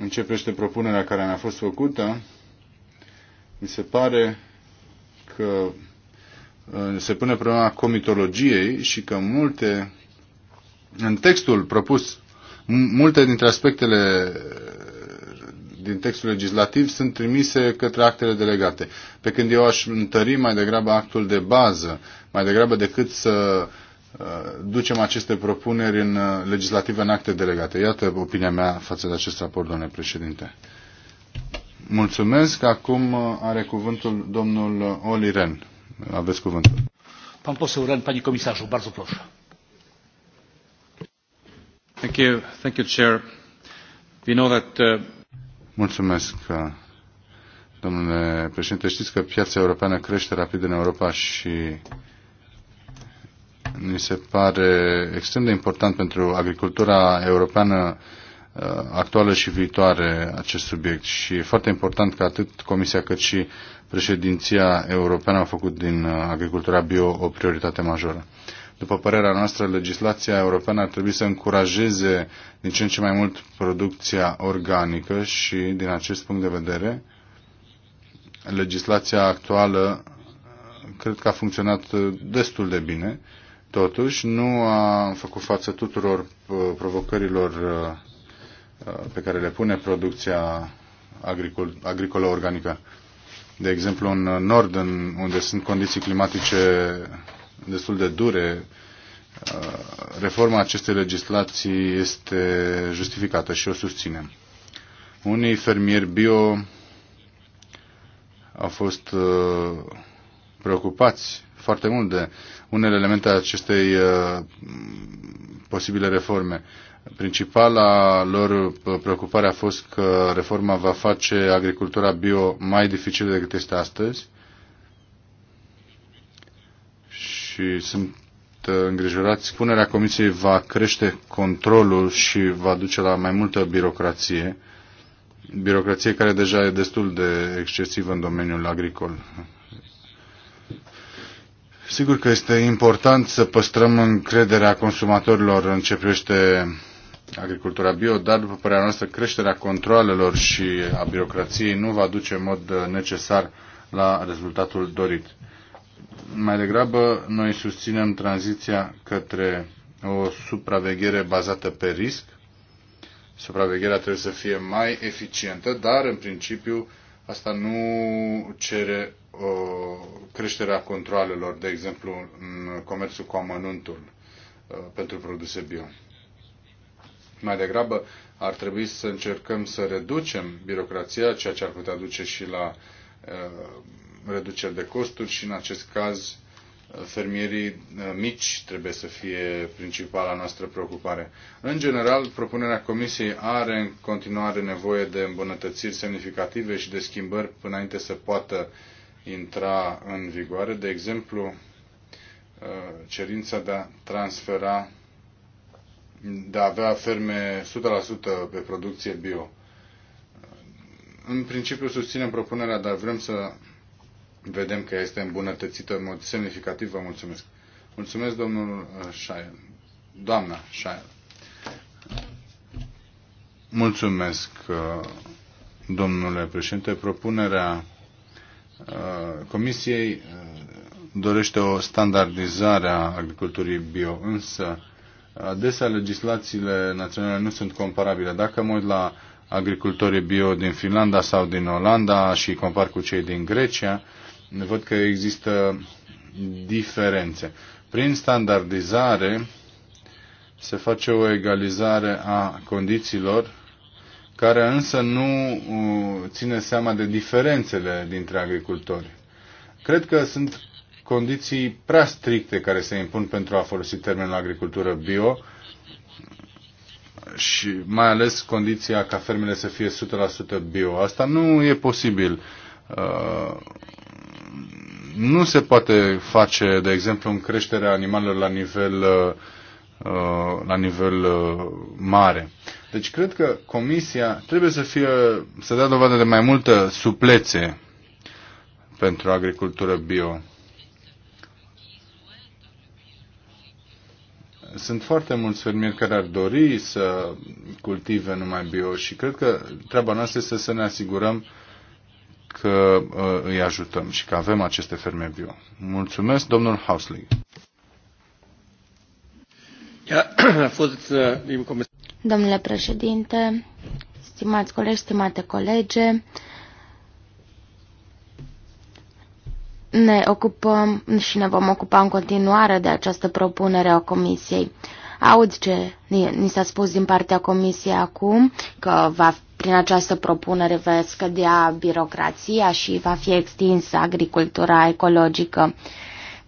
începește propunerea care ne a fost făcută. Mi se pare că uh, se pune problema comitologiei și că multe, în textul propus, multe dintre aspectele din textul legislativ sunt trimise către actele delegate. Pe când eu aș întări mai degrabă actul de bază, mai degrabă decât să uh, ducem aceste propuneri în uh, legislativ în acte delegate. Iată opinia mea față de acest raport, domnule președinte. Mulțumesc. Acum uh, are cuvântul domnul Oli Ren. Aveți cuvântul. Pan poseu Ren, pani komisarzu, bardzo proszę. Thank you, thank you, Chair. We know that uh, Mulțumesc, uh, domnule președinte. Știți că piața europeană crește rapid în Europa și mi se pare extrem de important pentru agricultura europeană uh, actuală și viitoare acest subiect și e foarte important că atât Comisia cât și președinția europeană au făcut din uh, agricultura bio o prioritate majoră. După părerea noastră, legislația europeană ar trebui să încurajeze din ce în ce mai mult producția organică și, din acest punct de vedere, legislația actuală uh, cred că a funcționat uh, destul de bine. Totuși, nu a făcut față tuturor uh, provocărilor pe care le pune producția agricol, agricolă organică. De exemplu, în nord, în, unde sunt condiții climatice destul de dure, uh, reforma acestei legislații este justificată și o susținem. Unii fermieri bio au fost uh, preocupați foarte mult de unele elemente acestei uh, posibile reforme. Principala lor preocupare a fost că reforma va face agricultura bio mai dificilă decât este astăzi și sunt uh, îngrijorați. Spunerea Comisiei va crește controlul și va duce la mai multă birocrație, birocrație care deja e destul de excesivă în domeniul agricol. Sigur că este important să păstrăm încrederea consumatorilor în ce privește agricultura bio, dar, după părerea noastră, creșterea controalelor și a birocrației nu va duce în mod uh, necesar la rezultatul dorit. Mai degrabă, noi susținem tranziția către o supraveghere bazată pe risc. Supravegherea trebuie să fie mai eficientă, dar, în principiu, asta nu cere o creșterea controlelor, de exemplu, în comerțul cu amănuntul pentru produse bio. Mai degrabă, ar trebui să încercăm să reducem birocrația, ceea ce ar putea duce și la reduceri de costuri și în acest caz fermierii eh, mici trebuie să fie principala noastră preocupare. În general, propunerea Comisiei are în continuare nevoie de îmbunătățiri semnificative și de schimbări până înainte să poată intra în vigoare. De exemplu, eh, cerința de a transfera, de a avea ferme 100% pe producție bio. În principiu susținem propunerea, dar vrem să vedem că este îmbunătățită în mod semnificativ. Vă mulțumesc. Mulțumesc, domnul uh, Shire. Doamna Shire. Mulțumesc, uh, domnule președinte. Propunerea uh, Comisiei dorește o standardizare a agriculturii bio, însă adesea legislațiile naționale nu sunt comparabile. Dacă mă uit la agricultorii bio din Finlanda sau din Olanda și compar cu cei din Grecia, văd că există diferențe. Prin standardizare se face o egalizare a condițiilor care însă nu uh, ține seama de diferențele dintre agricultori. Cred că sunt condiții prea stricte care se impun pentru a folosi termenul agricultură bio și mai ales condiția ca fermele să fie 100% bio. Asta nu e posibil. Uh, nu se poate face, de exemplu, în creșterea animalelor la nivel, uh, uh, la nivel uh, mare. Deci cred că Comisia trebuie să, fie, să dea dovadă de mai multă suplețe pentru agricultură bio. Sunt foarte mulți fermieri care ar dori să cultive numai bio și cred că treaba noastră este să ne asigurăm uh, că uh, îi ajutăm și că avem aceste ferme bio. Mulțumesc, domnul Hausling. Domnule președinte, stimați colegi, stimate colege, ne ocupăm și ne vom ocupa în continuare de această propunere a Comisiei. Aud ce ni s-a spus din partea Comisiei acum, că va prin această propunere va scădea birocrația și va fi extinsă agricultura ecologică.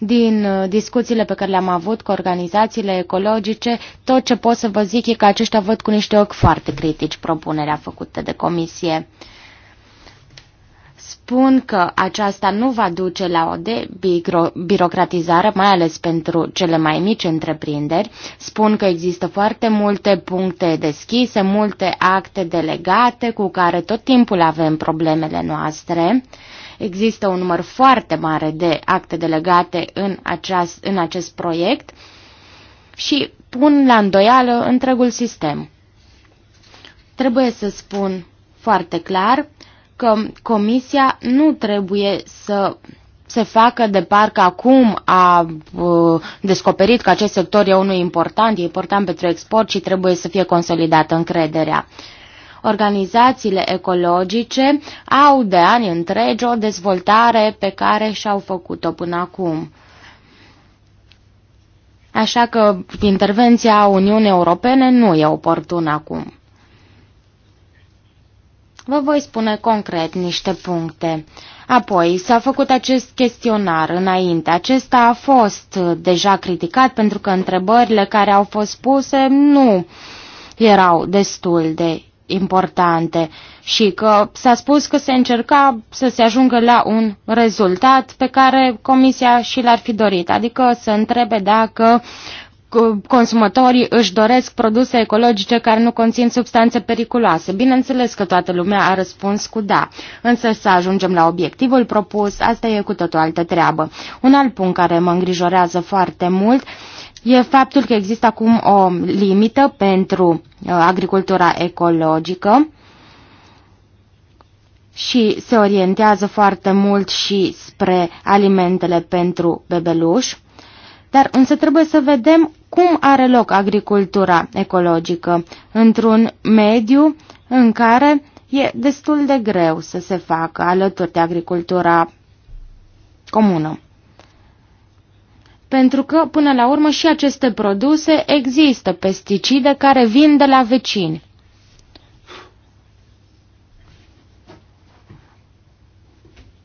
Din uh, discuțiile pe care le-am avut cu organizațiile ecologice, tot ce pot să vă zic e că aceștia văd cu niște ochi foarte critici propunerea făcută de comisie spun că aceasta nu va duce la o debirocratizare, mai ales pentru cele mai mici întreprinderi. Spun că există foarte multe puncte deschise, multe acte delegate cu care tot timpul avem problemele noastre. Există un număr foarte mare de acte delegate în, aceast, în acest proiect și pun la îndoială întregul sistem. Trebuie să spun foarte clar, că Comisia nu trebuie să se facă de parcă acum a uh, descoperit că acest sector e unul important, e important pentru export și trebuie să fie consolidată încrederea. Organizațiile ecologice au de ani întregi o dezvoltare pe care și-au făcut-o până acum. Așa că intervenția Uniunii Europene nu e oportună acum. Vă voi spune concret niște puncte. Apoi s-a făcut acest chestionar înainte. Acesta a fost deja criticat pentru că întrebările care au fost puse nu erau destul de importante și că s-a spus că se încerca să se ajungă la un rezultat pe care comisia și l-ar fi dorit, adică să întrebe dacă consumatorii își doresc produse ecologice care nu conțin substanțe periculoase. Bineînțeles că toată lumea a răspuns cu da, însă să ajungem la obiectivul propus, asta e cu totul altă treabă. Un alt punct care mă îngrijorează foarte mult e faptul că există acum o limită pentru uh, agricultura ecologică și se orientează foarte mult și spre alimentele pentru bebeluși. Dar însă trebuie să vedem cum are loc agricultura ecologică într-un mediu în care e destul de greu să se facă alături de agricultura comună. Pentru că, până la urmă, și aceste produse există pesticide care vin de la vecini.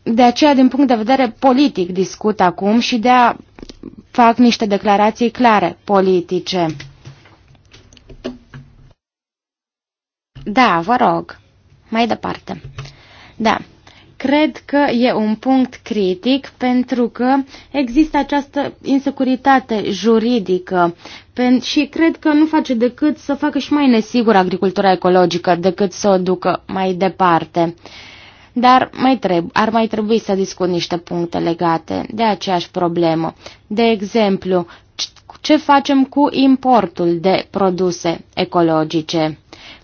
De aceea, din punct de vedere politic, discut acum și de a fac niște declarații clare politice. Da, vă rog. Mai departe. Da cred că e un punct critic pentru că există această insecuritate juridică și cred că nu face decât să facă și mai nesigură agricultura ecologică decât să o ducă mai departe. Uh, dar mai treb- ar mai trebui să discut niște puncte legate de aceeași problemă. De exemplu, ce facem cu importul de produse ecologice?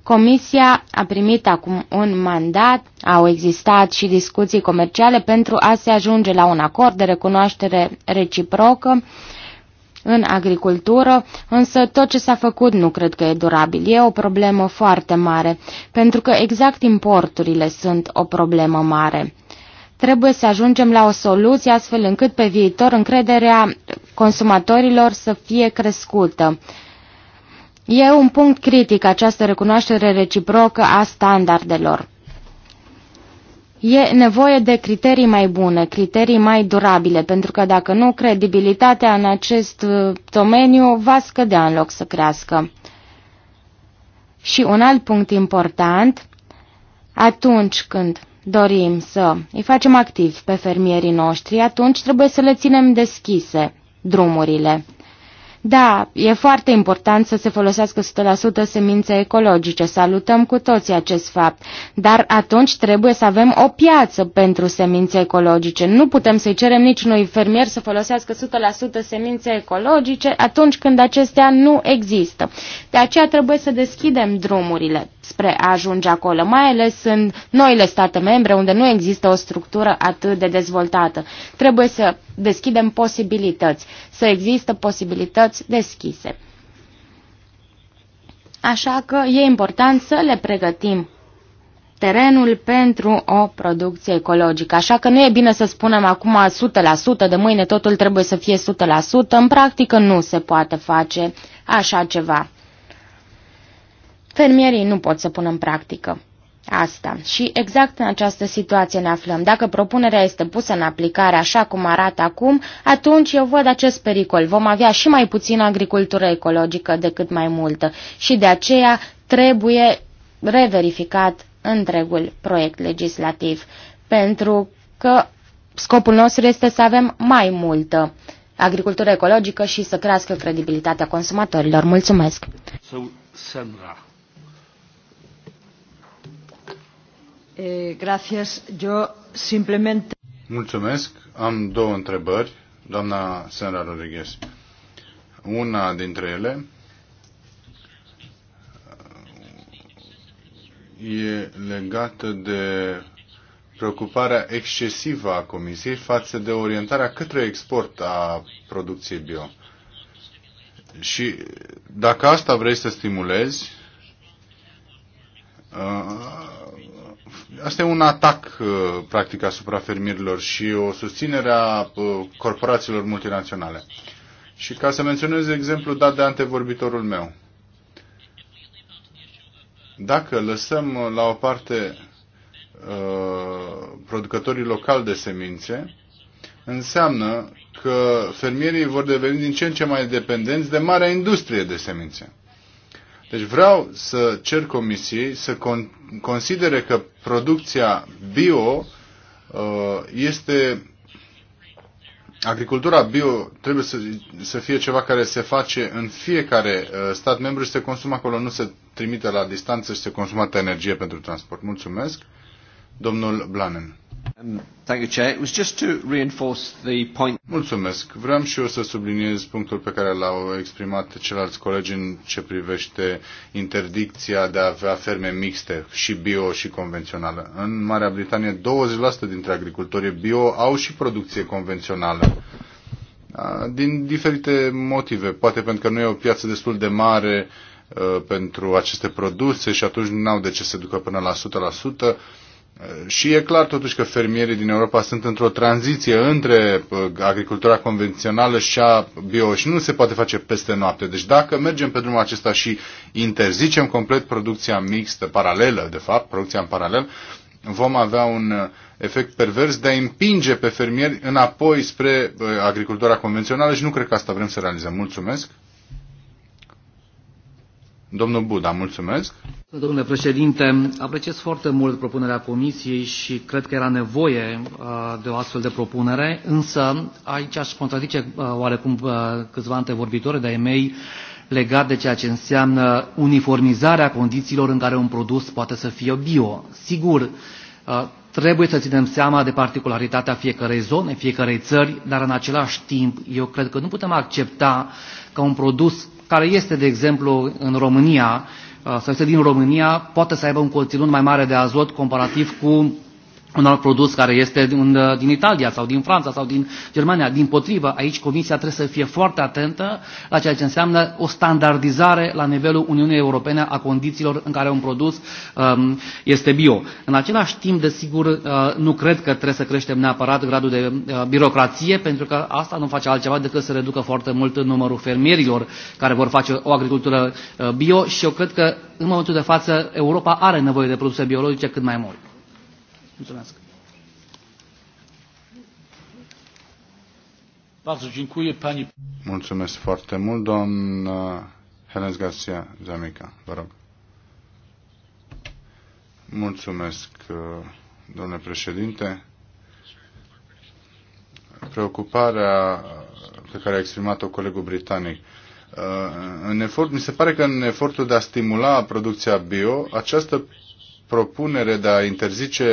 Comisia a primit acum un mandat, au existat și discuții comerciale pentru a se ajunge la un acord de recunoaștere reciprocă. Uh, în agricultură, însă tot ce s-a făcut nu cred că e durabil. E o problemă foarte mare, pentru că exact importurile sunt o problemă mare. Trebuie să ajungem la o soluție astfel încât pe viitor încrederea consumatorilor să fie crescută. E un punct critic această recunoaștere reciprocă a standardelor. E nevoie de criterii mai bune, criterii mai durabile, pentru că dacă nu, credibilitatea în acest uh, domeniu va scădea în loc să crească. Și un alt punct important, atunci când dorim să îi facem activi pe fermierii noștri, atunci trebuie să le ținem deschise drumurile. Da, e foarte important să se folosească 100% semințe ecologice, salutăm cu toții acest fapt, dar atunci trebuie să avem o piață pentru semințe ecologice. Nu putem să-i cerem niciunui fermier să folosească 100% semințe ecologice atunci când acestea nu există. De aceea trebuie să deschidem drumurile spre a ajunge acolo, mai ales în noile state membre unde nu există o structură atât de dezvoltată. Trebuie să deschidem posibilități, să există posibilități deschise. Așa că e important să le pregătim terenul pentru o producție ecologică. Așa că nu e bine să spunem acum 100%, de mâine totul trebuie să fie 100%, în practică nu se poate face așa ceva fermierii nu pot să pună în practică asta. Și exact în această situație ne aflăm. Dacă propunerea este pusă în aplicare așa cum arată acum, atunci eu văd acest pericol. Vom avea și mai puțină agricultură ecologică decât mai multă și de aceea trebuie reverificat întregul proiect legislativ, pentru că scopul nostru este să avem mai multă agricultură ecologică și să crească credibilitatea consumatorilor. Mulțumesc! So, Eh, Mulțumesc. Am două întrebări, doamna Sandra Rodriguez. Una dintre ele e legată de preocuparea excesivă a Comisiei față de orientarea către export a producției bio. Și dacă asta vrei să stimulezi, uh, asta e un atac, uh, practic, asupra fermierilor și o susținere a uh, corporațiilor multinaționale. Și ca să menționez exemplu dat de antevorbitorul meu, dacă lăsăm uh, la o parte uh, producătorii locali de semințe, înseamnă că fermierii vor deveni din ce în ce mai dependenți de marea industrie de semințe. Deci vreau să cer comisiei să con- considere că producția bio uh, este agricultura bio trebuie să, să fie ceva care se face în fiecare uh, stat membru și se consumă acolo, nu se trimite la distanță și se consumă energie pentru transport. Mulțumesc. Domnul Blanen. Mulțumesc. Vreau și eu să subliniez punctul pe care l-au exprimat ceilalți colegi în ce privește interdicția de a avea ferme mixte și bio și convențională. În Marea Britanie 20% dintre agricultorii bio au și producție convențională. Din diferite motive, poate pentru că nu e o piață destul de mare pentru aceste produse și atunci nu au de ce se ducă până la 100%, Uh, și e clar totuși că fermierii din Europa sunt într-o tranziție între uh, agricultura convențională și a bio și nu se poate face peste noapte. Deci dacă mergem pe drumul acesta și interzicem complet producția mixtă, paralelă de fapt, producția în paralel, vom avea un uh, efect pervers de a împinge pe fermieri înapoi spre agricultura convențională și nu cred că asta vrem să realizăm. Mulțumesc! Domnul Buda, mulțumesc. Domnule președinte, apreciez foarte mult propunerea Comisiei și cred că era nevoie uh, de o astfel de propunere, însă aici aș contradice uh, oarecum uh, câțiva antevorbitori de-ai mei legat de ceea ce înseamnă uniformizarea condițiilor în care un produs poate să fie bio. Sigur, trebuie să ținem seama de particularitatea fiecărei zone, fiecărei țări, dar în același timp eu cred că nu putem accepta ca un produs care este, de exemplu, în România, uh, sau este din România, poate să aibă un conținut mai mare de azot comparativ cu un alt produs care este din, uh, din Italia sau din Franța sau din Germania. Din potrivă, aici Comisia trebuie să fie foarte atentă la ceea ce înseamnă o standardizare la nivelul Uniunii Europene a condițiilor în care un produs um, este bio. În același timp, desigur, uh, nu cred că trebuie să creștem neapărat gradul de uh, birocrație, pentru că asta nu face altceva decât să reducă foarte mult numărul fermierilor care vor face o agricultură uh, bio și eu cred că în momentul de față Europa are nevoie de produse biologice cât mai mult. Mulțumesc. Mulțumesc foarte mult, doamnă Helens Garcia Zamica. Vă rog. Mulțumesc, domnule președinte. Preocuparea pe care a exprimat-o colegul britanic. În efort, mi se pare că în efortul de a stimula producția bio, această propunere de a interzice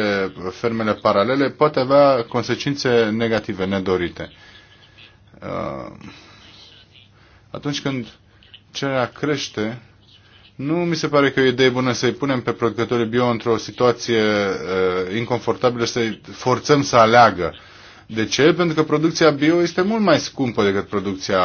fermele paralele poate avea consecințe negative, nedorite. Uh, atunci când cererea crește, nu mi se pare că e o idee bună să-i punem pe producătorii bio într-o situație uh, inconfortabilă, să-i forțăm să aleagă. De ce? Pentru că producția bio este mult mai scumpă decât producția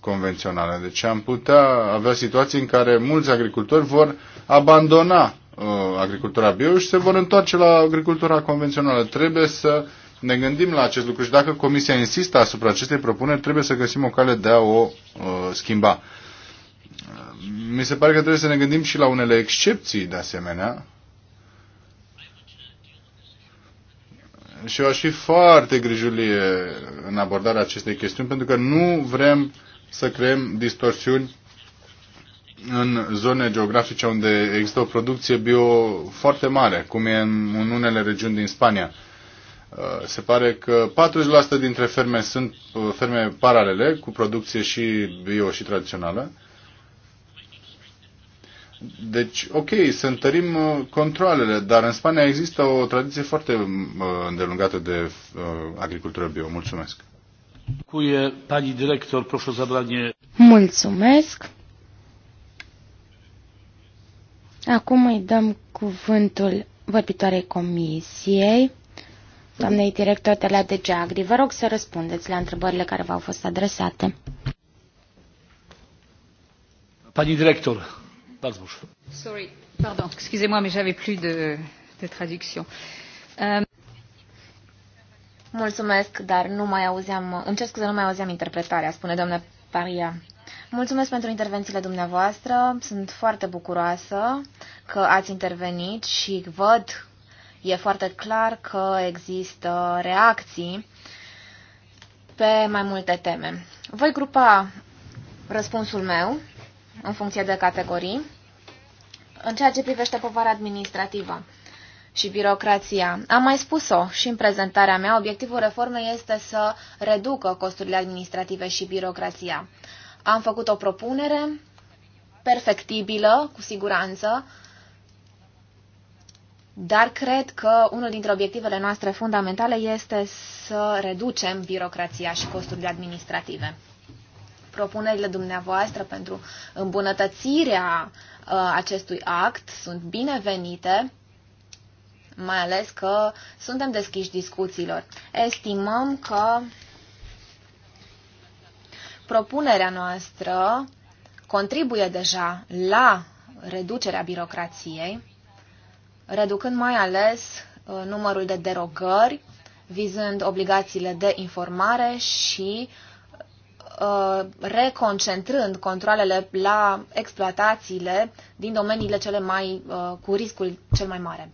convențională. Deci am putea avea situații în care mulți agricultori vor abandona Uh, agricultura bio și se vor întoarce la agricultura convențională. Trebuie să ne gândim la acest lucru și dacă Comisia insistă asupra acestei propuneri, trebuie să găsim o cale de a o uh, schimba. Mi se pare că trebuie să ne gândim și la unele excepții de asemenea. Și eu aș fi foarte grijulie în abordarea acestei chestiuni, pentru că nu vrem să creăm distorsiuni în zone geografice unde există o producție bio foarte mare, cum e în unele regiuni din Spania. Uh, se pare că 40% dintre ferme sunt uh, ferme paralele cu producție și bio și tradițională. Deci, ok, să întărim uh, controlele, dar în Spania există o tradiție foarte îndelungată de agricultură bio. Mulțumesc! Mulțumesc! Acum îi dăm cuvântul vorbitoarei comisiei, doamnei director de la DGAGRI. Vă rog să răspundeți la întrebările care v-au fost adresate. Pani director, Balzbuș. Sorry, pardon, excusez-moi, mais j'avais plus de, de traduction. Um... Mulțumesc, dar nu mai auzeam, îmi cer scuze, nu mai auzeam interpretarea, spune doamna Paria. Mulțumesc pentru intervențiile dumneavoastră. Sunt foarte bucuroasă că ați intervenit și văd, e foarte clar că există reacții pe mai multe teme. Voi grupa răspunsul meu în funcție de categorii în ceea ce privește povara administrativă și birocrația. Am mai spus-o și în prezentarea mea, obiectivul reformei este să reducă costurile administrative și birocrația. Am făcut o propunere perfectibilă, cu siguranță, dar cred că unul dintre obiectivele noastre fundamentale este să reducem birocrația și costurile administrative. Propunerile dumneavoastră pentru îmbunătățirea uh, acestui act sunt binevenite, mai ales că suntem deschiși discuțiilor. Estimăm că Propunerea noastră contribuie deja la reducerea birocrației, reducând mai ales uh, numărul de derogări, vizând obligațiile de informare și uh, reconcentrând controlele la exploatațiile din domeniile cele mai uh, cu riscul cel mai mare.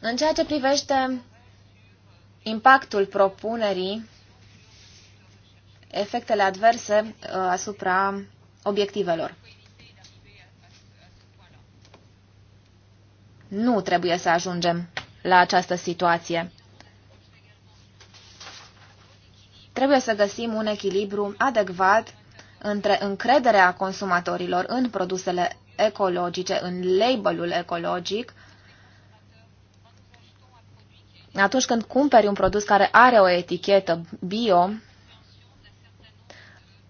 În ceea ce privește impactul propunerii, efectele adverse uh, asupra obiectivelor. Nu trebuie să ajungem la această situație. Trebuie să găsim un echilibru adecvat între încrederea consumatorilor în produsele ecologice, în labelul ecologic atunci când cumperi un produs care are o etichetă bio,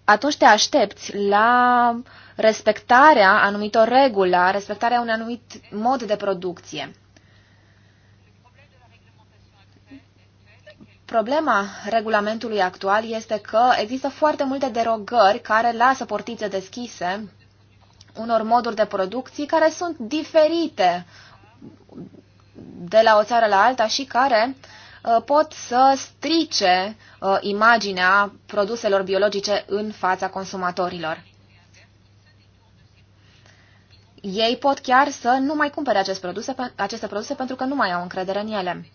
atunci te aștepți la respectarea anumitor reguli, la respectarea unui anumit mod de producție. Problema regulamentului actual este că există foarte multe derogări care lasă portițe deschise unor moduri de producție care sunt diferite de la o țară la alta și care uh, pot să strice uh, imaginea produselor biologice în fața consumatorilor. Ei pot chiar să nu mai cumpere acest produse, aceste produse pentru că nu mai au încredere în ele.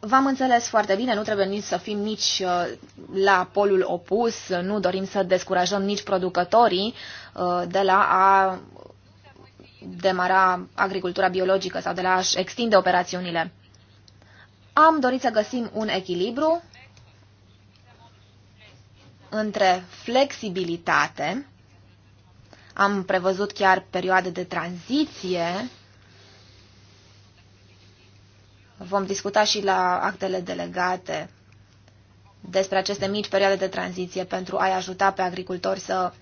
V-am înțeles foarte bine, nu trebuie nici să fim nici uh, la polul opus, nu dorim să descurajăm nici producătorii de la a demara agricultura biologică sau de la a-și extinde operațiunile. Am dorit să găsim un echilibru între flexibilitate, am prevăzut chiar perioade de tranziție, vom discuta și la actele delegate despre aceste mici perioade de tranziție pentru a-i ajuta pe agricultori să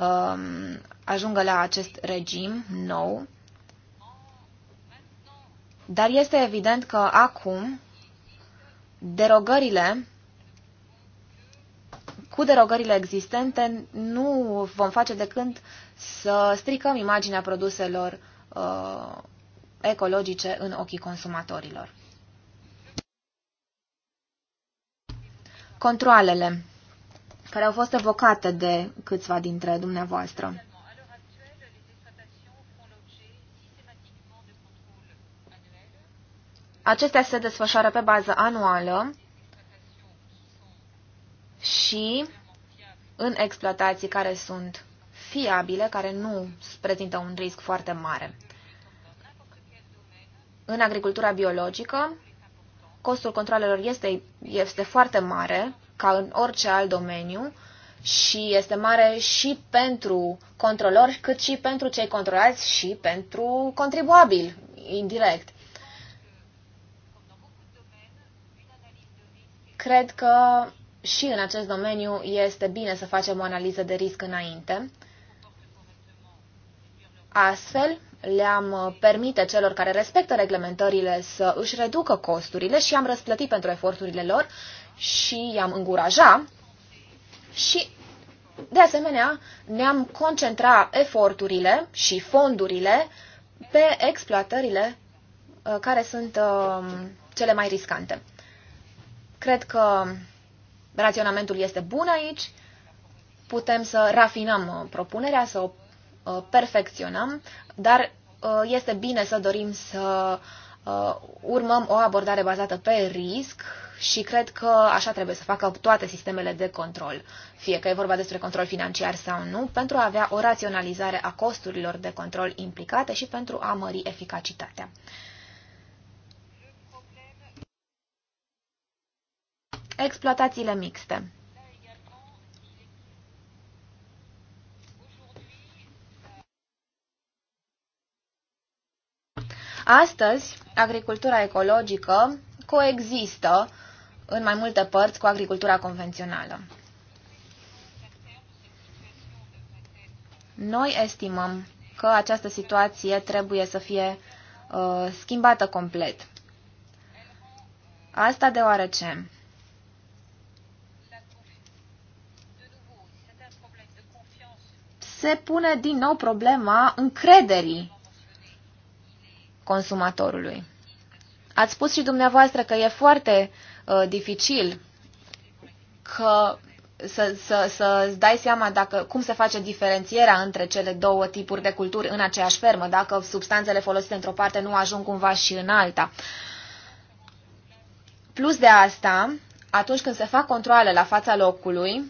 Um, ajungă la acest regim nou. Dar este evident că acum derogările cu derogările existente nu vom face decât să stricăm imaginea produselor uh, ecologice în ochii consumatorilor. Controalele care au fost evocate de câțiva dintre dumneavoastră. Acestea se desfășoară pe bază anuală și în exploatații care sunt fiabile, care nu prezintă un risc foarte mare. În agricultura biologică, costul controlelor este, este foarte mare ca în orice alt domeniu și este mare și pentru controlori, cât și pentru cei controlați și pentru contribuabil, indirect. Cred că și în acest domeniu este bine să facem o analiză de risc înainte. Astfel, le-am permite celor care respectă reglementările să își reducă costurile și am răsplătit pentru eforturile lor și i-am încuraja și, de asemenea, ne-am concentrat eforturile și fondurile pe exploatările uh, care sunt uh, cele mai riscante. Cred că raționamentul este bun aici, putem să rafinăm uh, propunerea, să o perfecționăm, dar este bine să dorim să urmăm o abordare bazată pe risc și cred că așa trebuie să facă toate sistemele de control, fie că e vorba despre control financiar sau nu, pentru a avea o raționalizare a costurilor de control implicate și pentru a mări eficacitatea. Exploatațiile mixte. Astăzi, agricultura ecologică coexistă în mai multe părți cu agricultura convențională. Noi estimăm că această situație trebuie să fie uh, schimbată complet. Asta deoarece se pune din nou problema încrederii consumatorului. Ați spus și dumneavoastră că e foarte uh, dificil că să, să, să-ți dai seama dacă, cum se face diferențierea între cele două tipuri de culturi în aceeași fermă, dacă substanțele folosite într-o parte nu ajung cumva și în alta. Plus de asta, atunci când se fac controle la fața locului,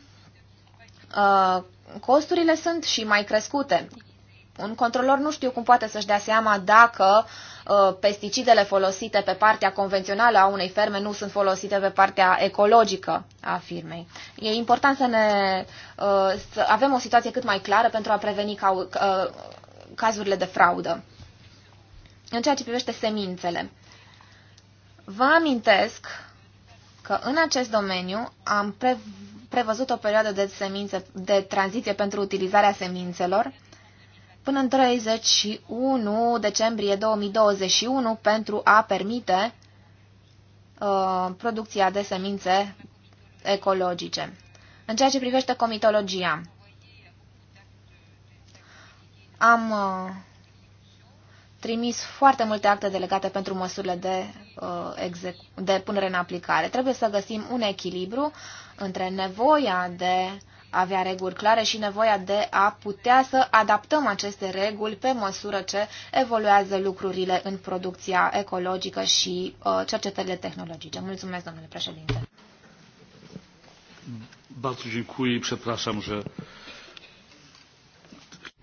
uh, costurile sunt și mai crescute un controlor nu știu cum poate să-și dea seama dacă uh, pesticidele folosite pe partea convențională a unei ferme nu sunt folosite pe partea ecologică a firmei. E important să, ne, uh, să avem o situație cât mai clară pentru a preveni uh, cazurile de fraudă. În ceea ce privește semințele, vă amintesc că în acest domeniu am prevăzut o perioadă de, semințe, de tranziție pentru utilizarea semințelor, până în 31 decembrie 2021 pentru a permite uh, producția de semințe ecologice. În ceea ce privește comitologia, am uh, trimis foarte multe acte delegate pentru măsurile de, uh, de punere în aplicare. Trebuie să găsim un echilibru între nevoia de avea reguli clare și nevoia de a putea să adaptăm aceste reguli pe măsură ce evoluează lucrurile în producția ecologică și uh, cercetările tehnologice. Mulțumesc, domnule președinte.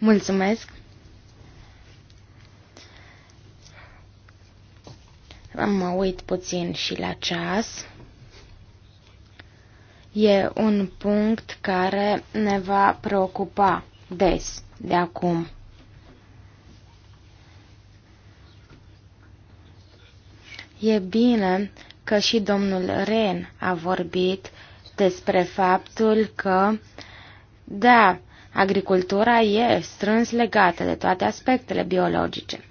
Mulțumesc. Am Mă uit puțin și la ceas. E un punct care ne va preocupa des de acum. E bine că și domnul Ren a vorbit despre faptul că, da, agricultura e strâns legată de toate aspectele biologice.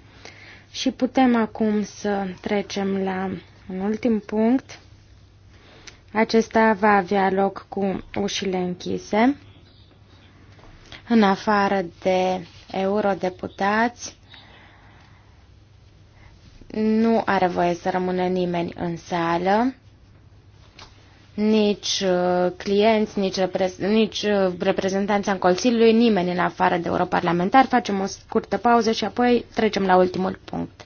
Și putem acum să trecem la un ultim punct. Acesta va avea loc cu ușile închise, în afară de eurodeputați. Nu are voie să rămână nimeni în sală, nici uh, clienți, nici, reprez- nici uh, reprezentanța în Consiliului, nimeni în afară de europarlamentar. Facem o scurtă pauză și apoi trecem la ultimul punct.